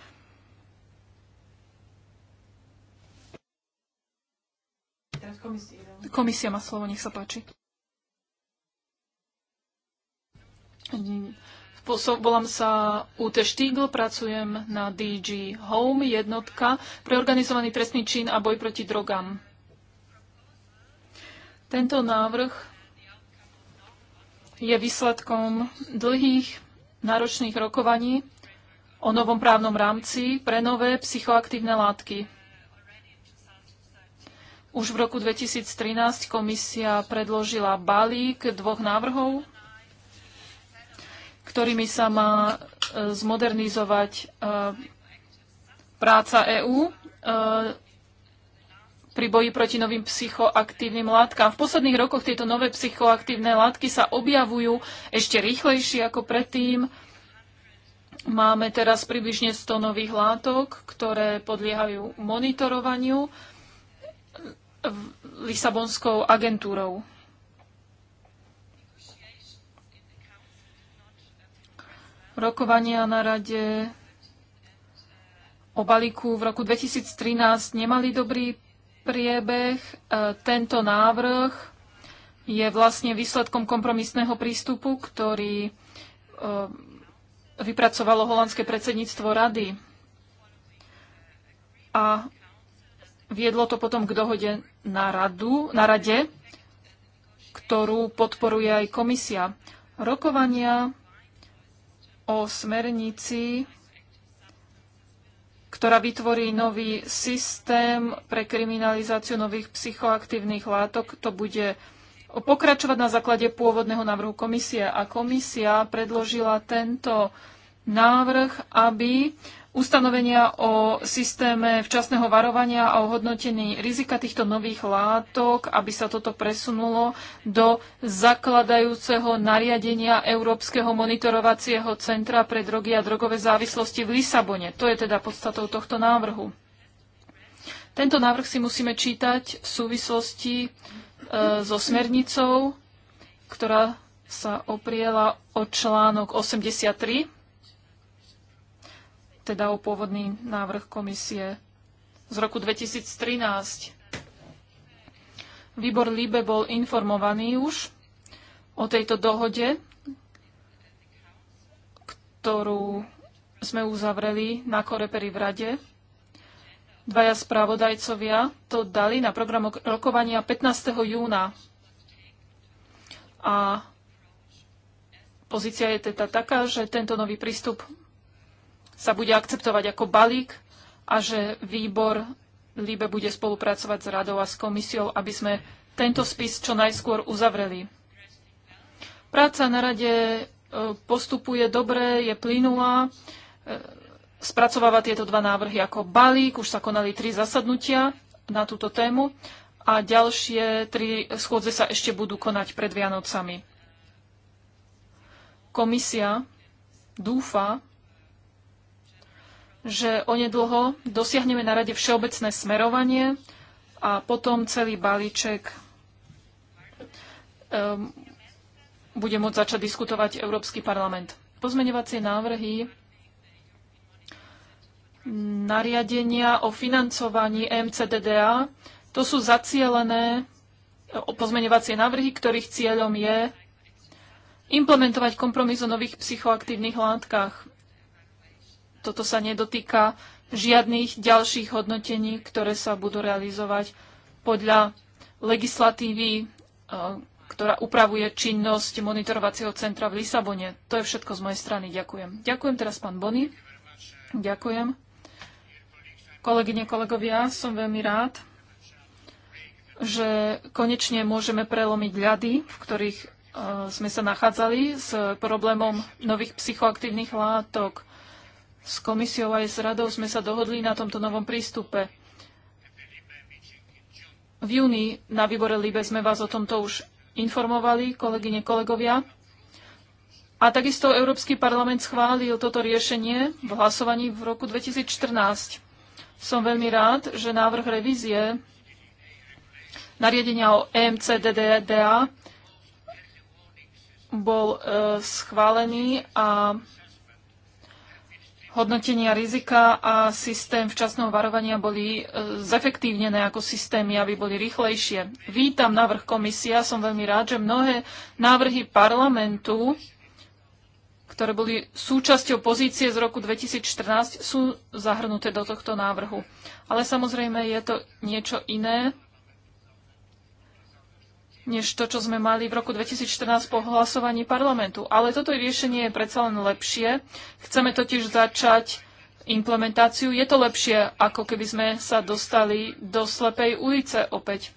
No. Komisia má slovo, nech sa páči. Volám sa Ute Štígl, pracujem na DG Home, jednotka pre organizovaný trestný čin a boj proti drogám. Tento návrh je výsledkom dlhých náročných rokovaní o novom právnom rámci pre nové psychoaktívne látky. Už v roku 2013 komisia predložila balík dvoch návrhov ktorými sa má e, zmodernizovať e, práca EÚ e, pri boji proti novým psychoaktívnym látkám. V posledných rokoch tieto nové psychoaktívne látky sa objavujú ešte rýchlejšie ako predtým. Máme teraz približne 100 nových látok, ktoré podliehajú monitorovaniu Lisabonskou agentúrou. Rokovania na rade o balíku v roku 2013 nemali dobrý priebeh. E, tento návrh je vlastne výsledkom kompromisného prístupu, ktorý e, vypracovalo holandské predsedníctvo rady. A viedlo to potom k dohode na, radu, na rade, ktorú podporuje aj komisia. Rokovania o smernici, ktorá vytvorí nový systém pre kriminalizáciu nových psychoaktívnych látok. To bude pokračovať na základe pôvodného návrhu komisie. A komisia predložila tento návrh, aby ustanovenia o systéme včasného varovania a o hodnotení rizika týchto nových látok, aby sa toto presunulo do zakladajúceho nariadenia Európskeho monitorovacieho centra pre drogy a drogové závislosti v Lisabone. To je teda podstatou tohto návrhu. Tento návrh si musíme čítať v súvislosti e, so smernicou, ktorá sa opriela o článok 83 teda o pôvodný návrh komisie z roku 2013. Výbor Líbe bol informovaný už o tejto dohode, ktorú sme uzavreli na Koreperi v Rade. Dvaja správodajcovia to dali na program rokovania 15. júna. A pozícia je teda taká, že tento nový prístup sa bude akceptovať ako balík a že výbor LIBE bude spolupracovať s radou a s komisiou, aby sme tento spis čo najskôr uzavreli. Práca na rade e, postupuje dobre, je plynulá. E, spracováva tieto dva návrhy ako balík. Už sa konali tri zasadnutia na túto tému a ďalšie tri schôdze sa ešte budú konať pred Vianocami. Komisia dúfa, že onedlho dosiahneme na rade všeobecné smerovanie a potom celý balíček um, bude môcť začať diskutovať Európsky parlament. Pozmeňovacie návrhy mm, nariadenia o financovaní MCDDA. To sú zacielené e, pozmeňovacie návrhy, ktorých cieľom je implementovať kompromis o nových psychoaktívnych látkach. Toto sa nedotýka žiadnych ďalších hodnotení, ktoré sa budú realizovať podľa legislatívy, e, ktorá upravuje činnosť monitorovacieho centra v Lisabone. To je všetko z mojej strany. Ďakujem. Ďakujem teraz pán Bony. Ďakujem. Kolegyne, kolegovia, som veľmi rád, že konečne môžeme prelomiť ľady, v ktorých e, sme sa nachádzali s problémom nových psychoaktívnych látok. S komisiou aj s radou sme sa dohodli na tomto novom prístupe. V júni na výbore Libe sme vás o tomto už informovali, kolegyne, kolegovia. A takisto Európsky parlament schválil toto riešenie v hlasovaní v roku 2014. Som veľmi rád, že návrh revízie nariadenia o EMCDDDA bol e, schválený a hodnotenia rizika a systém včasného varovania boli e, zefektívnené ako systémy, aby boli rýchlejšie. Vítam návrh komisia, som veľmi rád, že mnohé návrhy parlamentu, ktoré boli súčasťou pozície z roku 2014, sú zahrnuté do tohto návrhu. Ale samozrejme je to niečo iné, než to, čo sme mali v roku 2014 po hlasovaní parlamentu. Ale toto riešenie je predsa len lepšie. Chceme totiž začať implementáciu. Je to lepšie, ako keby sme sa dostali do slepej ulice opäť.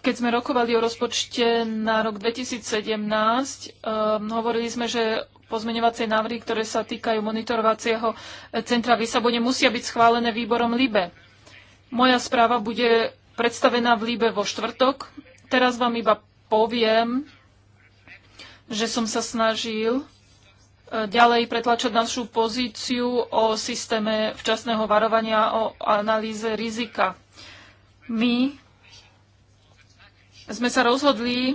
Keď sme rokovali o rozpočte na rok 2017, um, ehm, hovorili sme, že pozmeňovacie návrhy, ktoré sa týkajú monitorovacieho centra v Lisabone, musia byť schválené výborom LIBE. Moja správa bude predstavená v Líbe vo štvrtok. Teraz vám iba poviem, že som sa snažil e, ďalej pretlačať našu pozíciu o systéme včasného varovania o analýze rizika. My sme sa rozhodli e,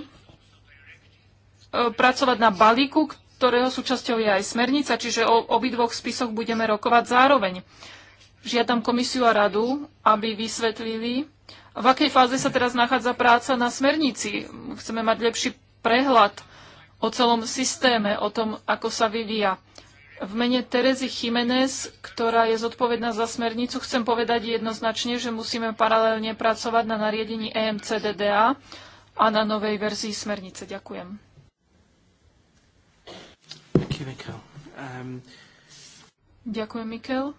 pracovať na balíku, ktorého súčasťou je aj smernica, čiže o obidvoch spisoch budeme rokovať zároveň. Žiadam komisiu a radu, aby vysvetlili, v akej fáze sa teraz nachádza práca na smernici? Chceme mať lepší prehľad o celom systéme, o tom, ako sa vyvíja. V mene Terezy Jiménez, ktorá je zodpovedná za smernicu, chcem povedať jednoznačne, že musíme paralelne pracovať na nariadení EMCDDA a na novej verzii smernice. Ďakujem. Um, Ďakujem, Mikel.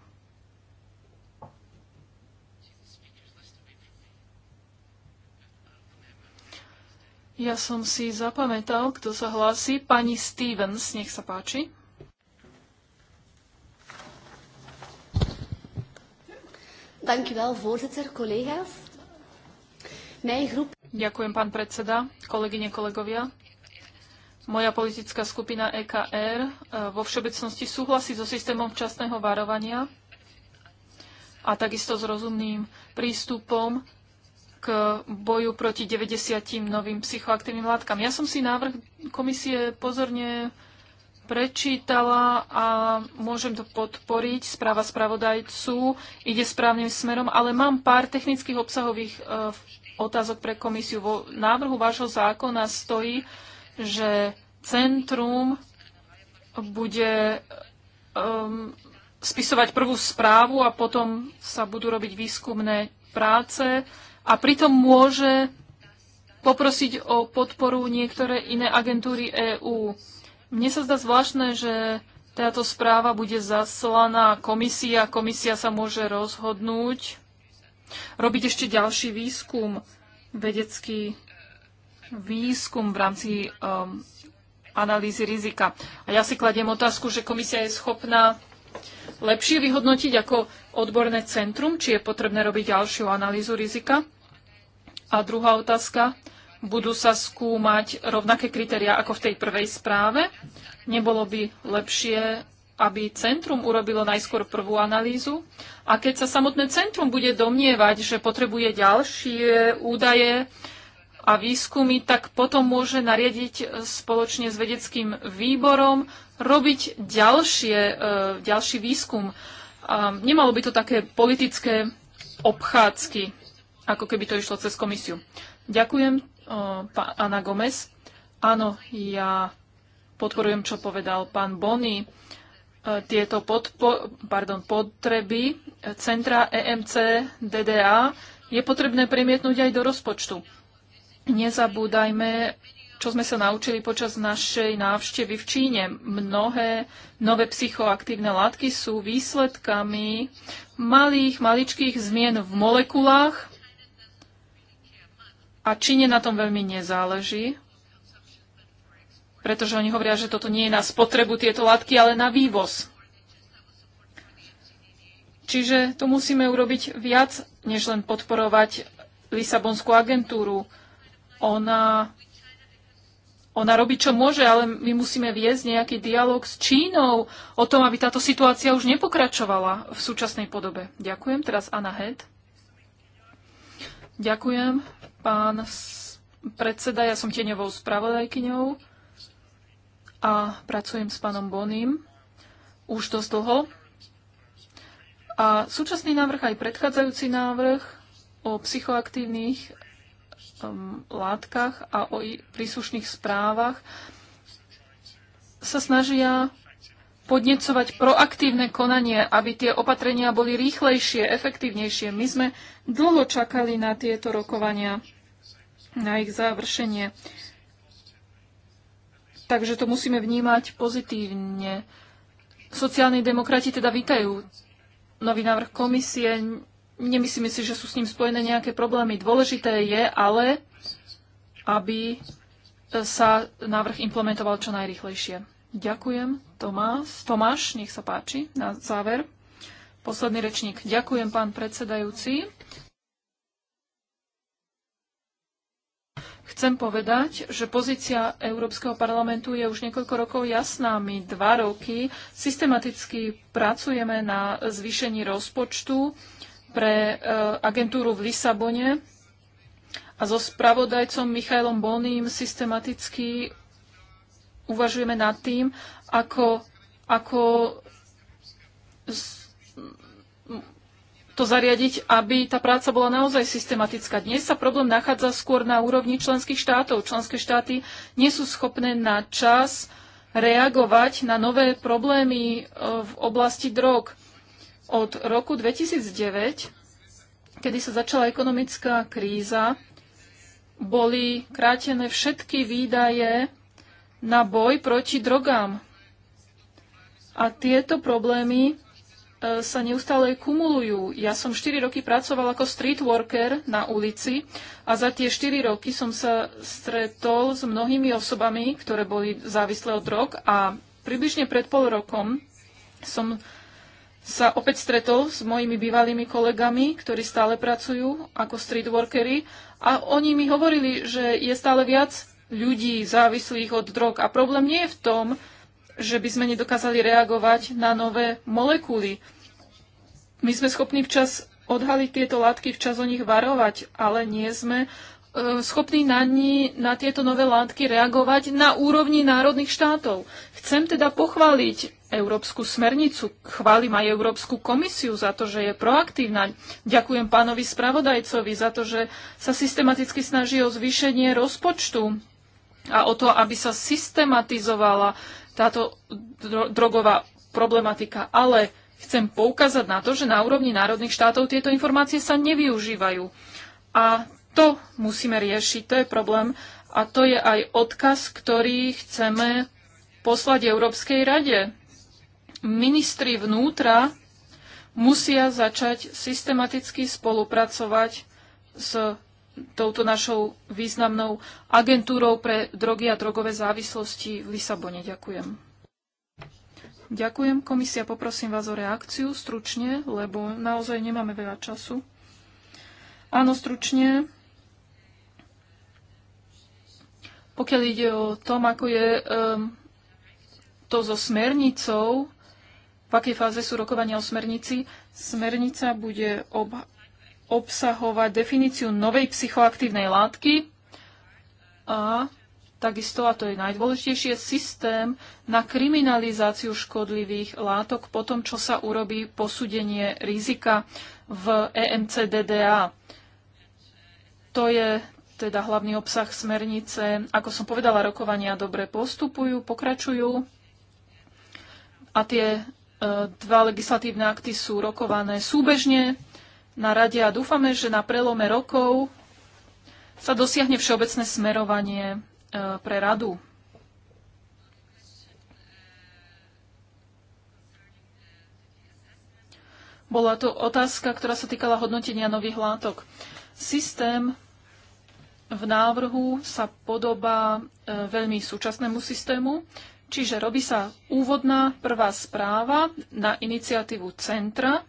Ja som si zapamätal, kto sa hlási. Pani Stevens, nech sa páči. Dank wel, voorzitter, collega's. Mijn groep... Ďakujem, pán predseda, kolegyne, kolegovia. Moja politická skupina EKR e, vo všeobecnosti súhlasí so systémom včasného varovania a takisto s rozumným prístupom k boju proti 90 novým psychoaktívnym látkam. Ja som si návrh komisie pozorne prečítala a môžem to podporiť. Správa spravodajcu ide správnym smerom, ale mám pár technických obsahových e, otázok pre komisiu. Vo návrhu vášho zákona stojí, že centrum bude um, spisovať prvú správu a potom sa budú robiť výskumné práce a pritom môže poprosiť o podporu niektoré iné agentúry EÚ. Mne sa zdá zvláštne, že táto správa bude zaslaná komisia. Komisia sa môže rozhodnúť robiť ešte ďalší výskum, vedecký výskum v rámci um, analýzy rizika. A ja si kladiem otázku, že komisia je schopná lepšie vyhodnotiť ako odborné centrum, či je potrebné robiť ďalšiu analýzu rizika. A druhá otázka. Budú sa skúmať rovnaké kritériá ako v tej prvej správe? Nebolo by lepšie, aby centrum urobilo najskôr prvú analýzu? A keď sa samotné centrum bude domnievať, že potrebuje ďalšie údaje, a výskumy, tak potom môže nariadiť spoločne s vedeckým výborom robiť ďalšie, e, ďalší výskum. Nemalo by to také politické obchádzky ako keby to išlo cez komisiu. Ďakujem, pán Ana Gomez. Áno, ja podporujem, čo povedal pán Bony. E, tieto podpo, pardon, potreby centra EMC DDA je potrebné premietnúť aj do rozpočtu. Nezabúdajme, čo sme sa naučili počas našej návštevy v Číne. Mnohé nové psychoaktívne látky sú výsledkami malých, maličkých zmien v molekulách a Číne na tom veľmi nezáleží, pretože oni hovoria, že toto nie je na spotrebu tieto látky, ale na vývoz. Čiže tu musíme urobiť viac, než len podporovať Lisabonskú agentúru. Ona, ona robí, čo môže, ale my musíme viesť nejaký dialog s Čínou o tom, aby táto situácia už nepokračovala v súčasnej podobe. Ďakujem. Teraz Anna Head. Ďakujem, pán predseda. Ja som tieňovou spravodajkyňou a pracujem s pánom Bonim už dosť dlho. A súčasný návrh aj predchádzajúci návrh o psychoaktívnych um, látkach a o príslušných správach sa snažia podnecovať proaktívne konanie, aby tie opatrenia boli rýchlejšie, efektívnejšie. My sme dlho čakali na tieto rokovania na ich završenie. Takže to musíme vnímať pozitívne. Sociálni demokrati teda vítajú nový návrh komisie. Nemyslíme si, že sú s ním spojené nejaké problémy. Dôležité je ale, aby sa návrh implementoval čo najrychlejšie. Ďakujem. Tomás, Tomáš, nech sa páči, na záver. Posledný rečník. Ďakujem, pán predsedajúci. Chcem povedať, že pozícia Európskeho parlamentu je už niekoľko rokov jasná. My dva roky systematicky pracujeme na zvýšení rozpočtu pre eh, agentúru v Lisabone a so spravodajcom Michailom Bolným systematicky uvažujeme nad tým, ako, ako to zariadiť, aby tá práca bola naozaj systematická. Dnes sa problém nachádza skôr na úrovni členských štátov. Členské štáty nie sú schopné na čas reagovať na nové problémy e, v oblasti drog. Od roku 2009, kedy sa začala ekonomická kríza, boli krátené všetky výdaje na boj proti drogám. A tieto problémy E, sa neustále kumulujú. Ja som 4 roky pracoval ako street worker na ulici a za tie 4 roky som sa stretol s mnohými osobami, ktoré boli závislé od drog a približne pred pol rokom som sa opäť stretol s mojimi bývalými kolegami, ktorí stále pracujú ako street workery a oni mi hovorili, že je stále viac ľudí závislých od drog a problém nie je v tom, že by sme nedokázali reagovať na nové molekuly. My sme schopní včas odhaliť tieto látky, včas o nich varovať, ale nie sme e, schopní na, ni, na tieto nové látky reagovať na úrovni národných štátov. Chcem teda pochváliť Európsku smernicu, chválim aj Európsku komisiu za to, že je proaktívna. Ďakujem pánovi spravodajcovi za to, že sa systematicky snaží o zvýšenie rozpočtu a o to, aby sa systematizovala táto drogová problematika. Ale Chcem poukázať na to, že na úrovni národných štátov tieto informácie sa nevyužívajú. A to musíme riešiť, to je problém. A to je aj odkaz, ktorý chceme poslať Európskej rade. Ministri vnútra musia začať systematicky spolupracovať s touto našou významnou agentúrou pre drogy a drogové závislosti v Lisabone. Ďakujem. Ďakujem. Komisia, poprosím vás o reakciu stručne, lebo naozaj nemáme veľa času. Áno, stručne. Pokiaľ ide o tom, ako je um, to so smernicou, v akej fáze sú rokovania o smernici, smernica bude ob- obsahovať definíciu novej psychoaktívnej látky a takisto, a to je najdôležitejšie, systém na kriminalizáciu škodlivých látok po tom, čo sa urobí posúdenie rizika v EMCDDA. To je teda hlavný obsah smernice. Ako som povedala, rokovania dobre postupujú, pokračujú a tie e, dva legislatívne akty sú rokované súbežne na rade a dúfame, že na prelome rokov sa dosiahne všeobecné smerovanie E, pre radu. Bola to otázka, ktorá sa týkala hodnotenia nových látok. Systém v návrhu sa podobá e, veľmi súčasnému systému, čiže robí sa úvodná prvá správa na iniciatívu Centra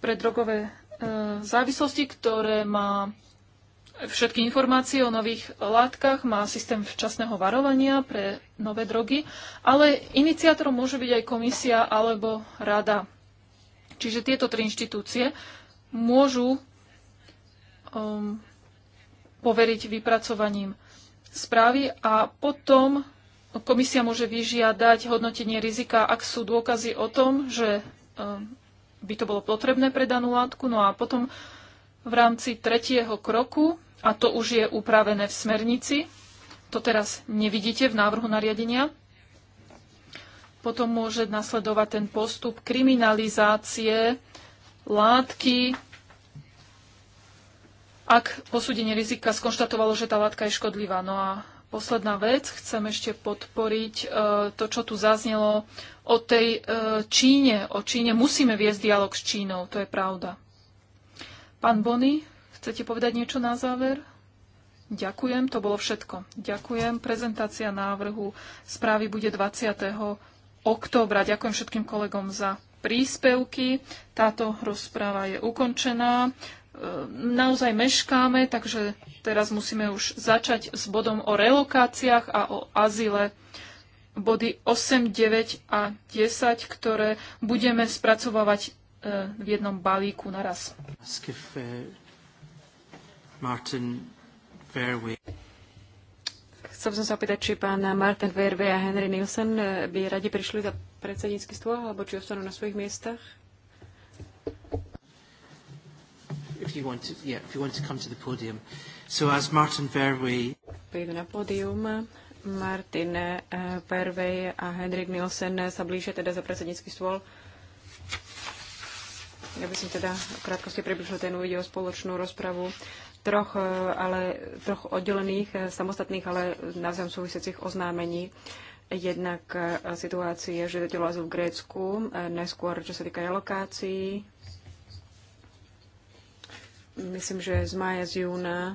pre drogové e, závislosti, ktoré má všetky informácie o nových látkach, má systém včasného varovania pre nové drogy, ale iniciátorom môže byť aj komisia alebo rada. Čiže tieto tri inštitúcie môžu um, poveriť vypracovaním správy a potom komisia môže vyžiadať hodnotenie rizika, ak sú dôkazy o tom, že um, by to bolo potrebné pre danú látku. No a potom v rámci tretieho kroku a to už je upravené v smernici. To teraz nevidíte v návrhu nariadenia. Potom môže nasledovať ten postup kriminalizácie látky, ak posúdenie rizika skonštatovalo, že tá látka je škodlivá. No a posledná vec, chcem ešte podporiť e, to, čo tu zaznelo o tej e, Číne. O Číne musíme viesť dialog s Čínou, to je pravda. Pán Bony, Chcete povedať niečo na záver? Ďakujem, to bolo všetko. Ďakujem. Prezentácia návrhu správy bude 20. októbra. Ďakujem všetkým kolegom za príspevky. Táto rozpráva je ukončená. E, naozaj meškáme, takže teraz musíme už začať s bodom o relokáciách a o azile body 8, 9 a 10, ktoré budeme spracovávať e, v jednom balíku naraz. Martin Verwey. Chcel som sa opýtať, či pán Martin Verwey a Henry Nielsen eh, by radi prišli za predsednícky stôl, alebo či ostanú na svojich miestach? If you want to, yeah, if you want to come to the podium. So as Martin Verwey... Prídu na pódium. Martin eh, Verwey a Henrik Nielsen sa blíže teda za predsednícky stôl. Ja by som teda v krátkosti približil ten video spoločnú rozpravu troch, e, ale troch oddelených, e, samostatných, ale navzájom súvisiacich oznámení. Jednak e, situácie žiadateľov azyl v Grécku, najskôr čo sa týka relokácií. Myslím, že z mája, z júna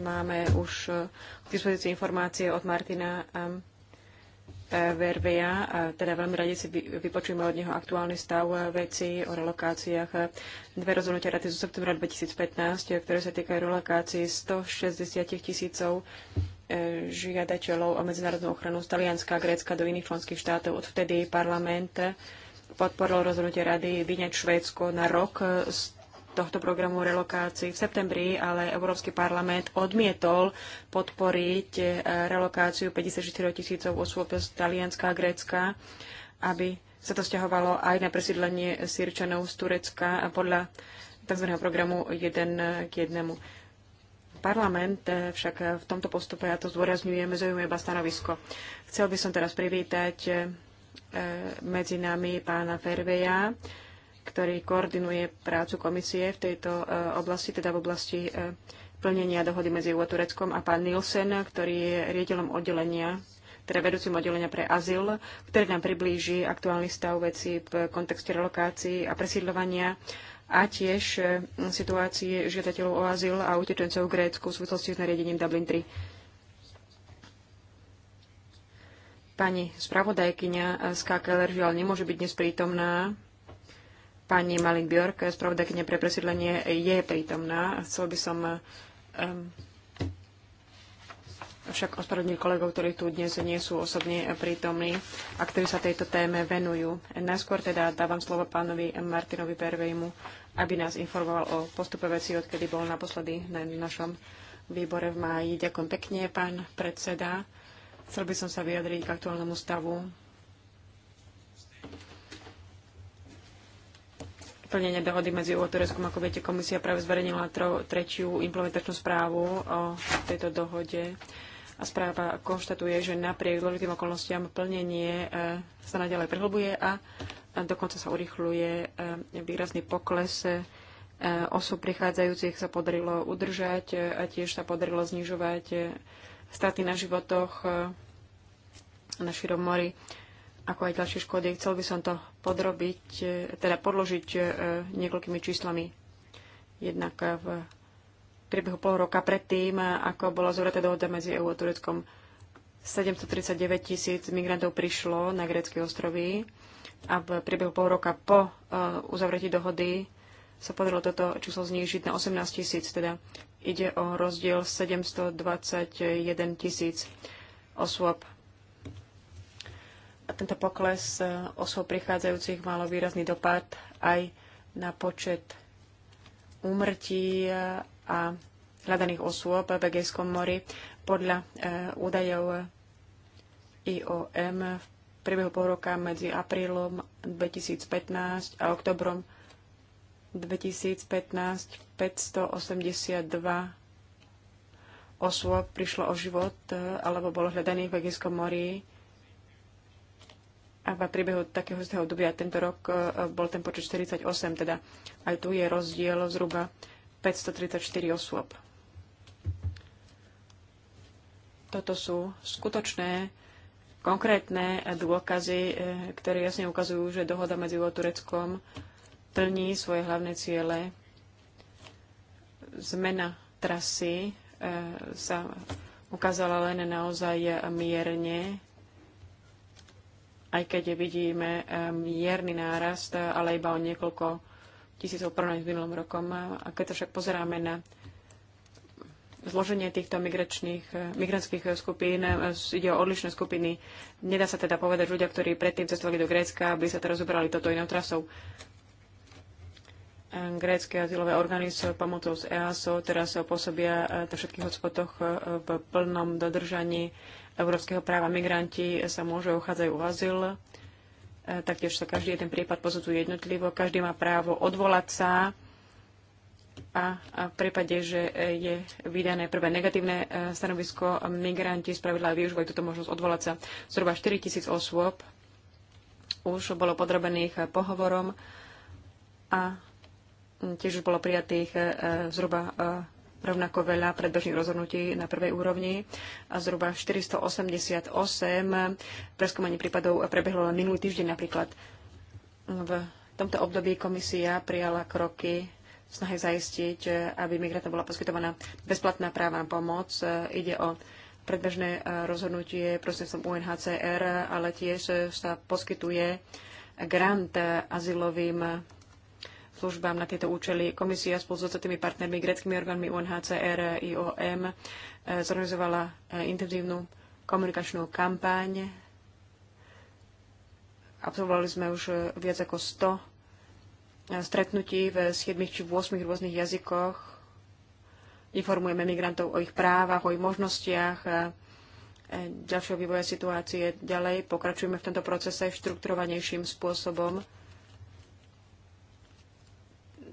máme už k dispozícii informácie od Martina Verveja. teda veľmi radi si vypočujeme od neho aktuálny stav veci o relokáciách. Dve rozhodnutia rady zo septembra 2015, ktoré sa týkajú relokácií 160 tisícov e, žiadateľov o medzinárodnú ochranu z Talianska a Grécka do iných členských štátov. Odvtedy parlament podporil rozhodnutie rady vyňať Švédsko na rok z tohto programu relokácií v septembri, ale Európsky parlament odmietol podporiť e, relokáciu 54 tisícov osôb z Talianska a Grécka, aby sa to stiahovalo aj na presídlenie Sýrčanov z Turecka a podľa tzv. programu 1 k 1. Parlament e, však e, v tomto postupe, ja to zdôrazňujem, zaujíme iba stanovisko. Chcel by som teraz privítať medzi nami pána Ferveja, ktorý koordinuje prácu komisie v tejto e, oblasti, teda v oblasti e, plnenia dohody medzi EU a Tureckom a pán Nielsen, ktorý je riaditeľom oddelenia teda vedúcim oddelenia pre azyl, ktorý nám priblíži aktuálny stav veci v kontexte relokácií a presídľovania a tiež e, situácie žiadateľov o azyl a utečencov v Grécku v súvislosti s nariadením Dublin 3. Pani spravodajkyňa Skákeler žiaľ nemôže byť dnes prítomná, Pani Malin Bjork, spravodajkynia pre presídlenie, je prítomná. Chcel by som um, však ospravedlniť kolegov, ktorí tu dnes nie sú osobne prítomní a ktorí sa tejto téme venujú. Najskôr teda dávam slovo pánovi Martinovi Pervejmu, aby nás informoval o postupe veci, odkedy bol naposledy na našom výbore v máji. Ďakujem pekne, pán predseda. Chcel by som sa vyjadriť k aktuálnemu stavu plnenia dohody medzi EU a Tureckom. Ako viete, komisia práve zverejnila tretiu implementačnú správu o tejto dohode a správa konštatuje, že napriek zložitým okolnostiam plnenie e, sa naďalej prehlbuje a dokonca sa urychluje e, výrazný pokles e, osob prichádzajúcich sa podarilo udržať a tiež sa podarilo znižovať straty na životoch na širom mori ako aj ďalšie škody. Chcel by som to podrobiť, e, teda podložiť e, niekoľkými číslami. Jednak v priebehu pol roka predtým, e, ako bola zvratá dohoda medzi EU a Tureckom, 739 tisíc migrantov prišlo na grécké ostrovy a v priebehu pol roka po uzavretí dohody sa podarilo toto číslo znížiť na 18 tisíc, teda ide o rozdiel 721 tisíc osôb. A tento pokles e, osôb prichádzajúcich malo výrazný dopad aj na počet úmrtí e, a hľadaných osôb v Egejskom mori. Podľa e, údajov IOM v priebehu pol roka medzi aprílom 2015 a oktobrom 2015 582 osôb prišlo o život alebo bolo hľadaných v Egejskom mori a v priebehu takého istého obdobia tento rok e, bol ten počet 48, teda aj tu je rozdiel zhruba 534 osôb. Toto sú skutočné, konkrétne dôkazy, e, ktoré jasne ukazujú, že dohoda medzi EU a Tureckom plní svoje hlavné ciele. Zmena trasy e, sa ukázala len naozaj mierne aj keď vidíme mierny nárast, ale iba o niekoľko tisícov porovnaní s minulým rokom. A keď sa však pozeráme na zloženie týchto migračných, eh, migrantských skupín, eh, ide o odlišné skupiny. Nedá sa teda povedať že ľudia, ktorí predtým cestovali do Grécka, aby sa teraz uberali toto inou trasou. Eh, grécké azylové orgány s pomocou z EASO teraz pôsobia na všetkých hotspotoch v plnom dodržaní európskeho práva migranti sa môžu uchádzať o azyl. E, taktiež sa každý ten prípad posudzuje jednotlivo. Každý má právo odvolať sa a, a v prípade, že je vydané prvé negatívne e, stanovisko, migranti spravidla využívajú túto možnosť odvolať sa. Zhruba 4 tisíc osôb už bolo podrobených e, pohovorom a tiež už bolo prijatých zhruba rovnako veľa predbežných rozhodnutí na prvej úrovni a zhruba 488 preskúmaní prípadov prebehlo len minulý týždeň napríklad. V tomto období komisia prijala kroky v snahe zaistiť, aby migrantom bola poskytovaná bezplatná právna pomoc. Ide o predbežné e, rozhodnutie prostredstvom UNHCR, ale tiež sa poskytuje grant azylovým službám na tieto účely. Komisia spolu s ostatnými partnermi, greckými orgánmi UNHCR, IOM, e, zorganizovala e, intenzívnu komunikačnú kampaň. Absolvovali sme už e, viac ako 100 stretnutí v 7 či 8 rôznych jazykoch. Informujeme migrantov o ich právach, o ich možnostiach, ďalšieho vývoja situácie. Ďalej pokračujeme v tomto procese štrukturovanejším spôsobom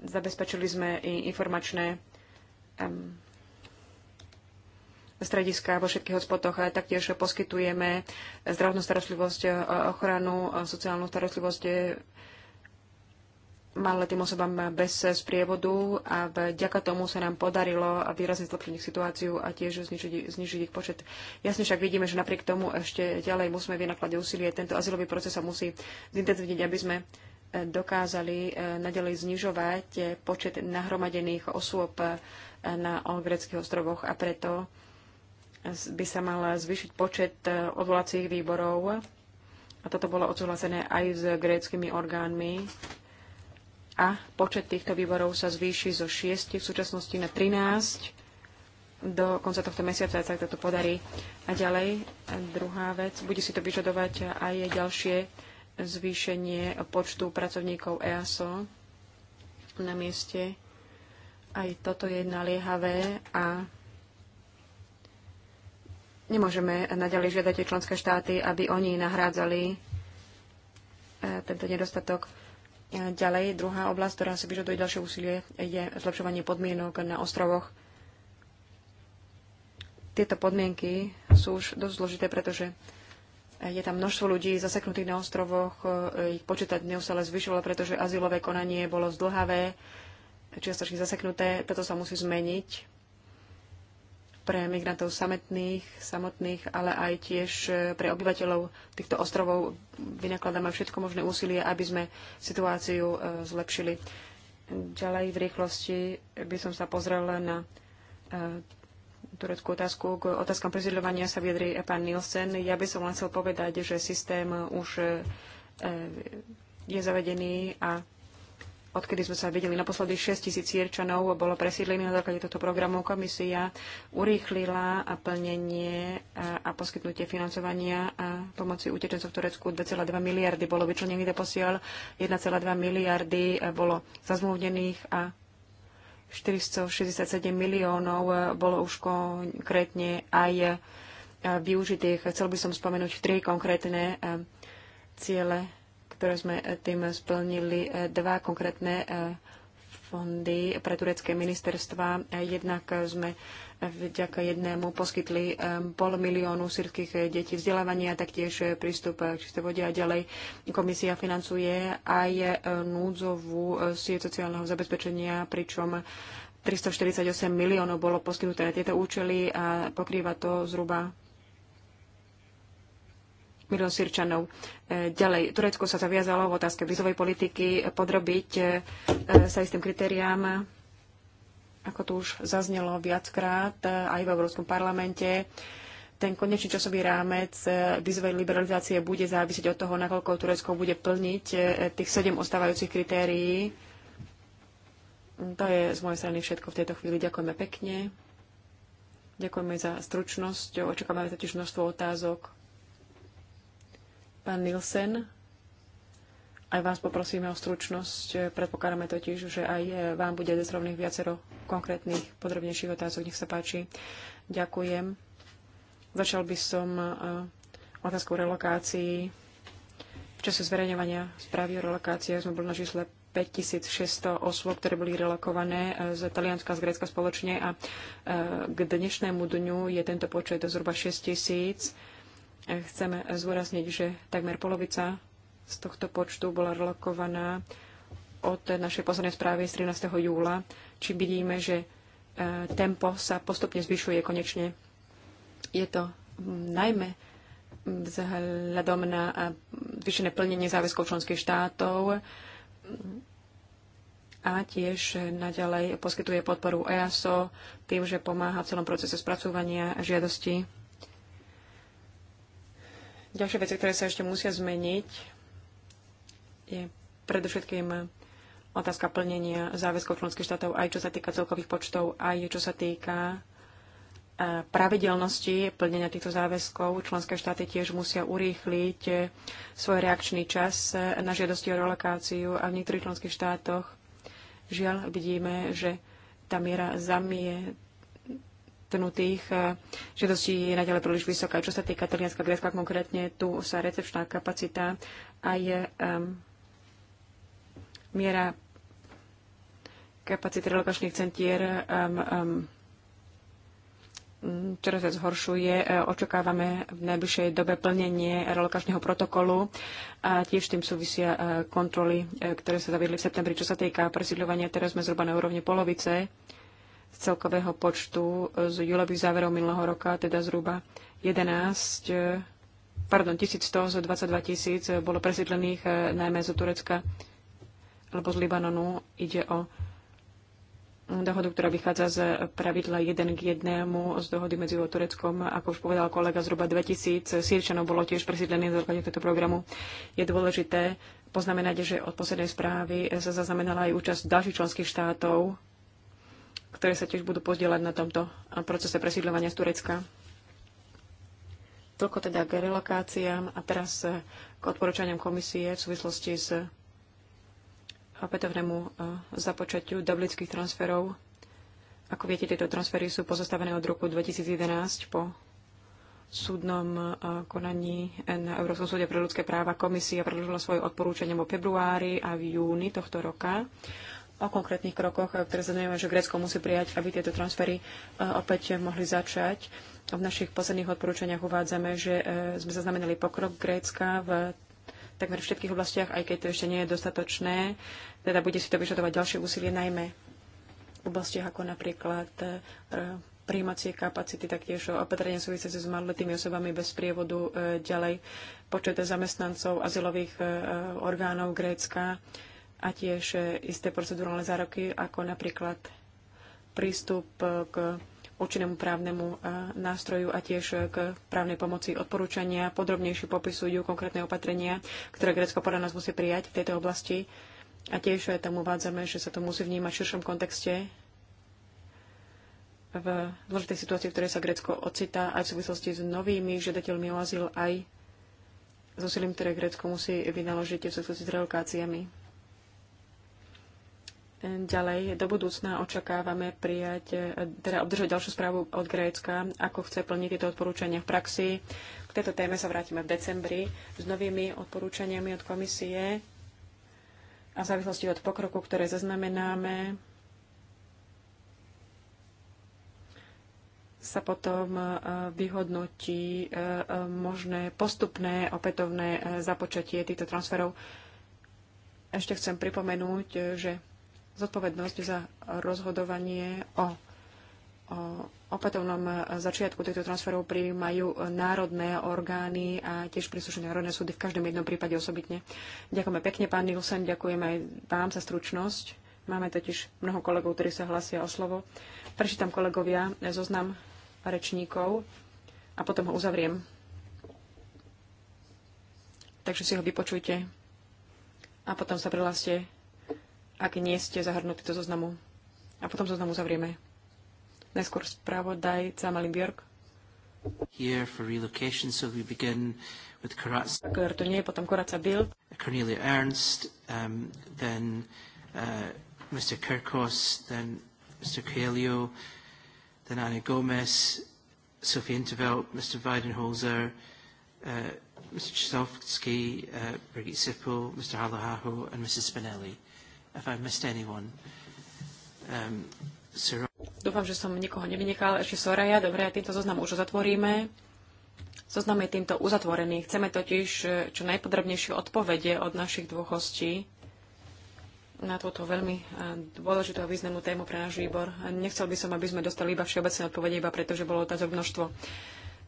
zabezpečili sme i informačné um, strediska vo všetkých hotspotoch. Taktiež poskytujeme zdravotnú starostlivosť, e, ochranu, e, sociálnu starostlivosť e, maloletým osobám bez sprievodu a vďaka tomu sa nám podarilo výrazne zlepšiť ich situáciu a tiež znižiť, znižiť ich počet. Jasne však vidíme, že napriek tomu ešte ďalej musíme vynakladať úsilie. Tento azylový proces sa musí zintenzívniť, aby sme dokázali e, nadalej znižovať e, počet nahromadených osôb e, na greckých ostrovoch a preto by sa mal zvýšiť počet odvolacích výborov. A toto bolo odsúhlasené aj s gréckými orgánmi. A počet týchto výborov sa zvýši zo 6 v súčasnosti na 13 do konca tohto mesiaca, tak toto podarí. A ďalej, druhá vec, bude si to vyžadovať aj ďalšie zvýšenie počtu pracovníkov EASO na mieste. Aj toto je naliehavé a nemôžeme naďalej žiadať tie členské štáty, aby oni nahrádzali e, tento nedostatok. E, ďalej, druhá oblasť, ktorá si vyžaduje ďalšie úsilie, je zlepšovanie podmienok na ostrovoch. Tieto podmienky sú už dosť zložité, pretože je tam množstvo ľudí zaseknutých na ostrovoch, e, ich počítať neustále zvyšovalo, pretože azylové konanie bolo zdlhavé, čiastočne zaseknuté. Toto sa musí zmeniť pre migrantov sametných, samotných, ale aj tiež e, pre obyvateľov týchto ostrovov vynakladáme všetko možné úsilie, aby sme situáciu e, zlepšili. Ďalej v rýchlosti by som sa pozrela na tureckú otázku. K otázkam prezidľovania sa vyjadrí pán Nielsen. Ja by som len chcel povedať, že systém už e, je zavedený a odkedy sme sa videli naposledy 6 tisíc Sierčanov bolo presídlených na základe tohto programu. Komisia urýchlila a plnenie e, a, poskytnutie financovania a pomoci utečencov v Turecku 2,2 miliardy bolo vyčlenených do posiel, 1,2 miliardy e, bolo zazmluvnených a 467 miliónov eh, bolo už konkrétne aj eh, využitých. Chcel by som spomenúť tri konkrétne eh, ciele, ktoré sme tým splnili. Dva konkrétne fondy pre turecké ministerstva. Jednak sme vďaka jednému poskytli pol miliónu sírských detí vzdelávania, taktiež prístup k čisté vode a ďalej. Komisia financuje aj e, núdzovú e, sieť sociálneho zabezpečenia, pričom 348 miliónov bolo poskytnuté na tieto účely a pokrýva to zhruba milión Sýrčanov. E, ďalej, Turecko sa zaviazalo v otázke vizovej politiky podrobiť e, sa istým kritériám, ako tu už zaznelo viackrát e, aj v Európskom parlamente. Ten konečný časový rámec vizovej liberalizácie bude závisieť od toho, nakoľko Turecko bude plniť tých sedem ostávajúcich kritérií. To je z mojej strany všetko v tejto chvíli. Ďakujeme pekne. Ďakujeme za stručnosť. Očakávame totiž množstvo otázok. Pán Nielsen, aj vás poprosíme o stručnosť. Predpokladáme totiž, že aj vám bude zrovných viacero konkrétnych, podrobnejších otázok. Nech sa páči. Ďakujem. Začal by som e, otázkou relokácií. V čase zverejňovania správy o relokáciách sme boli na čísle 5600 osôb, ktoré boli relokované e, z Talianska a z Grécka spoločne a e, k dnešnému dňu je tento počet zhruba 6000 Chcem zúrazniť, že takmer polovica z tohto počtu bola relokovaná od našej poslednej správy z 13. júla, či vidíme, že e, tempo sa postupne zvyšuje konečne. Je to najmä vzhľadom na e, zvyšené plnenie záväzkov členských štátov a tiež naďalej poskytuje podporu EASO tým, že pomáha v celom procese spracúvania žiadosti Ďalšie veci, ktoré sa ešte musia zmeniť, je predovšetkým otázka plnenia záväzkov členských štátov, aj čo sa týka celkových počtov, aj čo sa týka e, pravidelnosti plnenia týchto záväzkov. Členské štáty tiež musia urýchliť e, svoj reakčný čas e, na žiadosti o relokáciu a v niektorých členských štátoch žiaľ vidíme, že tá miera zamie dotknutých eh, žiadostí je naďalej príliš vysoká. Čo sa týka Talianska, Grécka konkrétne, tu sa recepčná kapacita aj um, miera kapacity relokačných centier um, um, čoraz sa zhoršuje. Eh, očakávame v najbližšej dobe plnenie relokačného protokolu a tiež tým súvisia eh, kontroly, ktoré sa zaviedli v septembri. Čo sa týka presídľovania, teraz sme zhruba na úrovni polovice z celkového počtu e, z júlových záverov minulého roka, teda zhruba 11, e, pardon, 1100 z 22 tisíc bolo presídlených e, najmä zo Turecka alebo z Libanonu. Ide o dohodu, ktorá vychádza z pravidla 1 k 1 z dohody medzi Tureckom. Ako už povedal kolega, zhruba 2000 sírčanov bolo tiež presídlených na základe tohto programu. Je dôležité poznamenať, že od poslednej správy sa zaznamenala aj účasť ďalších členských štátov ktoré sa tiež budú podielať na tomto eh, procese presídľovania z Turecka. Toľko teda k relokáciám a teraz eh, k odporúčaniam komisie v súvislosti s eh, opätovnému započatiu dublických transferov. Ako viete, tieto transfery sú pozostavené od roku 2011 po súdnom konaní na Európskom súde pre ľudské práva. Komisia predložila svoje odporúčanie vo februári a v júni tohto roka o konkrétnych krokoch, ktoré sa znamená, že Grécko musí prijať, aby tieto transfery e, opäť mohli začať. V našich posledných odporúčaniach uvádzame, že e, sme zaznamenali pokrok Grécka v takmer všetkých oblastiach, aj keď to ešte nie je dostatočné. Teda bude si to vyžadovať ďalšie úsilie, najmä v oblastiach ako napríklad e, príjmacie kapacity, taktiež opatrenia súvisiace s maloletými osobami bez prievodu, ďalej počet zamestnancov azylových orgánov Grécka, a tiež e, isté procedurálne zároky, ako napríklad prístup e, k účinnému právnemu e, nástroju a tiež k právnej pomoci odporúčania. Podrobnejšie popisujú konkrétne opatrenia, ktoré Grécko podľa nás musí prijať v tejto oblasti. A tiež tam uvádzame, že sa to musí vnímať v širšom kontexte v dôležitej situácii, v ktorej sa Grécko ocitá aj v súvislosti s novými žiadateľmi o azyl, aj s so úsilím, ktoré Grécko musí vynaložiť v súvislosti s relokáciami. Ďalej, do budúcna očakávame prijať, teda obdržať ďalšiu správu od Grécka, ako chce plniť tieto odporúčania v praxi. K tejto téme sa vrátime v decembri s novými odporúčaniami od komisie a v závislosti od pokroku, ktoré zaznamenáme, sa potom e, vyhodnotí e, e, možné postupné opätovné započatie týchto transferov. Ešte chcem pripomenúť, že zodpovednosť za rozhodovanie o, o opätovnom začiatku týchto transferov prijímajú národné orgány a tiež príslušné národné súdy v každom jednom prípade osobitne. Ďakujeme pekne, pán Nilsen, ďakujem aj vám za stručnosť. Máme totiž mnoho kolegov, ktorí sa hlasia o slovo. Prečítam kolegovia zoznam rečníkov a potom ho uzavriem. Takže si ho vypočujte a potom sa prihláste ak nie ste zahrnutí do zoznamu. A potom zoznamu zavrieme. Najskôr spravodajca Malin Björk. Here for relocation, so we begin with Karatz. Kortonie, eh, potom Koratza Bill. Cornelia Ernst, um, then uh, Mr. Kirkos, then Mr. Coelho, then Anna Gomez, Sophie Intervelt, Mr. Weidenholzer, uh, Mr. Chisovsky, uh, Brigitte Sippel, Mr. Halahaho, and Mrs. Spinelli if I've missed anyone. Um, Sir... Dúfam, že som nikoho nevynechal. Ešte Soraya. Dobre, a týmto zoznam už uzatvoríme. Zoznam je týmto uzatvorený. Chceme totiž eh, čo najpodrobnejšie odpovede od našich dvoch hostí na túto veľmi eh, dôležitú a významnú tému pre náš výbor. Nechcel by som, aby sme dostali iba všeobecné odpovede, iba preto, že bolo otázok množstvo.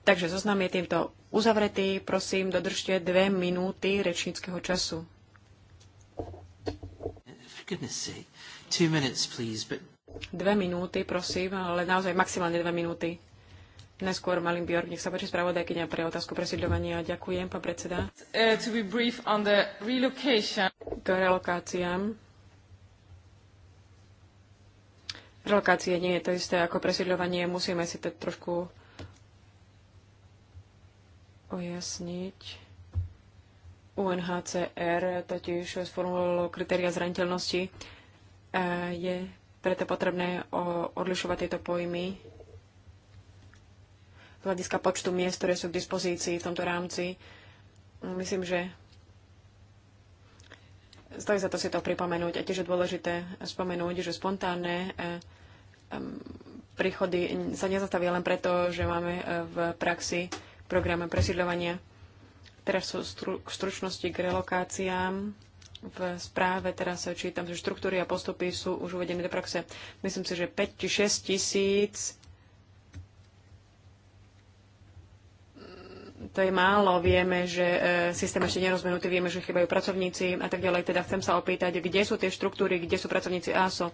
Takže zoznam je týmto uzavretý. Prosím, dodržte dve minúty rečníckého času. Dve minúty, prosím, ale naozaj maximálne dve minúty. Neskôr Malin Bjork, nech sa páči spravodajkyňa pre otázku presídľovania. Ďakujem, pán predseda. Uh, to be brief on the relocation. K relokáciám. Relokácie nie je to isté ako presídľovanie. Musíme si to trošku ujasniť. UNHCR totiž sformulovalo kritéria zraniteľnosti. Je preto potrebné odlišovať tieto pojmy z hľadiska počtu miest, ktoré sú k dispozícii v tomto rámci. Myslím, že stojí za to si to pripomenúť. A tiež je dôležité spomenúť, že spontánne e, príchody sa nezastavia len preto, že máme e, v praxi programe presídľovania Teraz sú stru- k stručnosti k relokáciám. V správe teraz čítam, že štruktúry a postupy sú už uvedené do praxe. Myslím si, že 5 či 6 tisíc mm, to je málo, vieme, že e, systém ešte nerozmenutý, vieme, že chýbajú pracovníci a tak ďalej. Teda chcem sa opýtať, kde sú tie štruktúry, kde sú pracovníci ASO.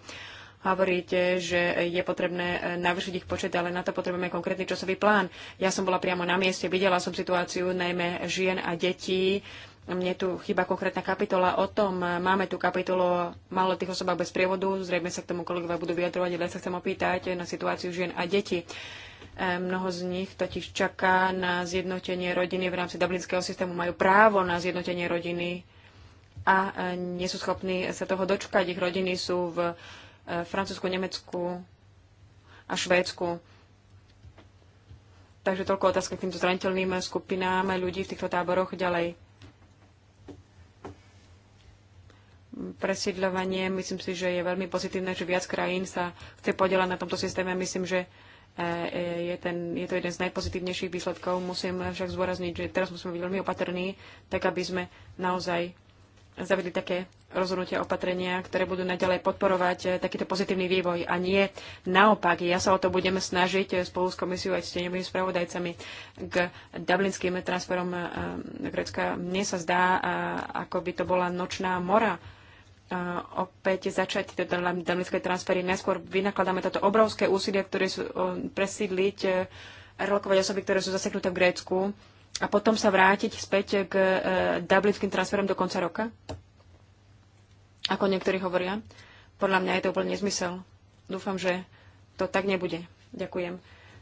Hovoríte, že je potrebné eh, navýšiť ich počet, ale na to potrebujeme konkrétny časový plán. Ja som bola priamo na mieste, videla som situáciu najmä žien a detí. Mne tu chyba konkrétna kapitola o tom. Eh, máme tu kapitolu o tých osobách bez prievodu. Zrejme sa k tomu kolegovia budú vyjadrovať, ale sa chcem opýtať eh, na situáciu žien a detí. Mnoho z nich totiž čaká na zjednotenie rodiny v rámci dublinského systému. Majú právo na zjednotenie rodiny a nie sú schopní sa toho dočkať. Ich rodiny sú v E, Francúzsku, Nemecku a Švédsku. Takže toľko otázka k týmto zraniteľným skupinám ľudí v týchto táboroch ďalej. Presídľovanie, myslím si, že je veľmi pozitívne, že viac krajín sa chce podielať na tomto systéme. Myslím, že e, e, je, ten, je to jeden z najpozitívnejších výsledkov. Musím však zdôrazniť, že teraz musíme byť veľmi opatrní, tak aby sme naozaj zavedli také rozhodnutia, opatrenia, ktoré budú naďalej podporovať eh, takýto pozitívny vývoj a nie naopak. Ja sa o to budeme snažiť eh, spolu s komisiou aj s tenými spravodajcami k dublinským transferom eh, Grecka. Mne sa zdá, ako by to bola nočná mora opäť začať tieto dublinské transfery. Neskôr vynakladáme toto obrovské úsilie, ktoré sú presídliť, relokovať osoby, ktoré sú zaseknuté v Grécku a potom sa vrátiť späť k dublinským transferom do konca roka? ako niektorí hovoria. Podľa mňa je to úplne nezmysel. Dúfam, že to tak nebude. Ďakujem.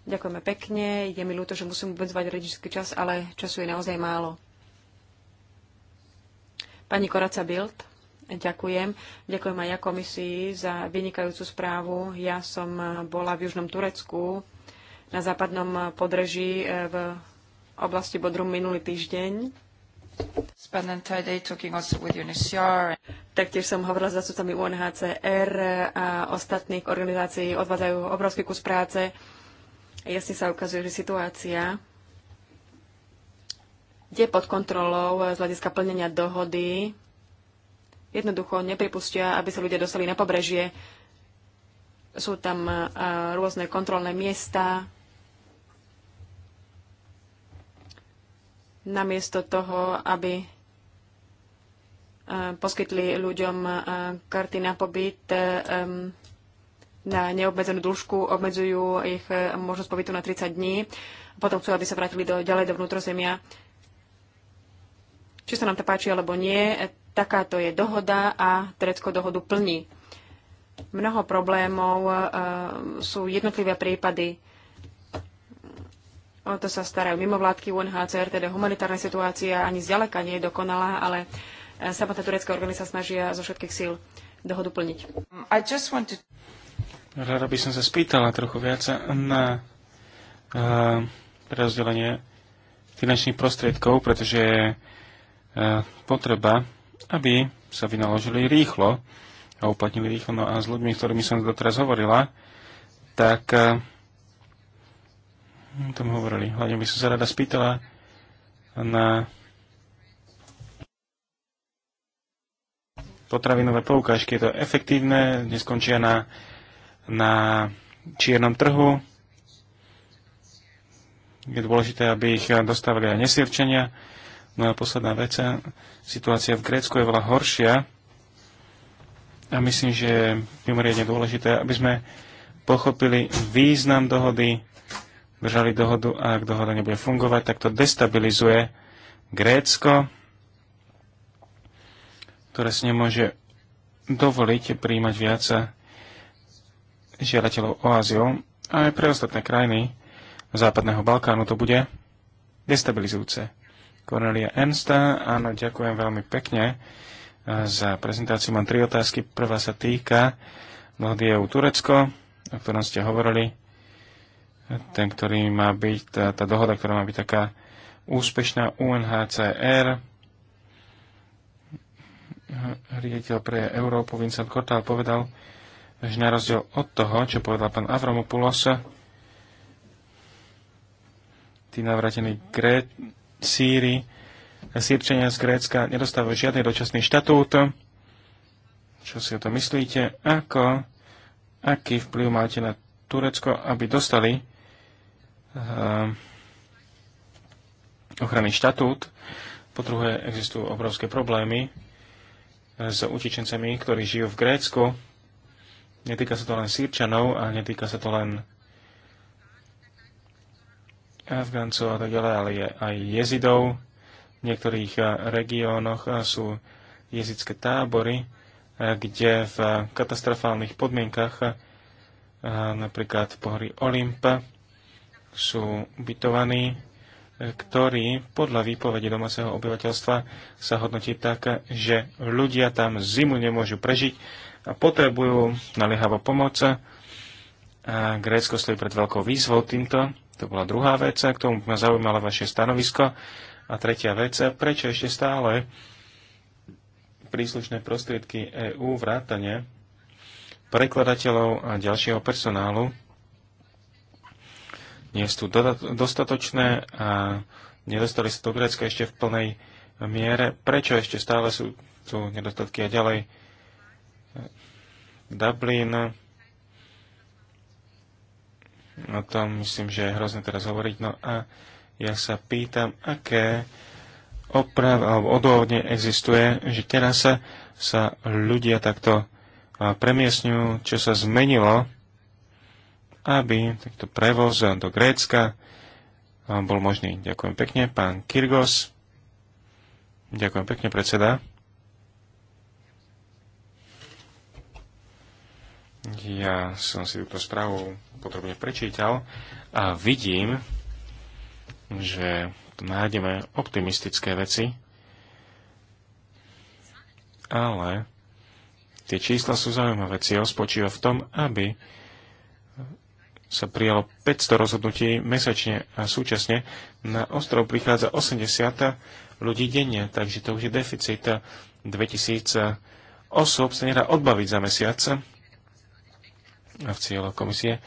Ďakujeme pekne. Je mi ľúto, že musím obmedzovať rodičský čas, ale času je naozaj málo. Pani Koraca Bild, ďakujem. Ďakujem aj ja komisii za vynikajúcu správu. Ja som bola v Južnom Turecku na západnom podreží eh, v oblasti Bodrum minulý týždeň. Taktiež som hovorila s zastupcami UNHCR a ostatných organizácií odvádzajú obrovský kus práce. Jasne sa ukazuje, že situácia je pod kontrolou z hľadiska plnenia dohody. Jednoducho nepripustia, aby sa ľudia dostali na pobrežie. Sú tam eh, rôzne kontrolné miesta, namiesto toho, aby e, poskytli ľuďom e, karty na pobyt e, na neobmedzenú dĺžku, obmedzujú ich možnosť pobytu na 30 dní. Potom chcú, aby sa vrátili do, ďalej do vnútrozemia. Či sa nám to páči alebo nie, takáto je dohoda a Turecko dohodu plní. Mnoho problémov sú jednotlivé prípady O to sa starajú mimovládky UNHCR, teda humanitárna situácia ani zďaleka nie je dokonalá, ale e, samotná turecká organizácia snažia zo všetkých síl dohodu plniť. Wanted... Rada by som sa spýtala trochu viac na uh, prerozdelenie finančných prostriedkov, pretože je uh, potreba, aby sa vynaložili rýchlo a uplatnili rýchlo. No a s ľuďmi, ktorými som doteraz hovorila, tak uh, o tom hovorili. Hlavne by som sa rada spýtala na potravinové poukážky. Je to efektívne, neskončia na, na čiernom trhu. Je dôležité, aby ich dostávali aj nesierčenia. No a posledná vec, situácia v Grécku je veľa horšia a myslím, že je mimoriadne dôležité, aby sme pochopili význam dohody držali dohodu a ak dohoda nebude fungovať, tak to destabilizuje Grécko, ktoré si nemôže dovoliť príjmať viac žiadateľov o azyl. A aj pre ostatné krajiny Západného Balkánu to bude destabilizujúce. Cornelia Ensta, áno, ďakujem veľmi pekne eh, za prezentáciu. Mám tri otázky. Prvá sa týka dohody EU Turecko, o ktorom ste hovorili ten, ktorý má byť, tá, tá dohoda, ktorá má byť taká úspešná UNHCR, Riediteľ pre Európu Vincent Kortál povedal, že na rozdiel od toho, čo povedal pán Avramopoulos, tí navratení Gré- Síri, Sýrčania z Grécka nedostávajú žiadny dočasný štatút. Čo si o to myslíte? Ako, aký vplyv máte na Turecko, aby dostali Ehm, ochranný štatút. Po druhé, existujú obrovské problémy s utečencami, ktorí žijú v Grécku. Netýka sa to len Sýrčanov a netýka sa to len Afgáncov a tak ďalej, ale je aj jezidov. V niektorých eh, regiónoch eh, sú jezické tábory, eh, kde v katastrofálnych podmienkach napríklad pohry Olympa sú ubytovaní, e, ktorí podľa výpovede domáceho obyvateľstva sa hodnotí tak, že ľudia tam zimu nemôžu prežiť a potrebujú naliehavo pomoc. A Grécko stojí pred veľkou výzvou týmto. To bola druhá vec, k tomu ma zaujímalo vaše stanovisko. A tretia vec, prečo ešte stále príslušné prostriedky EÚ vrátane prekladateľov a ďalšieho personálu nie sú dostatočné a nedostali sa do Grécka ešte v plnej miere. Prečo ešte stále sú tu nedostatky a ďalej? Dublin. O tom myslím, že je hrozné teraz hovoriť. No a ja sa pýtam, aké oprav alebo odôvodne existuje, že teraz sa, sa ľudia takto premiesňujú, čo sa zmenilo aby takto prevoz do Grécka bol možný. Ďakujem pekne, pán Kirgos. Ďakujem pekne, predseda. Ja som si túto správu podrobne prečítal a vidím, že tu nájdeme optimistické veci, ale tie čísla sú zaujímavé. Cieľ spočíva v tom, aby sa prijalo 500 rozhodnutí mesačne a súčasne na ostrov prichádza 80 ľudí denne, takže to už je deficit 2000 osôb sa nedá odbaviť za mesiac a v cieľo komisie.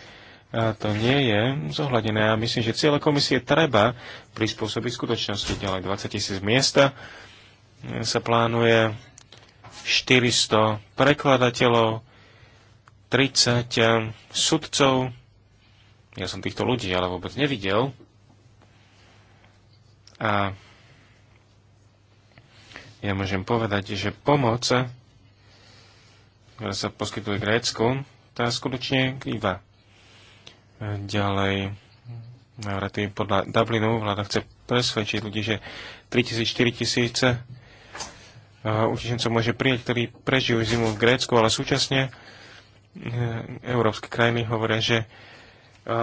A to nie je zohľadené a myslím, že cieľe komisie treba prispôsobiť skutočnosti. Ďalej 20 tisíc miesta sa plánuje 400 prekladateľov, 30 sudcov, ja som týchto ľudí ale vôbec nevidel. A ja môžem povedať, že pomoc, ktorá sa poskytuje Grécku, tá skutočne krýva. Ďalej, návraty podľa Dublinu, vláda chce presvedčiť ľudí, že 3000-4000 eh, utečencov môže prijať, ktorí prežijú zimu v Grécku, ale súčasne eh, európske krajiny hovoria, že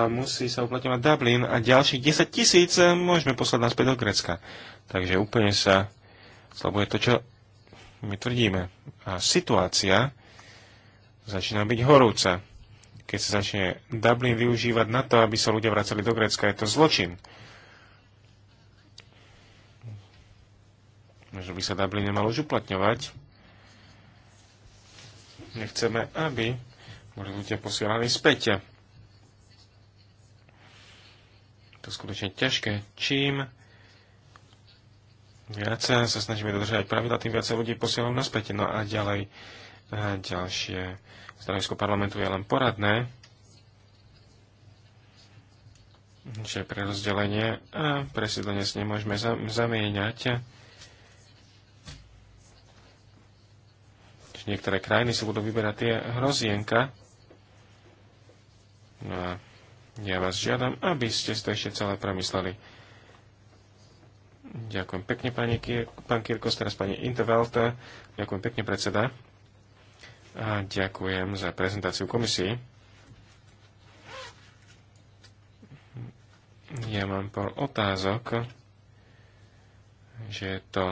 musí sa uplatňovať Dublin a ďalších 10 tisíc eh, môžeme poslať naspäť do Grecka. Takže úplne sa slabuje to, čo my tvrdíme. A situácia začína byť horúca. Keď sa začne Dublin využívať na to, aby sa ľudia vracali do Grecka, je to zločin. Možno by sa Dublin nemalo už uplatňovať. Nechceme, aby boli ľudia posielaní späť to skutočne ťažké. Čím viac sa snažíme dodržiavať pravidla, tým viac ľudí posielam naspäť. No a ďalej, a ďalšie stanovisko parlamentu je len poradné, že pre rozdelenie a presídlenie si nemôžeme zamieňať. niektoré krajiny si budú vyberať tie hrozienka. No a ja vás žiadam, aby ste to ešte celé premysleli. Ďakujem pekne, pani Kier, pán Kirkos, teraz pani Intervalta, Ďakujem pekne, predseda. A ďakujem za prezentáciu komisii. Ja mám pár otázok, že je to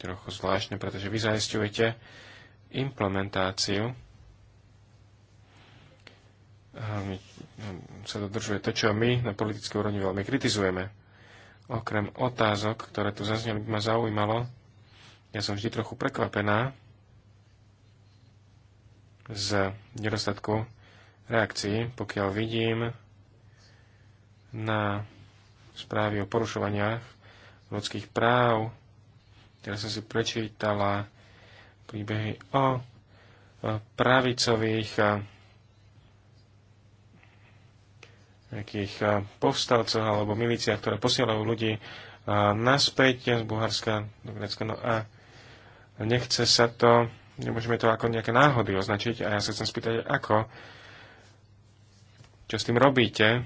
trochu zvláštne, pretože vy zaistujete implementáciu. A my sa dodržuje to, čo my na politickej úrovni veľmi kritizujeme. Okrem otázok, ktoré tu zazneli, by ma zaujímalo, ja som vždy trochu prekvapená z nedostatku reakcií, pokiaľ vidím na správy o porušovaniach ľudských práv. Teraz som si prečítala príbehy o pravicových nejakých eh, povstalcoch alebo milícia, ktoré posielajú ľudí eh, naspäť z Bulharska do Grécka. No a nechce sa to, nemôžeme to ako nejaké náhody označiť a ja sa chcem spýtať, ako, čo s tým robíte,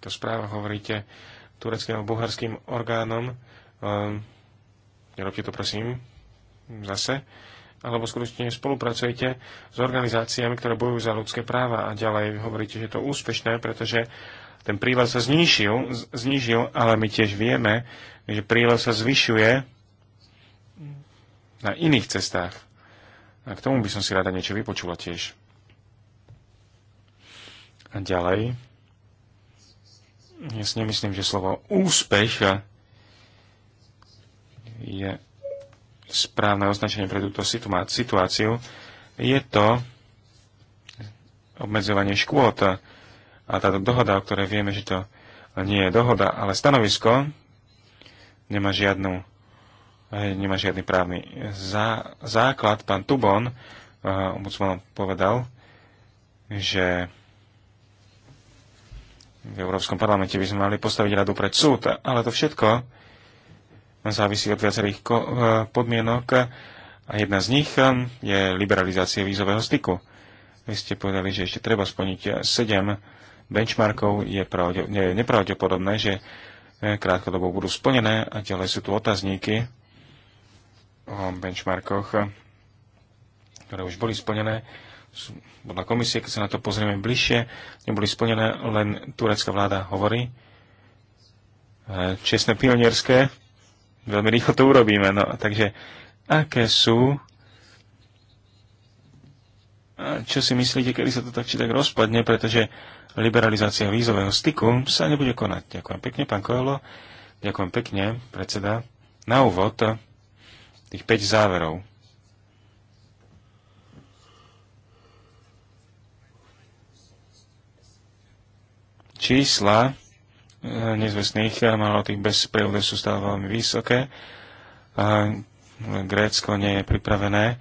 to správa hovoríte tureckým a bulharským orgánom, eh, nerobte to prosím, zase, alebo skutočne spolupracujete s organizáciami, ktoré bojujú za ľudské práva a ďalej hovoríte, že je to úspešné, pretože ten príval sa znížil, znižil, ale my tiež vieme, že príval sa zvyšuje na iných cestách. A k tomu by som si rada niečo vypočula tiež. A ďalej. Ja si nemyslím, že slovo úspech je správne označenie pre túto situáciu. Je to obmedzovanie škôl a táto dohoda, o ktorej vieme, že to nie je dohoda, ale stanovisko, nemá, žiadnu, nemá žiadny právny zá, základ. Pán Tubon, eh, ombudsman, povedal, že v Európskom parlamente by sme mali postaviť radu pred súd, ale to všetko závisí od viacerých eh, podmienok a jedna z nich eh, je liberalizácia vízového styku. Vy ste povedali, že ešte treba splniť 7 benchmarkov je, pravde, je nepravdepodobné, že eh, krátkodobo budú splnené a ďalej sú tu otazníky o benchmarkoch, eh, ktoré už boli splnené. Podľa komisie, keď sa na to pozrieme bližšie, neboli splnené, len turecká vláda hovorí. Eh, čestné pionierské, veľmi rýchlo to urobíme. No, takže aké sú a čo si myslíte, kedy sa to tak či tak rozpadne, pretože liberalizácia vízového styku sa nebude konať. Ďakujem pekne, pán Koelo. Ďakujem pekne, predseda. Na úvod tých 5 záverov. Čísla eh, nezvestných eh, tých bez prievodu sú stále veľmi vysoké. Eh, Grécko nie je pripravené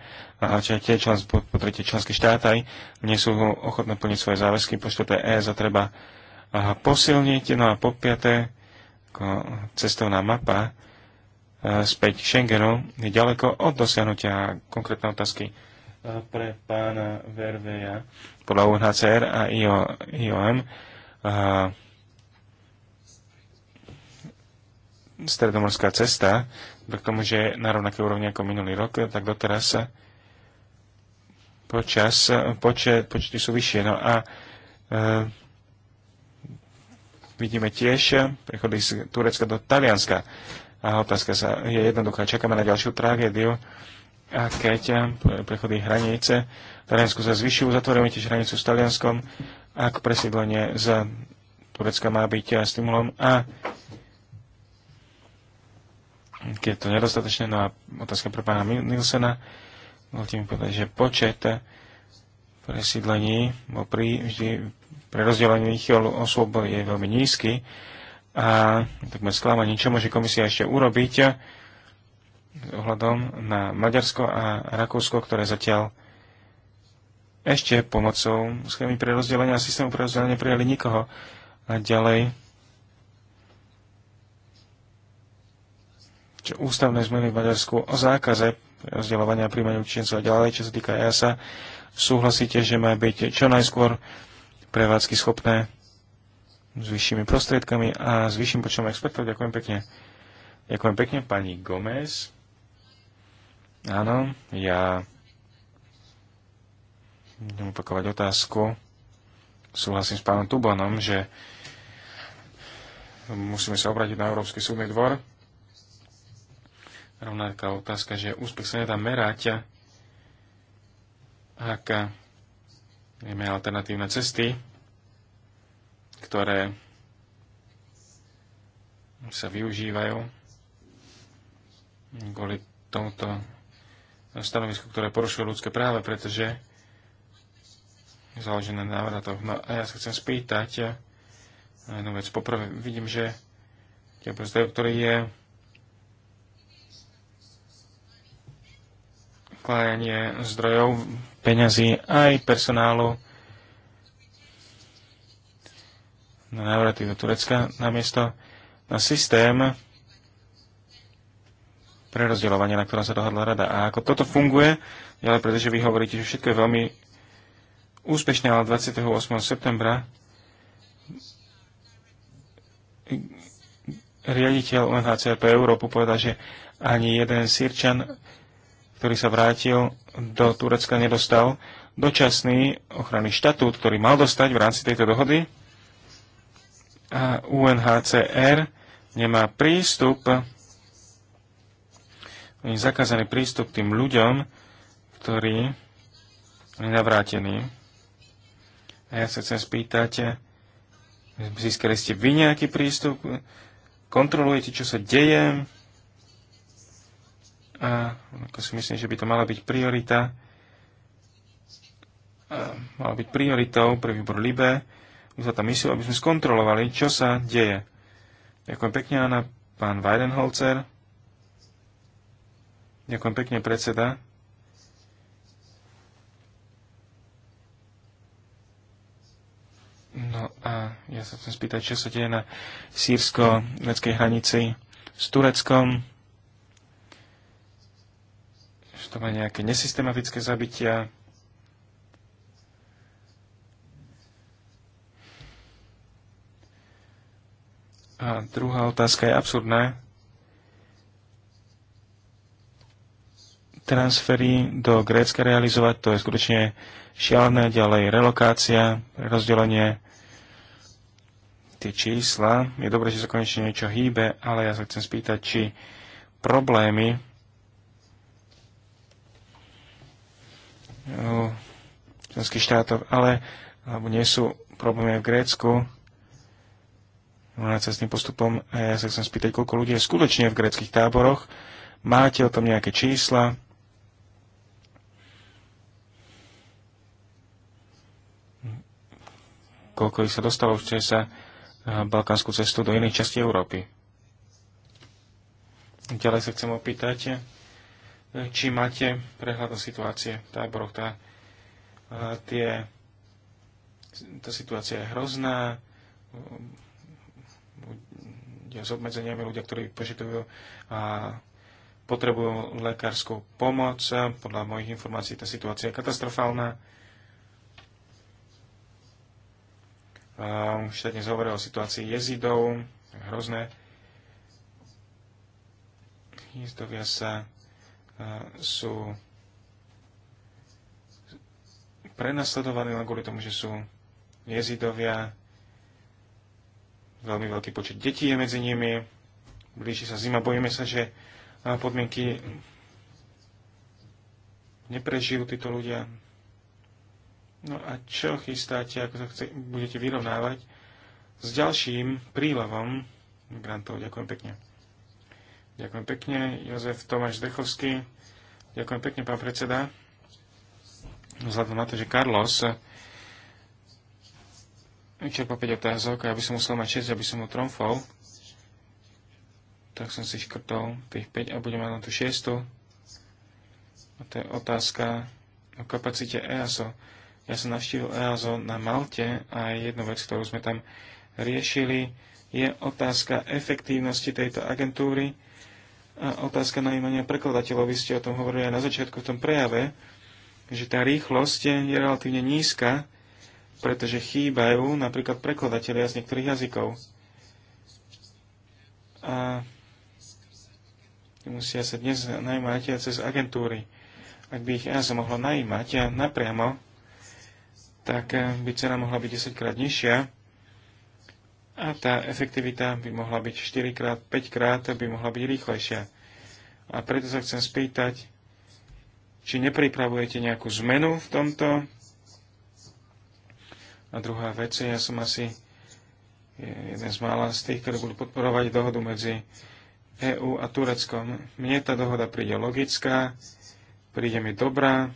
tretie, člens, po, po tretie členské štáty aj nie sú ochotné plniť svoje záväzky, po štvrté ESA treba aha, posilniť, no a po piaté cestovná mapa e, späť Schengenu je ďaleko od dosiahnutia konkrétnej otázky e, pre pána Verveja podľa UNHCR a IO, IOM. Aha, e, stredomorská cesta, k tomu, že je na rovnaké úrovni ako minulý rok, tak doteraz sa počas, e, počet, počty sú vyššie. No a e, vidíme tiež e, prechody z Turecka do Talianska. A otázka sa je jednoduchá. Čakáme na ďalšiu tragédiu. A keď e, prechody hranice v Taliansku sa zvyšujú, zatvoríme tiež hranicu s Talianskom, ak presídlenie z Turecka má byť stimulom a keď je to nedostatočne, no a otázka pre pána Nilsena, Dovolte povedať, že počet presídlení bol pri vždy pre rozdelenie osôb je veľmi nízky a tak ma sklamanie, čo môže komisia ešte urobiť s ohľadom na Maďarsko a Rakúsko, ktoré zatiaľ ešte pomocou schémy pre rozdelenie a systému pre rozdelenie prijali nikoho. A ďalej či ústavné zmeny v Maďarsku o zákaze rozdeľovania a príjmania učencov a ďalej, čo sa týka EASA, súhlasíte, že má byť čo najskôr prevádzky schopné s vyššími prostriedkami a s vyšším počtom expertov. Ďakujem pekne. Ďakujem pekne pani Gomez. Áno, ja budem opakovať otázku. Súhlasím s pánom Tubonom, že musíme sa obrátiť na Európsky súdny dvor rovnaká otázka, že úspech sa nedá merať, ak vieme alternatívne cesty, ktoré sa využívajú kvôli tomuto stanovisku, ktoré porušuje ľudské práva, pretože je založené na No a ja sa chcem spýtať jednu vec. Poprvé vidím, že prostredie, ktorý je spájanie zdrojov, peňazí aj personálu na návraty do Turecka namiesto na systém prerozdeľovania, na ktorom sa dohodla rada. A ako toto funguje, ďalej, pretože vy hovoríte, že všetko je veľmi úspešné, ale 28. septembra riaditeľ UNHCR pre Európu povedal, že ani jeden Sírčan ktorý sa vrátil do Turecka, nedostal dočasný ochranný štatút, ktorý mal dostať v rámci tejto dohody. A UNHCR nemá prístup, je zakázaný prístup tým ľuďom, ktorí sú navrátení. A ja sa chcem spýtať, získali ste vy nejaký prístup, kontrolujete, čo sa deje, a ako si myslím, že by to mala byť priorita, mala byť prioritou pre výbor Libe, za tam misiu, aby sme skontrolovali, čo sa deje. Ďakujem pekne, Anna, pán Weidenholzer. Ďakujem pekne, predseda. No a ja sa chcem spýtať, čo sa deje na sírsko-vedeckej hranici s Tureckom tam aj nejaké nesystematické zabitia. A druhá otázka je absurdná. Transfery do Grécka realizovať, to je skutočne šialené, ďalej relokácia, rozdelenie tie čísla. Je dobré, že sa konečne niečo hýbe, ale ja sa chcem spýtať, či problémy Eh, členských štátoch, ale alebo nie sú problémy v Grécku nad cestným postupom. A ja sa chcem spýtať, koľko ľudí je skutočne v gréckých táboroch. Máte o tom nejaké čísla? Koľko ich sa dostalo v sa eh, balkánsku cestu do iných časti Európy? Ďalej sa chcem opýtať, či máte prehľad o situácie v táboroch. Tá, tie, tá situácia je hrozná, ľudia s obmedzeniami, ľudia, ktorí požitujú a potrebujú lekárskú pomoc. Podľa mojich informácií tá situácia je katastrofálna. Už sa dnes hovorilo o situácii jezidov, hrozné. Jezidovia sa sú prenasledovaní len kvôli tomu, že sú jezidovia. Veľmi veľký počet detí je medzi nimi. Blíži sa zima, bojíme sa, že podmienky neprežijú títo ľudia. No a čo chystáte, ako sa chce, budete vyrovnávať s ďalším prílevom migrantov? Ďakujem pekne. Ďakujem pekne, Jozef Tomáš Dechovský. Ďakujem pekne, pán predseda. Vzhľadom na to, že Carlos vyčerpal 5 otázok a ja by som musel mať 6, aby som ho tromfol, tak som si škrtol tých 5 a budem mať na tú 6. A to je otázka o kapacite EASO. Ja som navštívil EASO na Malte a jednu vec, ktorú sme tam riešili, je otázka efektívnosti tejto agentúry otázka najímania prekladateľov. Vy ste o tom hovorili aj na začiatku v tom prejave, že tá rýchlosť je relatívne nízka, pretože chýbajú napríklad prekladatelia z niektorých jazykov. A musia sa dnes najímať cez agentúry. Ak by ich EASA mohla najímať a napriamo, tak by cena mohla byť 10 krát nižšia a tá efektivita by mohla byť 4 krát, 5 krát by mohla byť rýchlejšia. A preto sa chcem spýtať, či nepripravujete nejakú zmenu v tomto. A druhá vec, ja som asi jeden z mála z tých, ktorí budú podporovať dohodu medzi EÚ a Tureckom. Mne tá dohoda príde logická, príde mi dobrá.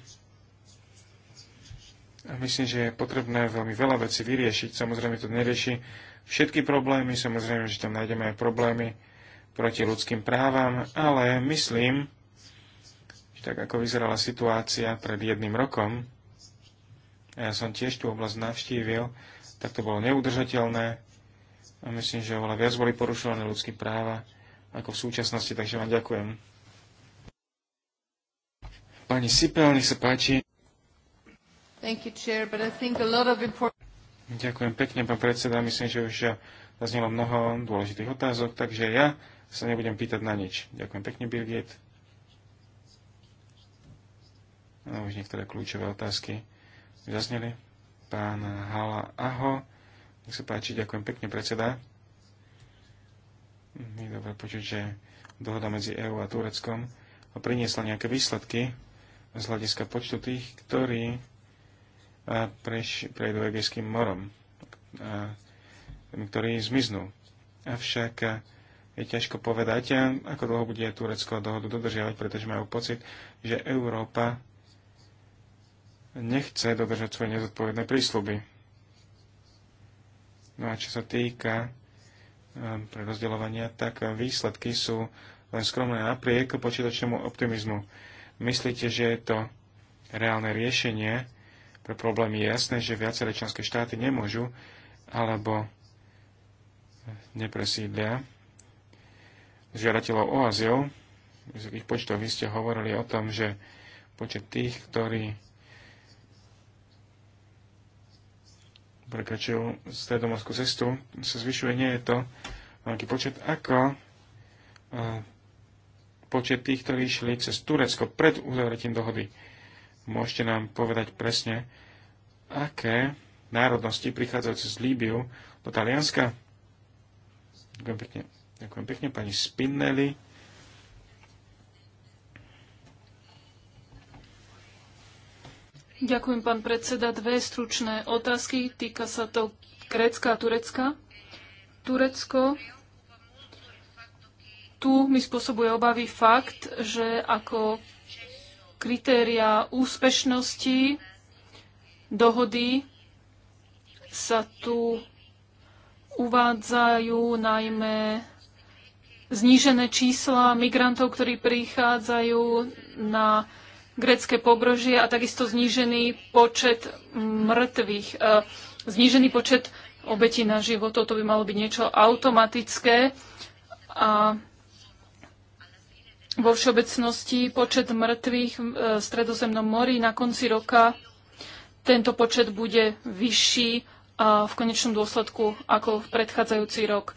A myslím, že je potrebné veľmi veľa vecí vyriešiť. Samozrejme to nerieši všetky problémy, samozrejme, že tam nájdeme aj problémy proti ľudským právam, ale myslím, že tak ako vyzerala situácia pred jedným rokom, a ja som tiež tú oblasť navštívil, tak to bolo neudržateľné a myslím, že oveľa viac boli porušované ľudské práva ako v súčasnosti, takže vám ďakujem. Pani Sipel, nech sa páči. You, Chair, important... Ďakujem pekne, pán predseda. Myslím, že už zaznelo mnoho dôležitých otázok, takže ja sa nebudem pýtať na nič. Ďakujem pekne, Birgit. No, už niektoré kľúčové otázky zazneli. Pán Hala Aho, nech sa páči, ďakujem pekne, predseda. Je dobre počuť, že dohoda medzi EÚ a Tureckom priniesla nejaké výsledky z hľadiska počtu tých, ktorí preš, prejdú Egejským morom, a, ktorí zmiznú. Avšak je ťažko povedať, ako dlho bude Turecko dohodu dodržiavať, pretože majú pocit, že Európa nechce dodržať svoje nezodpovedné prísľuby. No a čo sa týka pre rozdeľovania, tak výsledky sú len skromné napriek počítačnému optimizmu. Myslíte, že je to reálne riešenie pre problém je jasné, že viaceré členské štáty nemôžu alebo nepresídlia žiadateľov o azyl. V ich počtoch vy ste hovorili o tom, že počet tých, ktorí prekračujú stredomorskú cestu, sa zvyšuje. Nie je to veľký počet ako eh, počet tých, ktorí išli cez Turecko pred uzavretím dohody. Môžete nám povedať presne, aké národnosti prichádzajúce z Líbiu do Talianska? Ďakujem pekne. Ďakujem pekne pani Spinelli. Ďakujem, pán predseda. Dve stručné otázky. Týka sa to Grécka a Turecka. Turecko. Tu mi spôsobuje obavy fakt, že ako kritéria úspešnosti dohody sa tu uvádzajú najmä znížené čísla migrantov, ktorí prichádzajú na grecké pobrožie a takisto znížený počet mŕtvych, e, znížený počet obetí na život. To by malo byť niečo automatické a vo všeobecnosti počet mŕtvych e, v Stredozemnom mori na konci roka. Tento počet bude vyšší a v konečnom dôsledku ako v predchádzajúci rok.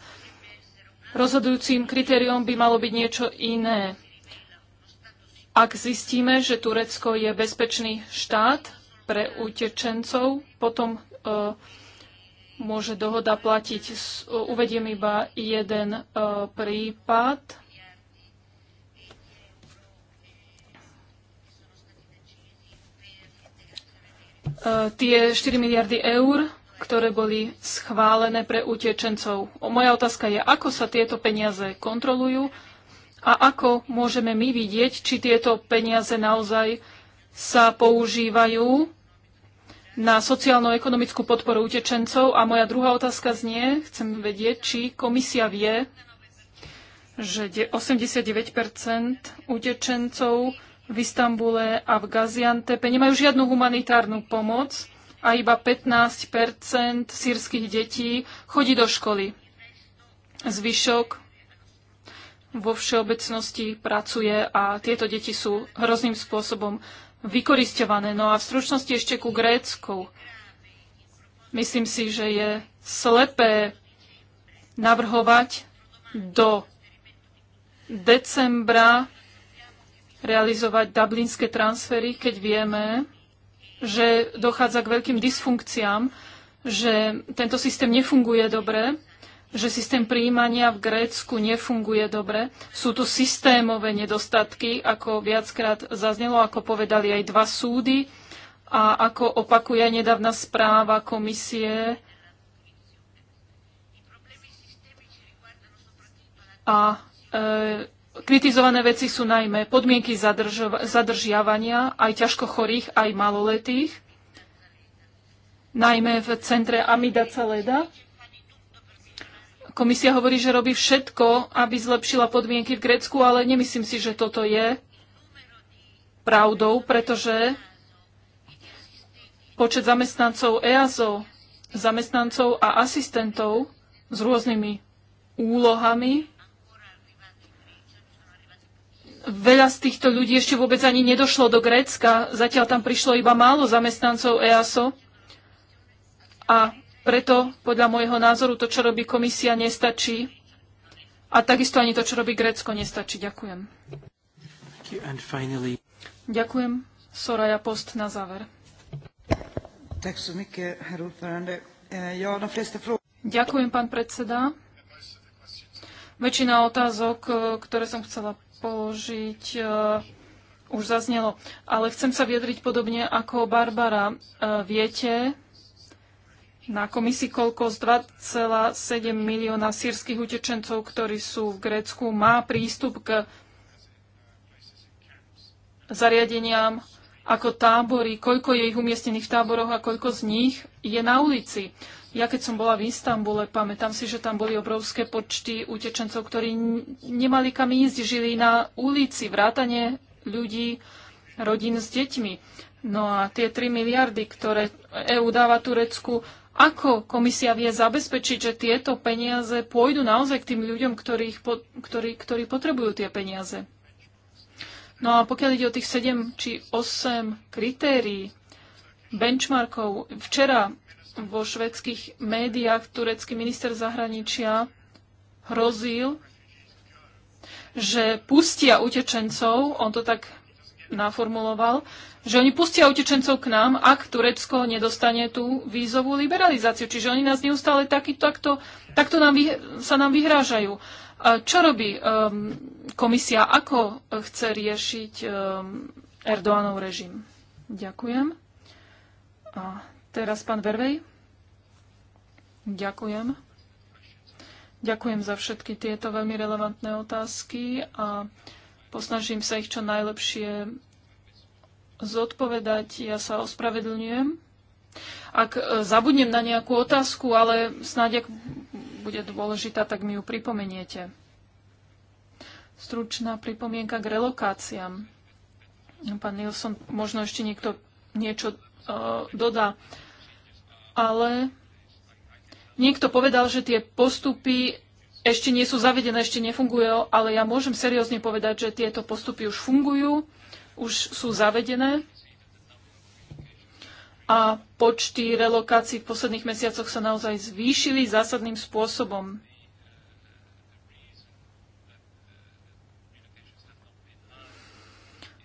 Rozhodujúcim kritériom by malo byť niečo iné. Ak zistíme, že Turecko je bezpečný štát pre utečencov, potom uh, môže dohoda platiť. E, uvediem iba jeden uh, prípad E, tie 4 miliardy eur, ktoré boli schválené pre utečencov. Moja otázka je, ako sa tieto peniaze kontrolujú a ako môžeme my vidieť, či tieto peniaze naozaj sa používajú na sociálno-ekonomickú podporu utečencov. A moja druhá otázka znie, chcem vedieť, či komisia vie, že 89 utečencov v Istambule a v Gaziantepe nemajú žiadnu humanitárnu pomoc a iba 15 sírskych detí chodí do školy. Zvyšok vo všeobecnosti pracuje a tieto deti sú hrozným spôsobom vykoristované. No a v stručnosti ešte ku Grécku. Myslím si, že je slepé navrhovať do decembra realizovať dublinské transfery, keď vieme, že dochádza k veľkým dysfunkciám, že tento systém nefunguje dobre, že systém príjmania v Grécku nefunguje dobre. Sú tu systémové nedostatky, ako viackrát zaznelo, ako povedali aj dva súdy a ako opakuje nedávna správa komisie. A e, Kritizované veci sú najmä podmienky zadržiavania aj ťažko chorých, aj maloletých, najmä v centre Amida Celeda. Komisia hovorí, že robí všetko, aby zlepšila podmienky v Grécku, ale nemyslím si, že toto je pravdou, pretože počet zamestnancov EASO, zamestnancov a asistentov s rôznymi úlohami Veľa z týchto ľudí ešte vôbec ani nedošlo do Grécka, zatiaľ tam prišlo iba málo zamestnancov EASO a preto podľa môjho názoru to, čo robí komisia, nestačí a takisto ani to, čo robí Grécko, nestačí. Ďakujem. Ďakujem. Soraya Post na záver. Eh, Ďakujem, pán predseda. Väčšina otázok, eh, ktoré som chcela položiť e, už zaznelo, ale chcem sa vyjadriť podobne ako Barbara. E, viete, na komisi koľko z 2,7 milióna sírskych utečencov, ktorí sú v Grécku, má prístup k zariadeniam ako tábory, koľko je ich umiestnených v táboroch a koľko z nich je na ulici. Ja keď som bola v Istambule, pamätám si, že tam boli obrovské počty utečencov, ktorí nemali kam ísť, žili na ulici, vrátane ľudí, rodín s deťmi. No a tie 3 miliardy, ktoré EÚ dáva Turecku, ako komisia vie zabezpečiť, že tieto peniaze pôjdu naozaj k tým ľuďom, ktorí, ktorí, ktorí potrebujú tie peniaze? No a pokiaľ ide o tých 7 či 8 kritérií, benchmarkov, včera vo švedských médiách turecký minister zahraničia hrozil, že pustia utečencov, on to tak naformuloval, že oni pustia utečencov k nám, ak Turecko nedostane tú vízovú liberalizáciu. Čiže oni nás neustále taký, takto, takto nám, sa nám vyhrážajú. Čo robí ehm, komisia? Ako chce riešiť ehm, Erdoánov režim? Ďakujem. A teraz pán Vervej. Ďakujem. Ďakujem za všetky tieto veľmi relevantné otázky a posnažím sa ich čo najlepšie zodpovedať. Ja sa ospravedlňujem. Ak e, zabudnem na nejakú otázku, ale snáď ak bude dôležitá, tak mi ju pripomeniete. Stručná pripomienka k relokáciám. Pán Nilsson, možno ešte niekto niečo uh, dodá, ale niekto povedal, že tie postupy ešte nie sú zavedené, ešte nefungujú, ale ja môžem seriózne povedať, že tieto postupy už fungujú, už sú zavedené a počty relokácií v posledných mesiacoch sa naozaj zvýšili zásadným spôsobom.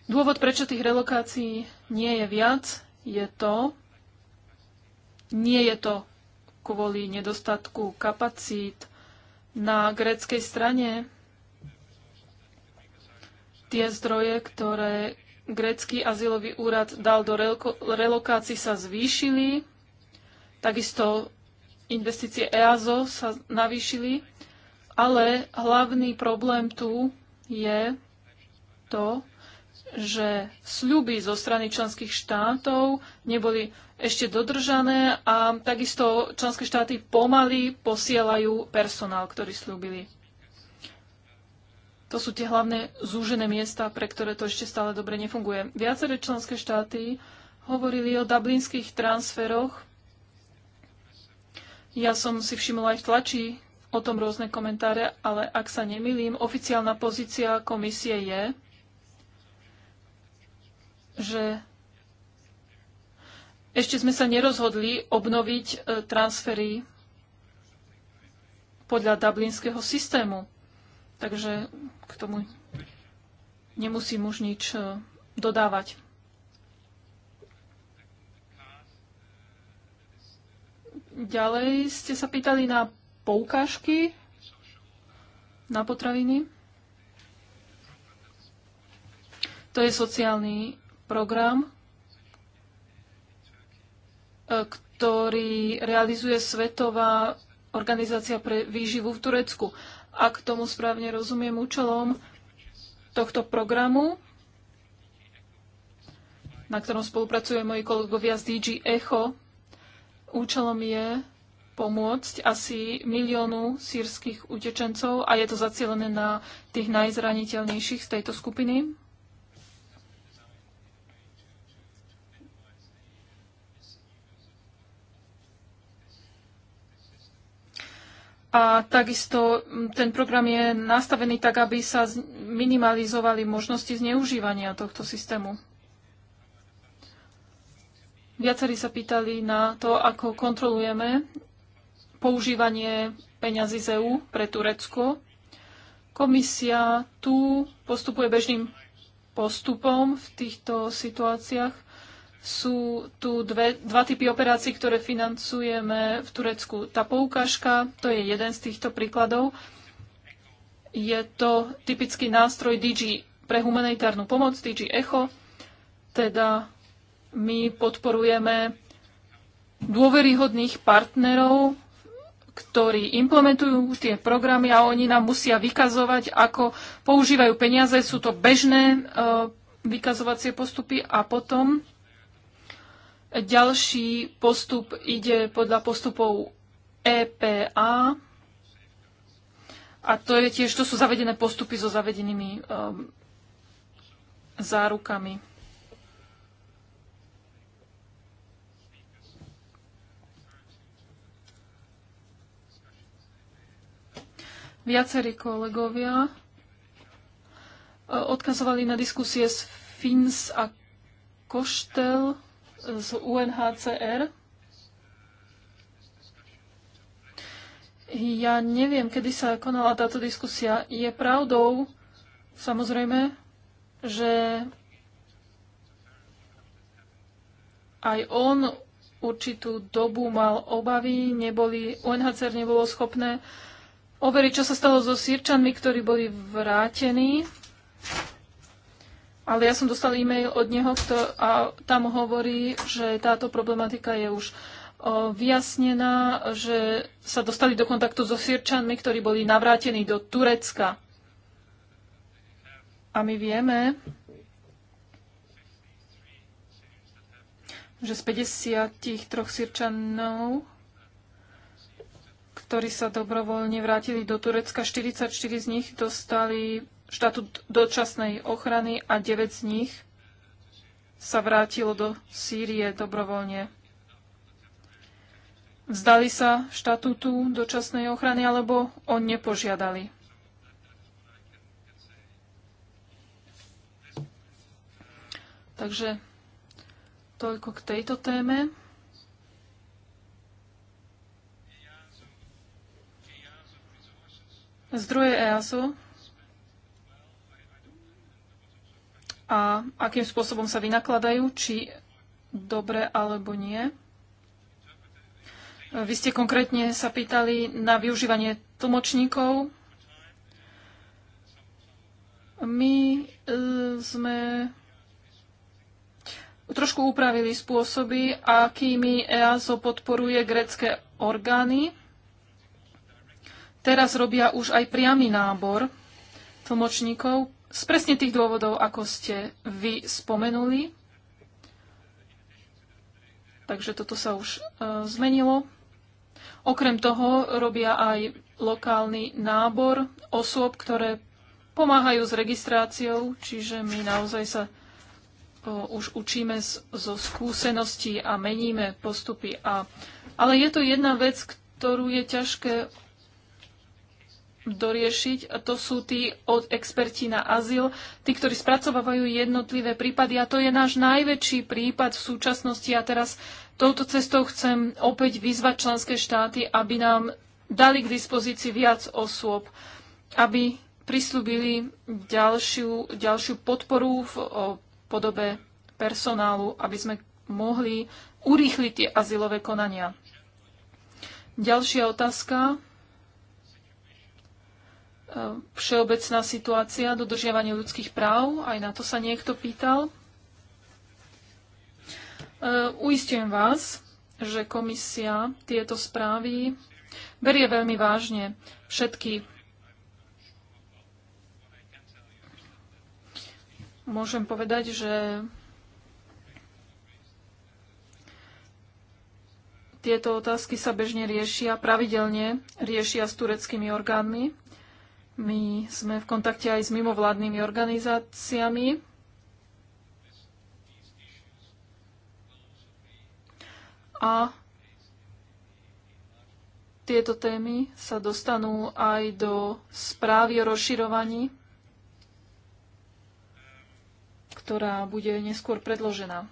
Dôvod, prečo tých relokácií nie je viac, je to, nie je to kvôli nedostatku kapacít na gréckej strane. Tie zdroje, ktoré grécky azylový úrad dal do relokácií, sa zvýšili. Takisto investície EASO sa navýšili. Ale hlavný problém tu je to, že sľuby zo strany členských štátov neboli ešte dodržané a takisto členské štáty pomaly posielajú personál, ktorý slúbili. To sú tie hlavné zúžené miesta, pre ktoré to ešte stále dobre nefunguje. Viaceré členské štáty hovorili o dublinských transferoch. Ja som si všimla aj v tlači o tom rôzne komentáre, ale ak sa nemilím, oficiálna pozícia komisie je, že ešte sme sa nerozhodli obnoviť e, transfery podľa dublinského systému. Takže k tomu nemusím už nič e, dodávať. Ďalej ste sa pýtali na poukážky na potraviny. To je sociálny program, e, ktorý realizuje Svetová organizácia pre výživu v Turecku ak tomu správne rozumiem účelom tohto programu, na ktorom spolupracujú moji kolegovia z DG Echo. Účelom je pomôcť asi miliónu sírskych utečencov a je to zacielené na tých najzraniteľnejších z tejto skupiny. a takisto ten program je nastavený tak, aby sa minimalizovali možnosti zneužívania tohto systému. Viacerí sa pýtali na to, ako kontrolujeme používanie peňazí z EU pre Turecko. Komisia tu postupuje bežným postupom v týchto situáciách sú tu dve, dva typy operácií, ktoré financujeme v Turecku. Tá poukážka, to je jeden z týchto príkladov. Je to typický nástroj DG pre humanitárnu pomoc, DG ECHO. Teda my podporujeme dôveryhodných partnerov, ktorí implementujú tie programy a oni nám musia vykazovať, ako používajú peniaze. Sú to bežné uh, vykazovacie postupy a potom ďalší postup ide podľa postupov EPA a to je tiež, to sú zavedené postupy so zavedenými um, zárukami. Viacerí kolegovia uh, odkazovali na diskusie s Fins a Koštel z UNHCR. Ja neviem, kedy sa konala táto diskusia. Je pravdou, samozrejme, že aj on určitú dobu mal obavy, neboli, UNHCR nebolo schopné overiť, čo sa stalo so sírčanmi, ktorí boli vrátení. Ale ja som dostal e-mail od neho a tam hovorí, že táto problematika je už vyjasnená, že sa dostali do kontaktu so Sirčanmi, ktorí boli navrátení do Turecka. A my vieme, že z 53 Sirčanov, ktorí sa dobrovoľne vrátili do Turecka, 44 z nich dostali štatút dočasnej ochrany a 9 z nich sa vrátilo do Sýrie dobrovoľne. Vzdali sa štatútu dočasnej ochrany alebo o nepožiadali. Takže toľko k tejto téme. Zdroje EASO a akým spôsobom sa vynakladajú, či dobre alebo nie. Vy ste konkrétne sa pýtali na využívanie tlmočníkov. My e, sme trošku upravili spôsoby, akými EASO podporuje grecké orgány. Teraz robia už aj priamy nábor tlmočníkov z presne tých dôvodov, ako ste vy spomenuli. Takže toto sa už e, zmenilo. Okrem toho robia aj lokálny nábor osôb, ktoré pomáhajú s registráciou, čiže my naozaj sa e, už učíme z, zo skúseností a meníme postupy. A, ale je to jedna vec, ktorú je ťažké doriešiť. To sú tí od experti na azyl, tí, ktorí spracovávajú jednotlivé prípady a to je náš najväčší prípad v súčasnosti a teraz touto cestou chcem opäť vyzvať členské štáty, aby nám dali k dispozícii viac osôb, aby prislúbili ďalšiu, ďalšiu podporu v podobe personálu, aby sme mohli urýchliť tie azylové konania. Ďalšia otázka všeobecná situácia, dodržiavanie ľudských práv, aj na to sa niekto pýtal. E, Uistujem vás, že komisia tieto správy berie veľmi vážne. Všetky môžem povedať, že tieto otázky sa bežne riešia, pravidelne riešia s tureckými orgánmi my sme v kontakte aj s mimovládnymi organizáciami. A tieto témy sa dostanú aj do správy o rozširovaní, ktorá bude neskôr predložená.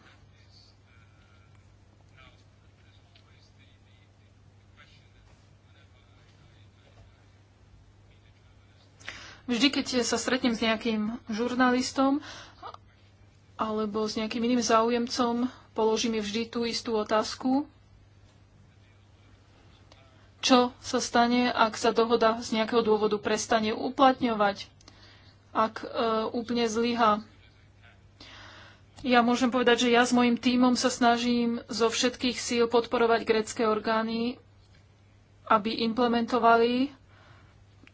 Vždy, keď sa stretnem s nejakým žurnalistom alebo s nejakým iným záujemcom, položím mi vždy tú istú otázku. Čo sa stane, ak sa dohoda z nejakého dôvodu prestane uplatňovať? Ak e, úplne zlyha ja môžem povedať, že ja s mojim tímom sa snažím zo všetkých síl podporovať grecké orgány, aby implementovali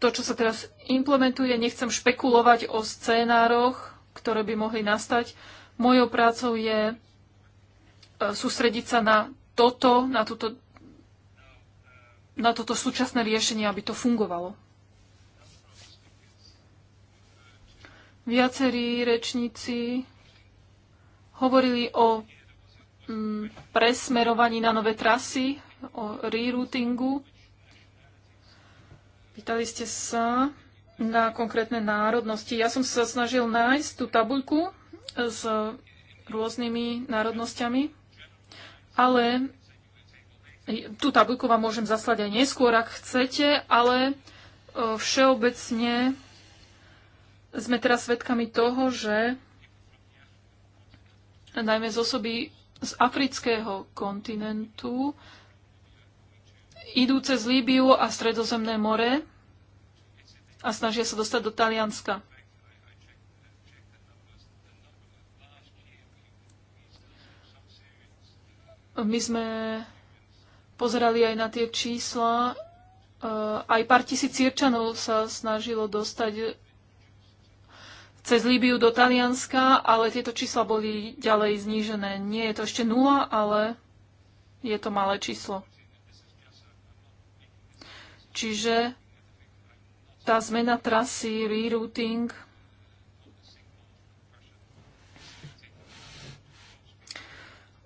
to, čo sa teraz implementuje. Nechcem špekulovať o scénároch, ktoré by mohli nastať. Mojou prácou je e, sústrediť sa na toto, na, túto, na toto súčasné riešenie, aby to fungovalo. Viacerí rečníci hovorili o mm, presmerovaní na nové trasy, o reroutingu. Pýtali ste sa, na konkrétne národnosti. Ja som sa snažil nájsť tú tabuľku s rôznymi národnosťami, ale tú tabuľku vám môžem zaslať aj neskôr, ak chcete, ale e, všeobecne sme teraz svedkami toho, že najmä z osoby z afrického kontinentu idú cez Líbiu a Stredozemné more a snažia sa dostať do Talianska. My sme pozerali aj na tie čísla. Aj pár tisíc Sirčanov sa snažilo dostať cez Líbiu do Talianska, ale tieto čísla boli ďalej znížené. Nie je to ešte nula, ale je to malé číslo. Čiže tá zmena trasy, rerouting,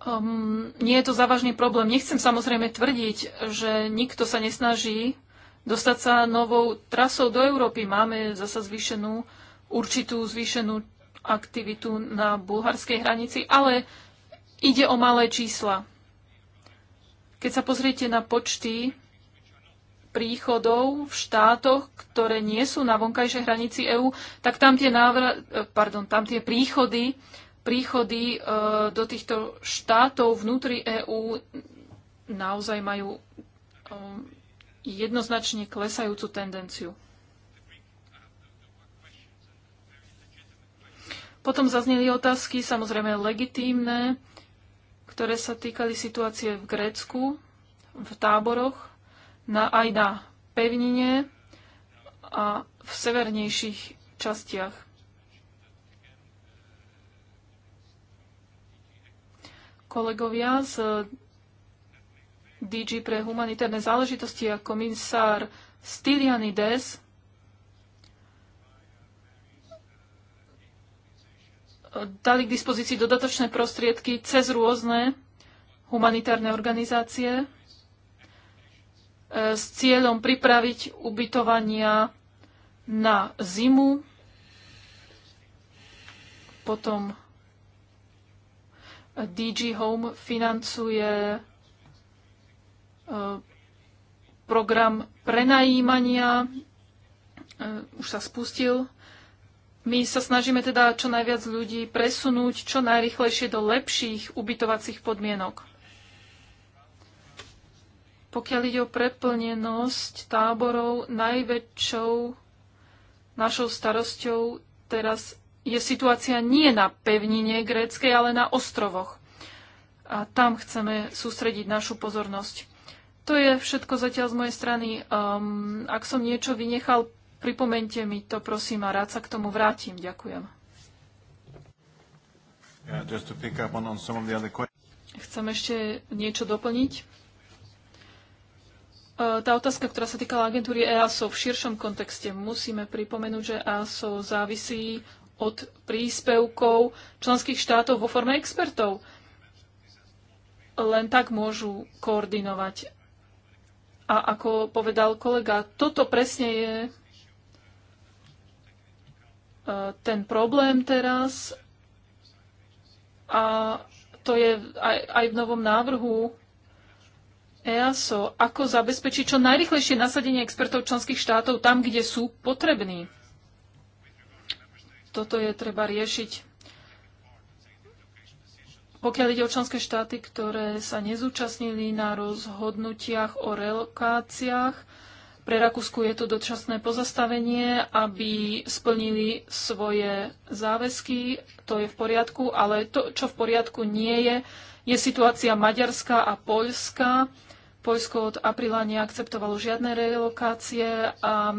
Um, nie je to závažný problém. Nechcem samozrejme tvrdiť, že nikto sa nesnaží dostať sa novou trasou do Európy. Máme zasa zvýšenú, určitú zvýšenú aktivitu na bulharskej hranici, ale ide o malé čísla. Keď sa pozriete na počty príchodov v štátoch, ktoré nie sú na vonkajšej hranici EÚ, tak tam tie, návra- e, pardon, tam tie príchody, príchody e, do týchto štátov vnútri EÚ naozaj majú e, jednoznačne klesajúcu tendenciu. Potom zazneli otázky, samozrejme legitímne, ktoré sa týkali situácie v Grécku, v táboroch na, aj na pevnine a v severnejších častiach. Kolegovia z DG pre humanitárne záležitosti a komisár Stylianides dali k dispozícii dodatočné prostriedky cez rôzne humanitárne organizácie E, s cieľom pripraviť ubytovania na zimu, potom DG Home financuje e, program prenajímania, e, už sa spustil. My sa snažíme teda čo najviac ľudí presunúť čo najrychlejšie do lepších ubytovacích podmienok. Pokiaľ ide o preplnenosť táborov, najväčšou našou starosťou teraz je situácia nie na pevnine gréckej, ale na ostrovoch. A tam chceme sústrediť našu pozornosť. To je všetko zatiaľ z mojej strany. Um, ak som niečo vynechal, pripomente mi to, prosím, a rád sa k tomu vrátim. Ďakujem. Yeah, Chcem ešte niečo doplniť? Eh, tá otázka, ktorá sa týkala agentúry EASO v širšom kontexte, musíme pripomenúť, že EASO závisí od príspevkov členských štátov vo forme expertov. Len tak môžu koordinovať. A ako povedal kolega, toto presne je eh, ten problém teraz a to je aj, aj v novom návrhu EASO, ako zabezpečiť čo najrychlejšie nasadenie expertov členských štátov tam, kde sú potrební. Toto je treba riešiť. Pokiaľ ide o členské štáty, ktoré sa nezúčastnili na rozhodnutiach o relokáciách, pre Rakúsku je to dočasné pozastavenie, aby splnili svoje záväzky. To je v poriadku, ale to, čo v poriadku nie je, je situácia Maďarska a Poľska. Poľsko od apríla neakceptovalo žiadne relokácie a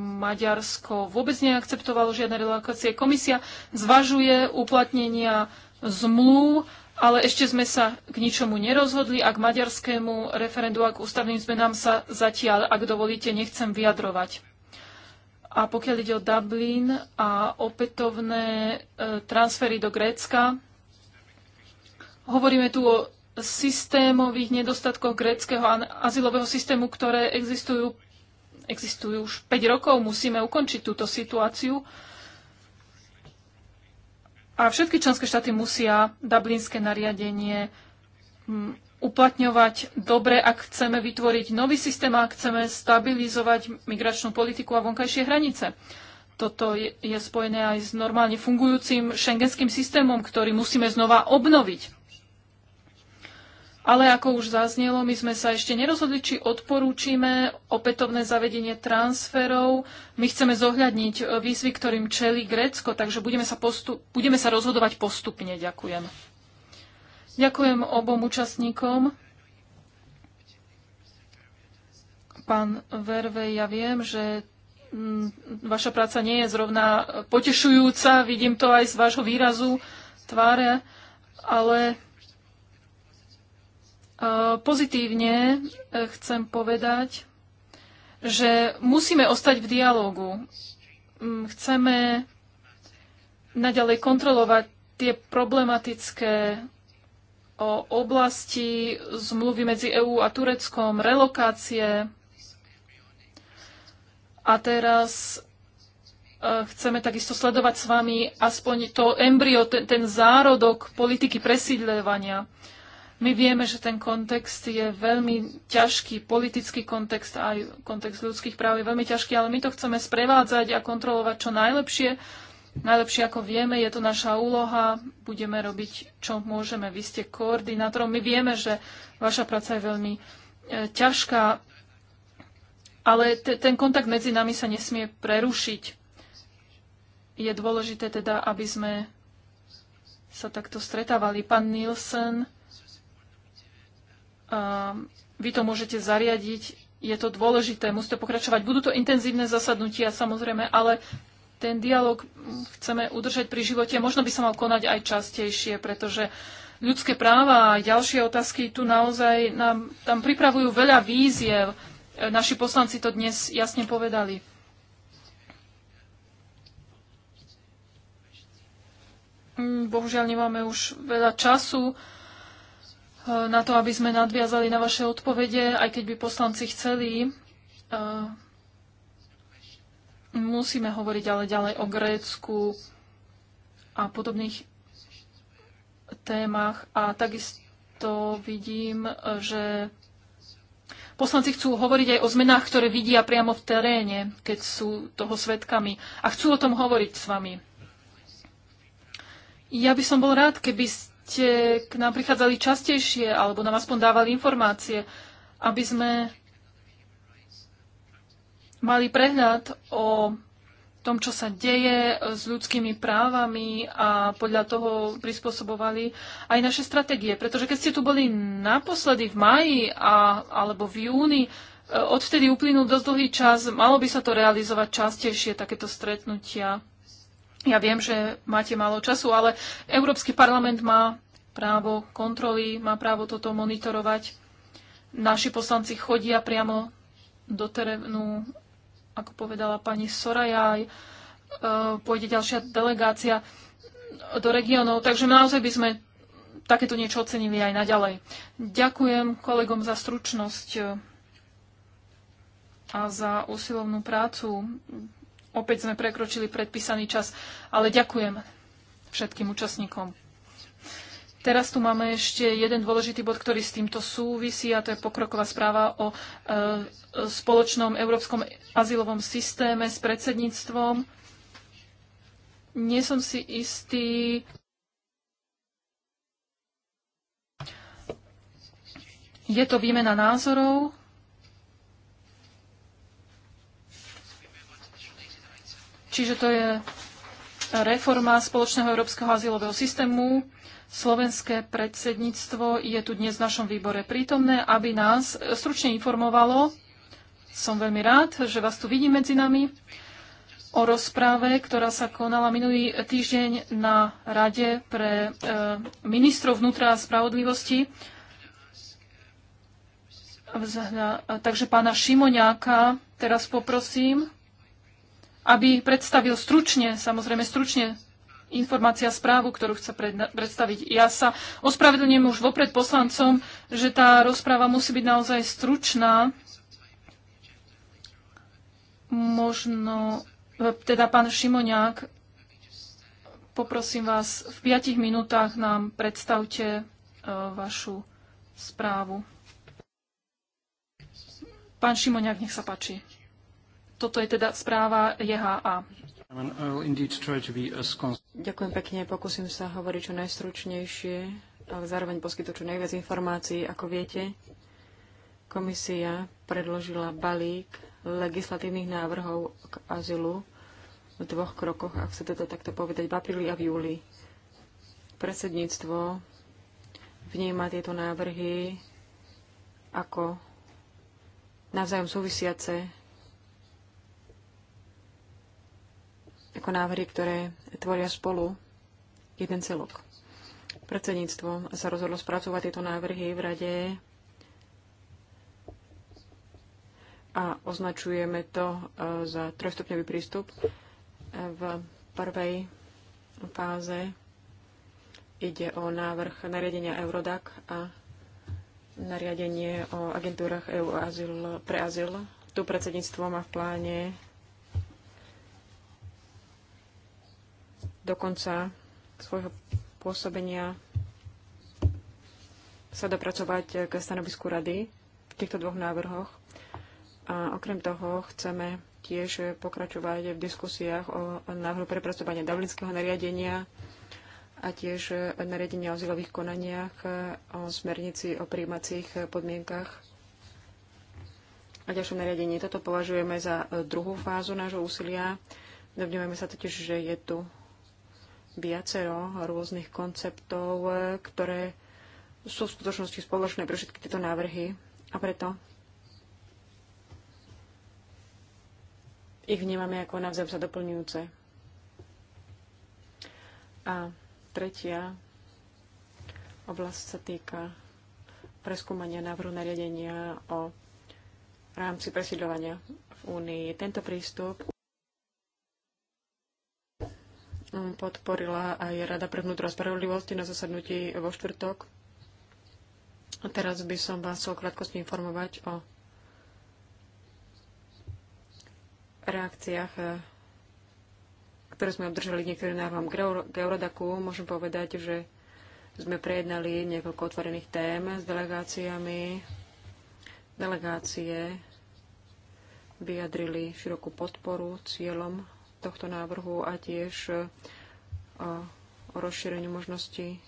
Maďarsko vôbec neakceptovalo žiadne relokácie. Komisia zvažuje uplatnenia zmluv, ale ešte sme sa k ničomu nerozhodli a k maďarskému referendu a k ústavným zmenám sa zatiaľ, ak dovolíte, nechcem vyjadrovať. A pokiaľ ide o Dublin a opätovné e, transfery do Grécka, hovoríme tu o systémových nedostatkov gréckého azylového systému, ktoré existujú, existujú už 5 rokov. Musíme ukončiť túto situáciu. A všetky členské štáty musia dublinské nariadenie mm, uplatňovať dobre, ak chceme vytvoriť nový systém a ak chceme stabilizovať migračnú politiku a vonkajšie hranice. Toto je spojené aj s normálne fungujúcim šengenským systémom, ktorý musíme znova obnoviť. Ale ako už zaznelo, my sme sa ešte nerozhodli, či odporúčime opätovné zavedenie transferov. My chceme zohľadniť e, výzvy, ktorým čelí Grécko, takže budeme sa, postup- budeme sa rozhodovať postupne. Ďakujem. Ďakujem obom účastníkom. Pán Verve, ja viem, že mm, vaša práca nie je zrovna potešujúca, vidím to aj z vášho výrazu tváre, ale E, pozitívne e, chcem povedať, že musíme ostať v dialogu. Mm, chceme naďalej kontrolovať tie problematické oblasti zmluvy medzi EÚ a Tureckom, relokácie. A teraz e, chceme takisto sledovať s vami aspoň to embryo, ten, ten zárodok politiky presídľovania. My vieme, že ten kontext je veľmi ťažký, politický kontext aj kontext ľudských práv je veľmi ťažký, ale my to chceme sprevádzať a kontrolovať čo najlepšie. Najlepšie ako vieme, je to naša úloha, budeme robiť, čo môžeme. Vy ste koordinátorom, my vieme, že vaša práca je veľmi e, ťažká, ale te, ten kontakt medzi nami sa nesmie prerušiť. Je dôležité teda, aby sme sa takto stretávali. Pán Nielsen Ehm, vy to môžete zariadiť, je to dôležité, musíte pokračovať. Budú to intenzívne zasadnutia samozrejme, ale ten dialog chceme udržať pri živote. Možno by sa mal konať aj častejšie, pretože ľudské práva a ďalšie otázky tu naozaj nám tam pripravujú veľa víziev. E, naši poslanci to dnes jasne povedali. Mm, bohužiaľ nemáme už veľa času. Eh, na to, aby sme nadviazali na vaše odpovede, aj keď by poslanci chceli. Eh, musíme hovoriť ale ďalej o Grécku a podobných témach. A takisto vidím, že Poslanci chcú hovoriť aj o zmenách, ktoré vidia priamo v teréne, keď sú toho svetkami. A chcú o tom hovoriť s vami. Ja by som bol rád, keby ste ste k nám prichádzali častejšie alebo nám aspoň dávali informácie, aby sme mali prehľad o tom, čo sa deje s ľudskými právami a podľa toho prispôsobovali aj naše stratégie. Pretože keď ste tu boli naposledy v maji a, alebo v júni, e, odvtedy uplynul dosť dlhý čas, malo by sa to realizovať častejšie, takéto stretnutia. Ja viem, že máte málo času, ale Európsky parlament má právo kontroly, má právo toto monitorovať. Naši poslanci chodia priamo do terénu, ako povedala pani Soraya, aj e, pôjde ďalšia delegácia do regiónov. Takže naozaj by sme takéto niečo ocenili aj naďalej. Ďakujem kolegom za stručnosť e, a za usilovnú prácu. Opäť sme prekročili predpísaný čas, ale ďakujem všetkým účastníkom. Teraz tu máme ešte jeden dôležitý bod, ktorý s týmto súvisí, a to je pokroková správa o e, spoločnom európskom azylovom systéme s predsedníctvom. Nie som si istý. Je to výmena názorov Čiže to je reforma spoločného európskeho azylového systému. Slovenské predsedníctvo je tu dnes v našom výbore prítomné, aby nás stručne informovalo. Som veľmi rád, že vás tu vidím medzi nami o rozprave, ktorá sa konala minulý týždeň na Rade pre e, ministrov vnútra a spravodlivosti. Takže pána Šimoňáka teraz poprosím aby predstavil stručne, samozrejme stručne, informácia správu, ktorú chce predstaviť. Ja sa ospravedlňujem už vopred poslancom, že tá rozpráva musí byť naozaj stručná. Možno, e, teda pán Šimoňák, poprosím vás, v piatich minútach nám predstavte e, vašu správu. Pán Šimoňák, nech sa páči. Toto je teda správa JHA. Ďakujem pekne, pokúsim sa hovoriť čo najstručnejšie, ale zároveň poskytu čo najviac informácií. Ako viete, komisia predložila balík legislatívnych návrhov k azylu v dvoch krokoch, ak sa teda takto povedať, v apríli a v júli. Predsedníctvo vníma tieto návrhy ako navzájom súvisiace ako návrhy, ktoré tvoria spolu jeden celok. Predsedníctvo sa rozhodlo spracovať tieto návrhy v rade a označujeme to e, za trojstupňový prístup. E, v prvej fáze ide o návrh nariadenia Eurodac a nariadenie o agentúrach EU azyl, pre azyl. Tu predsedníctvo má v pláne do konca svojho pôsobenia sa dopracovať k stanovisku rady v týchto dvoch návrhoch. A okrem toho chceme tiež pokračovať v diskusiách o návrhu prepracovania Dublinského nariadenia a tiež nariadenia o zilových konaniach, o smernici o príjmacích podmienkach a ďalšie nariadení. Toto považujeme za druhú fázu nášho úsilia. Domnievame sa totiž, že je tu viacero rôznych konceptov, e, ktoré sú v skutočnosti spoločné pre všetky tieto návrhy a preto ich vnímame ako navzájom sa doplňujúce. A tretia oblasť sa týka preskúmania návrhu nariadenia o rámci presídľovania v Únii. Tento prístup podporila aj Rada pre vnútro spravodlivosti na zasadnutí vo štvrtok. A teraz by som vás chcel krátkosti informovať o reakciách, ktoré sme obdržali niektorým návrhom k Eurodaku. Môžem povedať, že sme prejednali niekoľko otvorených tém s delegáciami. Delegácie vyjadrili širokú podporu cieľom tohto návrhu a tiež e, o rozšíreniu možnosti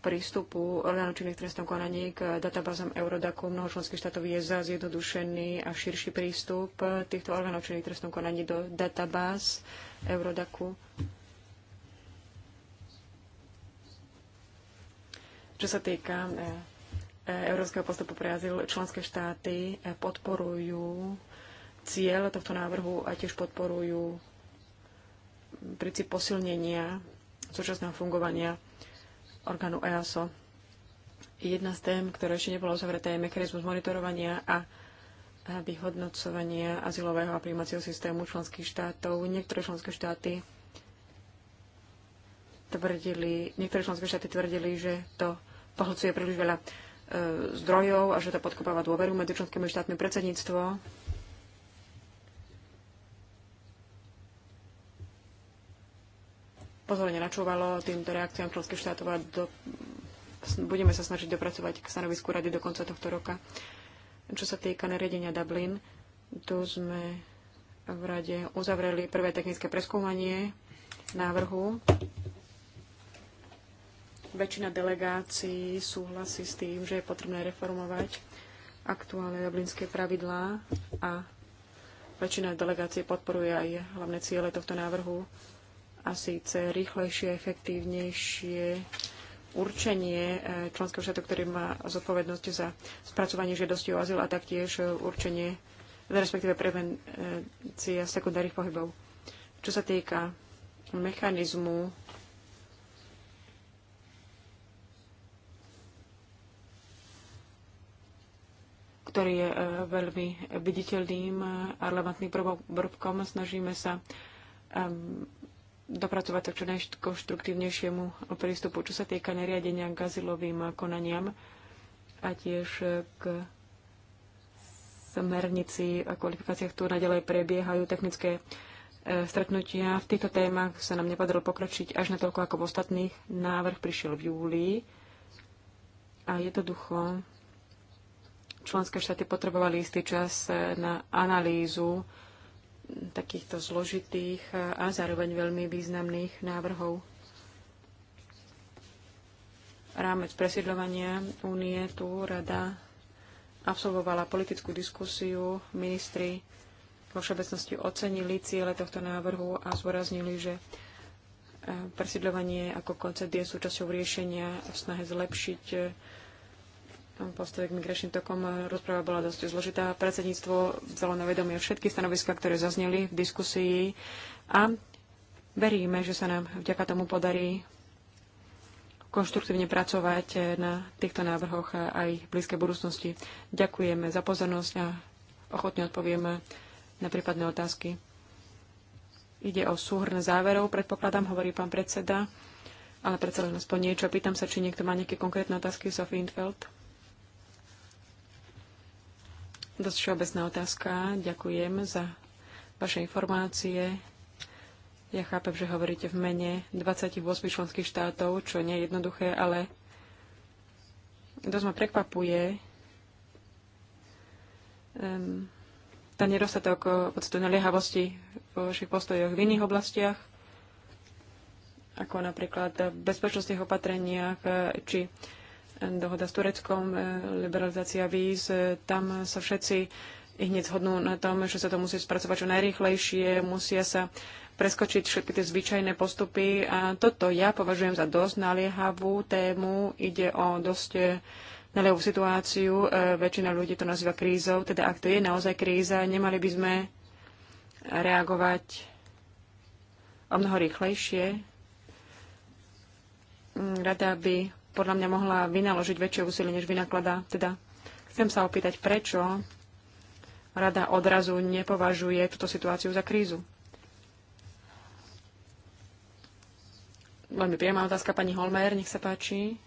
prístupu orgánov trestov konaní k databázam Eurodaku. Mnoho členských štátov je za zjednodušený a širší prístup týchto orgánov trestov konaní do databáz Eurodaku. Čo sa týka e, e, európskeho postupu pre azyl, členské štáty podporujú cieľ tohto návrhu a tiež podporujú princíp posilnenia súčasného fungovania orgánu EASO. Jedna z tém, ktorá ešte nebola uzavretá, je mechanizmus monitorovania a vyhodnocovania azylového a príjmacieho systému členských štátov. Niektoré členské štáty tvrdili, niektoré členské štáty tvrdili, že to pohľcuje príliš veľa e, zdrojov a že to podkopáva dôveru medzi členskými štátmi predsedníctvo pozorne načúvalo týmto reakciám členských štátov a do, budeme sa snažiť dopracovať k stanovisku rady do konca tohto roka. Čo sa týka nariadenia Dublin, tu sme v rade uzavreli prvé technické preskúmanie návrhu. Väčšina delegácií súhlasí s tým, že je potrebné reformovať aktuálne dublinské pravidlá a väčšina delegácií podporuje aj hlavné ciele tohto návrhu a síce rýchlejšie, efektívnejšie určenie e, členského štátu, ktorý má zodpovednosť za spracovanie žiadosti o azyl a taktiež určenie, respektíve prevencia sekundárnych pohybov. Čo sa týka mechanizmu ktorý je e, veľmi viditeľným a relevantným prvkom. Snažíme sa dopracovať sa k čo najkonštruktívnejšiemu prístupu, čo sa týka neriadenia k azylovým konaniam a tiež k smernici a kvalifikáciách ktoré naďalej prebiehajú technické e, stretnutia. V týchto témach sa nám nepodarilo pokročiť až natoľko ako v ostatných. Návrh prišiel v júli a jednoducho členské štáty potrebovali istý čas na analýzu takýchto zložitých a zároveň veľmi významných návrhov. Rámec presiedľovania únie tu rada absolvovala politickú diskusiu. Ministri vo všeobecnosti ocenili ciele tohto návrhu a zvoraznili, že eh, presiedľovanie ako koncept je súčasťou riešenia v snahe zlepšiť eh, postoj k migračným tokom. Eh, rozpráva bola dosť zložitá. Predsedníctvo vzalo na vedomie všetky stanoviska, ktoré zazneli v diskusii a veríme, že sa nám vďaka tomu podarí konštruktívne pracovať eh, na týchto návrhoch eh, aj v blízkej budúcnosti. Ďakujeme za pozornosť a ochotne odpovieme na prípadné otázky. Ide o súhrn záverov, predpokladám, hovorí pán predseda, ale predsa len aspoň niečo. Pýtam sa, či niekto má nejaké konkrétne otázky, Sophie Infeld. Dosť všeobecná otázka. Ďakujem za vaše informácie. Ja chápem, že hovoríte v mene 28 členských štátov, čo nie je jednoduché, ale dosť ma prekvapuje tá nedostatok pocitu naliehavosti vo vašich postojoch v iných oblastiach, ako napríklad v bezpečnostných opatreniach či dohoda s Tureckom, e, liberalizácia víz, e, tam sa všetci hneď zhodnú na tom, že sa to musí spracovať čo najrýchlejšie, musia sa preskočiť všetky tie zvyčajné postupy. A toto ja považujem za dosť naliehavú tému. Ide o dosť naliehavú situáciu. E, väčšina ľudí to nazýva krízou. Teda ak to je naozaj kríza, nemali by sme reagovať o mnoho rýchlejšie. Mm, Rada by podľa mňa mohla vynaložiť väčšie úsilie, než vynakladá. Teda chcem sa opýtať, prečo rada odrazu nepovažuje túto situáciu za krízu. Veľmi príjemná otázka pani Holmer, nech sa páči.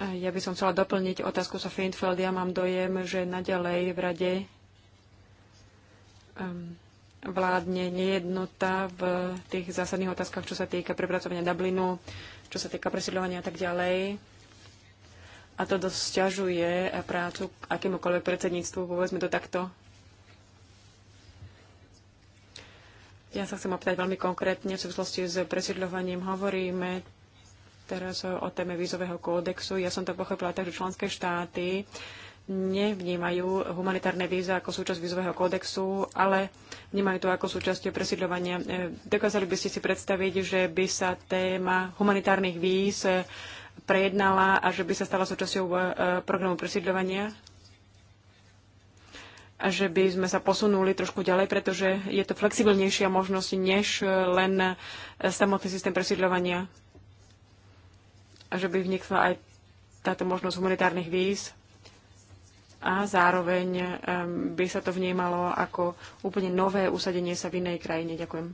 Ja by som chcela doplniť otázku sa Feinfeld. Ja mám dojem, že naďalej v rade um, vládne nejednota v tých zásadných otázkach, čo sa týka prepracovania Dublinu, čo sa týka presídľovania a tak ďalej. A to dosť ťažuje prácu k akémukoľvek predsedníctvu, povedzme to takto. Ja sa chcem opýtať veľmi konkrétne v súvislosti s presídľovaním. Hovoríme teraz o téme vízového kódexu. Ja som to pochopila tak, že členské štáty uh, nevnímajú humanitárne víza ako súčasť vízového kódexu, ale vnímajú to ako súčasť presidľovania. E, dokázali by ste si predstaviť, že by sa téma humanitárnych víz e, prejednala a že by sa stala súčasťou e, programu presidľovania? A že by sme sa posunuli trošku ďalej, pretože je to flexibilnejšia možnosť než len samotný systém presídľovania. A že by vnikla aj táto možnosť humanitárnych víz a zároveň by sa to vnímalo ako úplne nové usadenie sa v inej krajine. Ďakujem.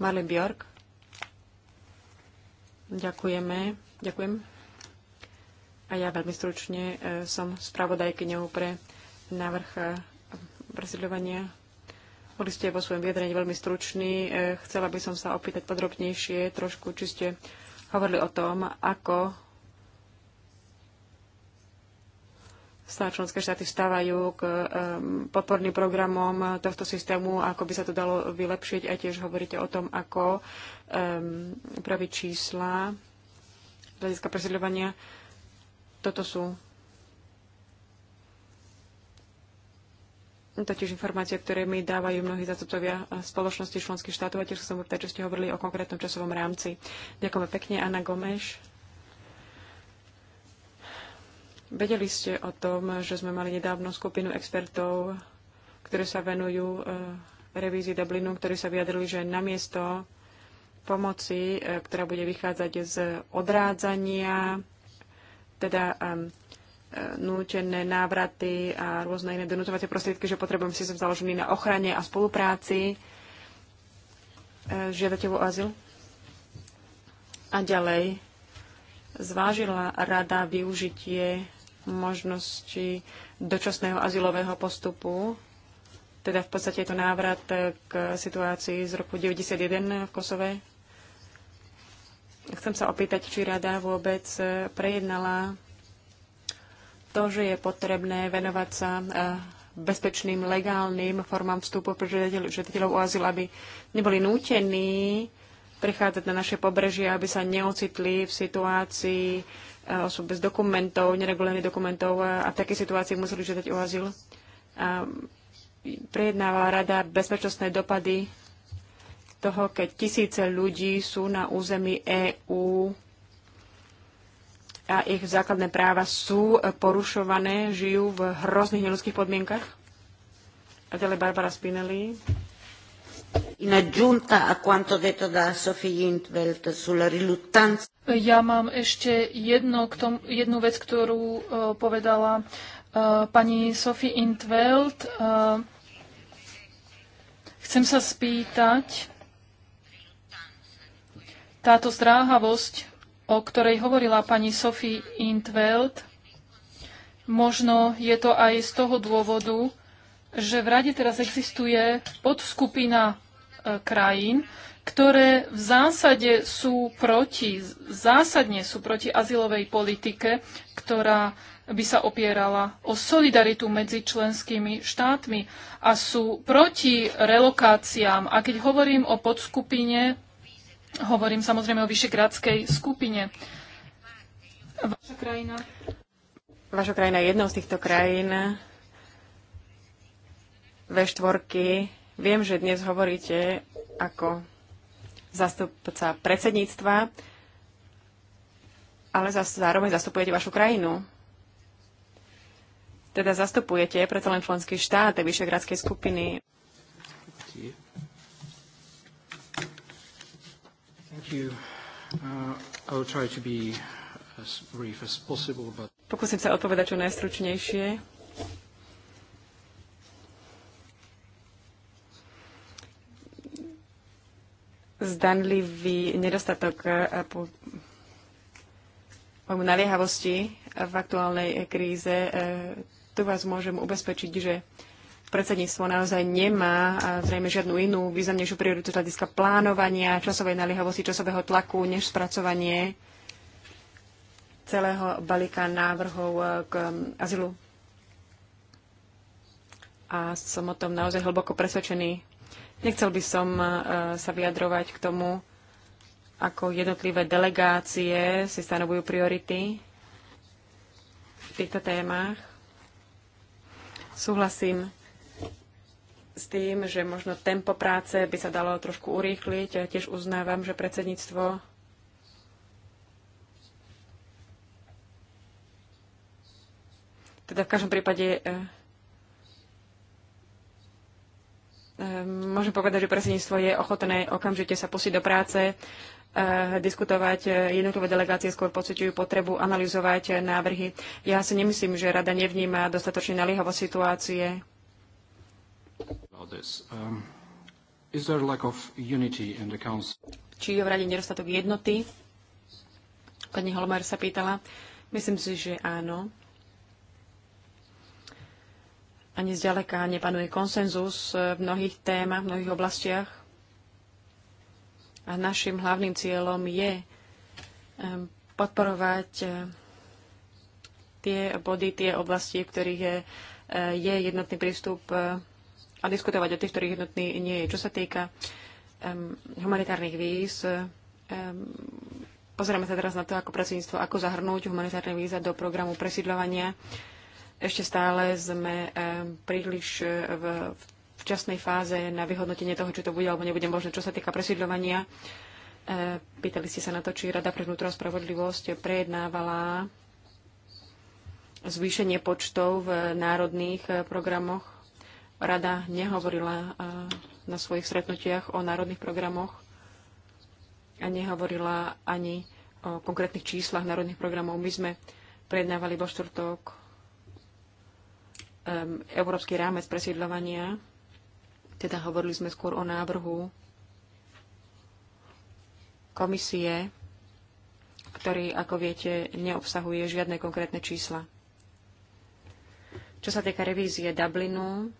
Marlin Bjork. Ďakujeme. Ďakujem. A ja veľmi stručne e, som spravodajkyňou pre návrh e, presídľovania. Boli ste vo svojom vyjadrení veľmi struční. E, chcela by som sa opýtať podrobnejšie trošku, či ste hovorili o tom, ako sa členské štáty stávajú k podporným programom tohto systému, ako by sa to dalo vylepšiť a tiež hovoríte o tom, ako upraviť čísla z hľadiska presídľovania. Toto sú totiž informácie, ktoré mi dávajú mnohí zastupcovia spoločnosti členských štátov a tiež chcem opýtať, čo ste hovorili o konkrétnom časovom rámci. Ďakujem pekne, Anna Gomeš. Vedeli ste o tom, že sme mali nedávno skupinu expertov, ktorí sa venujú e, revízii Dublinu, ktorí sa vyjadrili, že namiesto pomoci, e, ktorá bude vychádzať z odrádzania, teda e, nútené návraty a rôzne iné donutovacie prostriedky, že potrebujeme si založený na ochrane a spolupráci žiadate o azyl. A ďalej zvážila rada využitie možnosti dočasného azylového postupu. Teda v podstate je to návrat k situácii z roku 1991 v Kosove. Chcem sa opýtať, či rada vôbec prejednala to, že je potrebné venovať sa e, bezpečným, legálnym formám vstupu pre žiadateľov o azyl, aby neboli nútení prechádzať na naše pobrežie, aby sa neocitli v situácii, osob bez dokumentov, neregulárnych dokumentov a v takej situácii museli žiadať o azyl. A rada bezpečnostné dopady toho, keď tisíce ľudí sú na území EÚ a ich základné práva sú porušované, žijú v hrozných neľudských podmienkach. A ďalej Barbara Spinelli. In aggiunta a quanto detto da Sophie sulla riluttanza. Ja mám ešte jedno tom, jednu vec, ktorú uh, povedala uh, pani Sophie Intveld. Uh, chcem sa spýtať, táto zdráhavosť, o ktorej hovorila pani Sophie Intveld, možno je to aj z toho dôvodu, že v Rade teraz existuje podskupina e, krajín, ktoré v zásade sú proti, zásadne sú proti azylovej politike, ktorá by sa opierala o solidaritu medzi členskými štátmi a sú proti relokáciám. A keď hovorím o podskupine, hovorím samozrejme o vyšegradskej skupine. Vaša krajina? Vaša krajina je jednou z týchto krajín v4. Viem, že dnes hovoríte ako zastupca predsedníctva, ale zároveň zastupujete vašu krajinu. Teda zastupujete preto len členský štát Vyšegradskej skupiny. Uh, Pokúsim sa odpovedať čo najstručnejšie. zdanlivý nedostatok e, naliehavosti v aktuálnej kríze. E, tu vás môžem ubezpečiť, že predsedníctvo naozaj nemá e, zrejme žiadnu inú významnejšiu prioritu z hľadiska plánovania, časovej naliehavosti, časového tlaku, než spracovanie celého balíka návrhov k azylu. A som o tom naozaj hlboko presvedčený. Nechcel by som e, sa vyjadrovať k tomu, ako jednotlivé delegácie si stanovujú priority v týchto témach. Súhlasím s tým, že možno tempo práce by sa dalo trošku urýchliť. Ja tiež uznávam, že predsedníctvo teda v každom prípade e, Ehm, môžem povedať, že predsedníctvo je ochotné okamžite sa pustiť do práce, eh, diskutovať. Eh, jednotlivé delegácie skôr pociťujú potrebu analyzovať eh, návrhy. Ja si nemyslím, že rada nevníma dostatočne naliehavo situácie. Um, Či je v rade nedostatok jednoty? Pani Holmer sa pýtala. Myslím si, že áno ani zďaleka nepanuje konsenzus e, v mnohých témach, v mnohých oblastiach. A našim hlavným cieľom je e, podporovať e, tie body, tie oblasti, v ktorých je, je jednotný prístup a diskutovať o tých, ktorých jednotný nie je. Čo sa týka um, humanitárnych víz, um, pozrieme sa teraz na to, ako predsedníctvo, ako zahrnúť humanitárne víza do programu presídľovania. Um, ešte stále sme eh, príliš eh, v včasnej fáze na vyhodnotenie toho, či to bude alebo nebude možné, čo sa týka presídľovania. Eh, pýtali ste sa na to, či Rada pre vnútro spravodlivosť prejednávala zvýšenie počtov v národných programoch. Rada nehovorila na svojich stretnutiach o národných programoch a nehovorila ani o konkrétnych číslach národných programov. My sme prejednávali vo štvrtok um, európsky rámec presiedľovania, teda hovorili sme skôr o návrhu komisie, ktorý, ako viete, neobsahuje žiadne konkrétne čísla. Čo sa týka revízie Dublinu,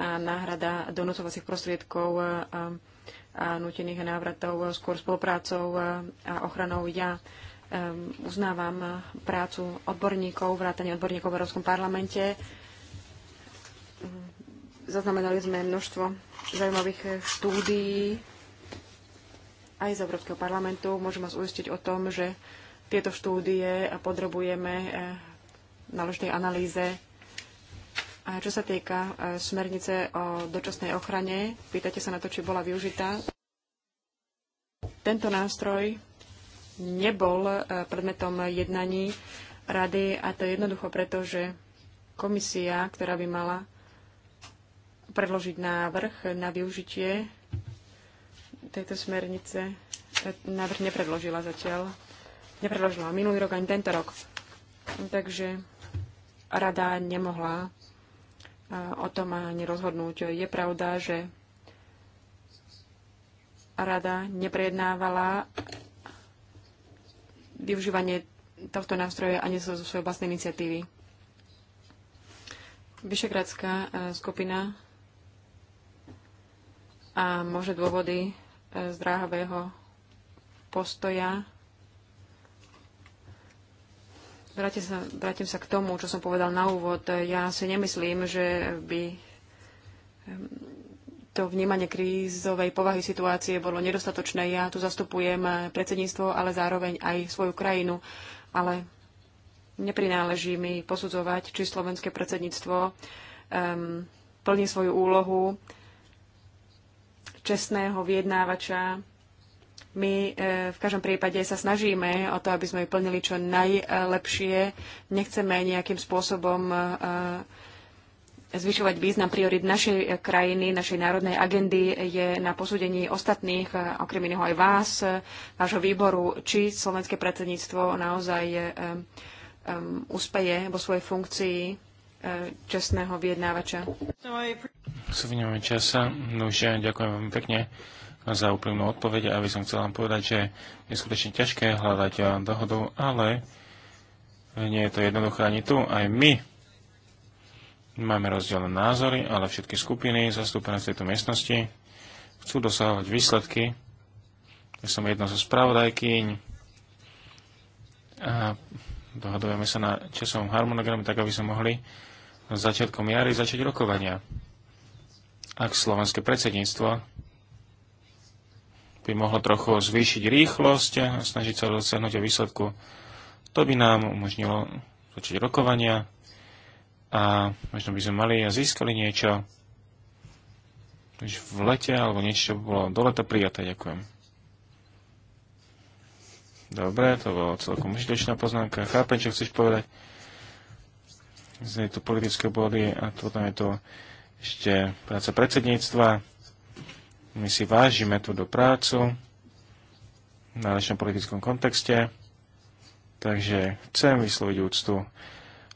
a náhrada donúcovacích prostriedkov um, a nutených návratov, skôr spoluprácou a ochranou. Ja uznávam prácu odborníkov, vrátanie odborníkov v Európskom parlamente. Zaznamenali sme množstvo zaujímavých štúdií aj z Európskeho parlamentu. Môžem vás uistiť o tom, že tieto štúdie podrobujeme eh, náležitej analýze a čo sa týka e, smernice o dočasnej ochrane, pýtate sa na to, či bola využitá. Tento nástroj nebol e, predmetom jednaní rady a to je jednoducho preto, že komisia, ktorá by mala predložiť návrh na využitie tejto smernice, e, návrh nepredložila zatiaľ. Nepredložila minulý rok ani tento rok. Takže rada nemohla o tom ani rozhodnúť. Je pravda, že rada neprejednávala využívanie tohto nástroja ani zo svojej vlastnej iniciatívy. Vyšegradská e, skupina a možno dôvody e, zdráhavého postoja Vrátim sa, vrátim sa k tomu, čo som povedal na úvod. Ja si nemyslím, že by to vnímanie krízovej povahy situácie bolo nedostatočné. Ja tu zastupujem predsedníctvo, ale zároveň aj svoju krajinu. Ale neprináleží mi posudzovať, či slovenské predsedníctvo um, plní svoju úlohu čestného vyjednávača my e, v každom prípade sa snažíme o to, aby sme ju plnili čo najlepšie. Nechceme nejakým spôsobom e, e, zvyšovať význam priorit našej krajiny, našej národnej agendy je na posúdení ostatných, okrem iného aj vás, vášho výboru, či slovenské predsedníctvo naozaj um, um, uspeje vo svojej funkcii čestného vyjednávača. Sú časa. No, že ďakujem veľmi pekne za úplnú odpoveď a aby som chcel vám povedať, že je skutočne ťažké hľadať eh, dohodu, ale nie je to jednoduché ani tu. Aj my máme rozdielne názory, ale všetky skupiny zastúpené v tejto miestnosti chcú dosahovať výsledky. Ja som jedna zo spravodajkyň a dohadujeme sa na časovom harmonogramu, tak aby sme mohli začiatkom jary začať rokovania. Ak slovenské predsedníctvo by mohlo trochu zvýšiť rýchlosť a snažiť sa dosiahnuť o výsledku. To by nám umožnilo začať rokovania a možno by sme mali a získali niečo už v lete alebo niečo, čo by bolo do leta prijaté. Ďakujem. Dobre, to bolo celkom užitočná poznámka. Chápem, čo chceš povedať. je to politické body a potom je to ešte práca predsedníctva. My si vážime túto prácu na našom politickom kontexte, takže chcem vysloviť úctu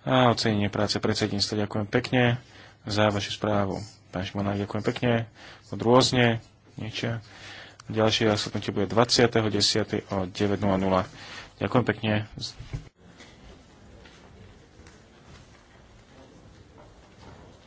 a ocenenie práce predsedníctva. Ďakujem pekne za vašu správu. Pán Šmonák, ďakujem pekne. Od rôzne niečo. Ďalšie zasadnutie bude 20.10. o 9.00. Ďakujem pekne.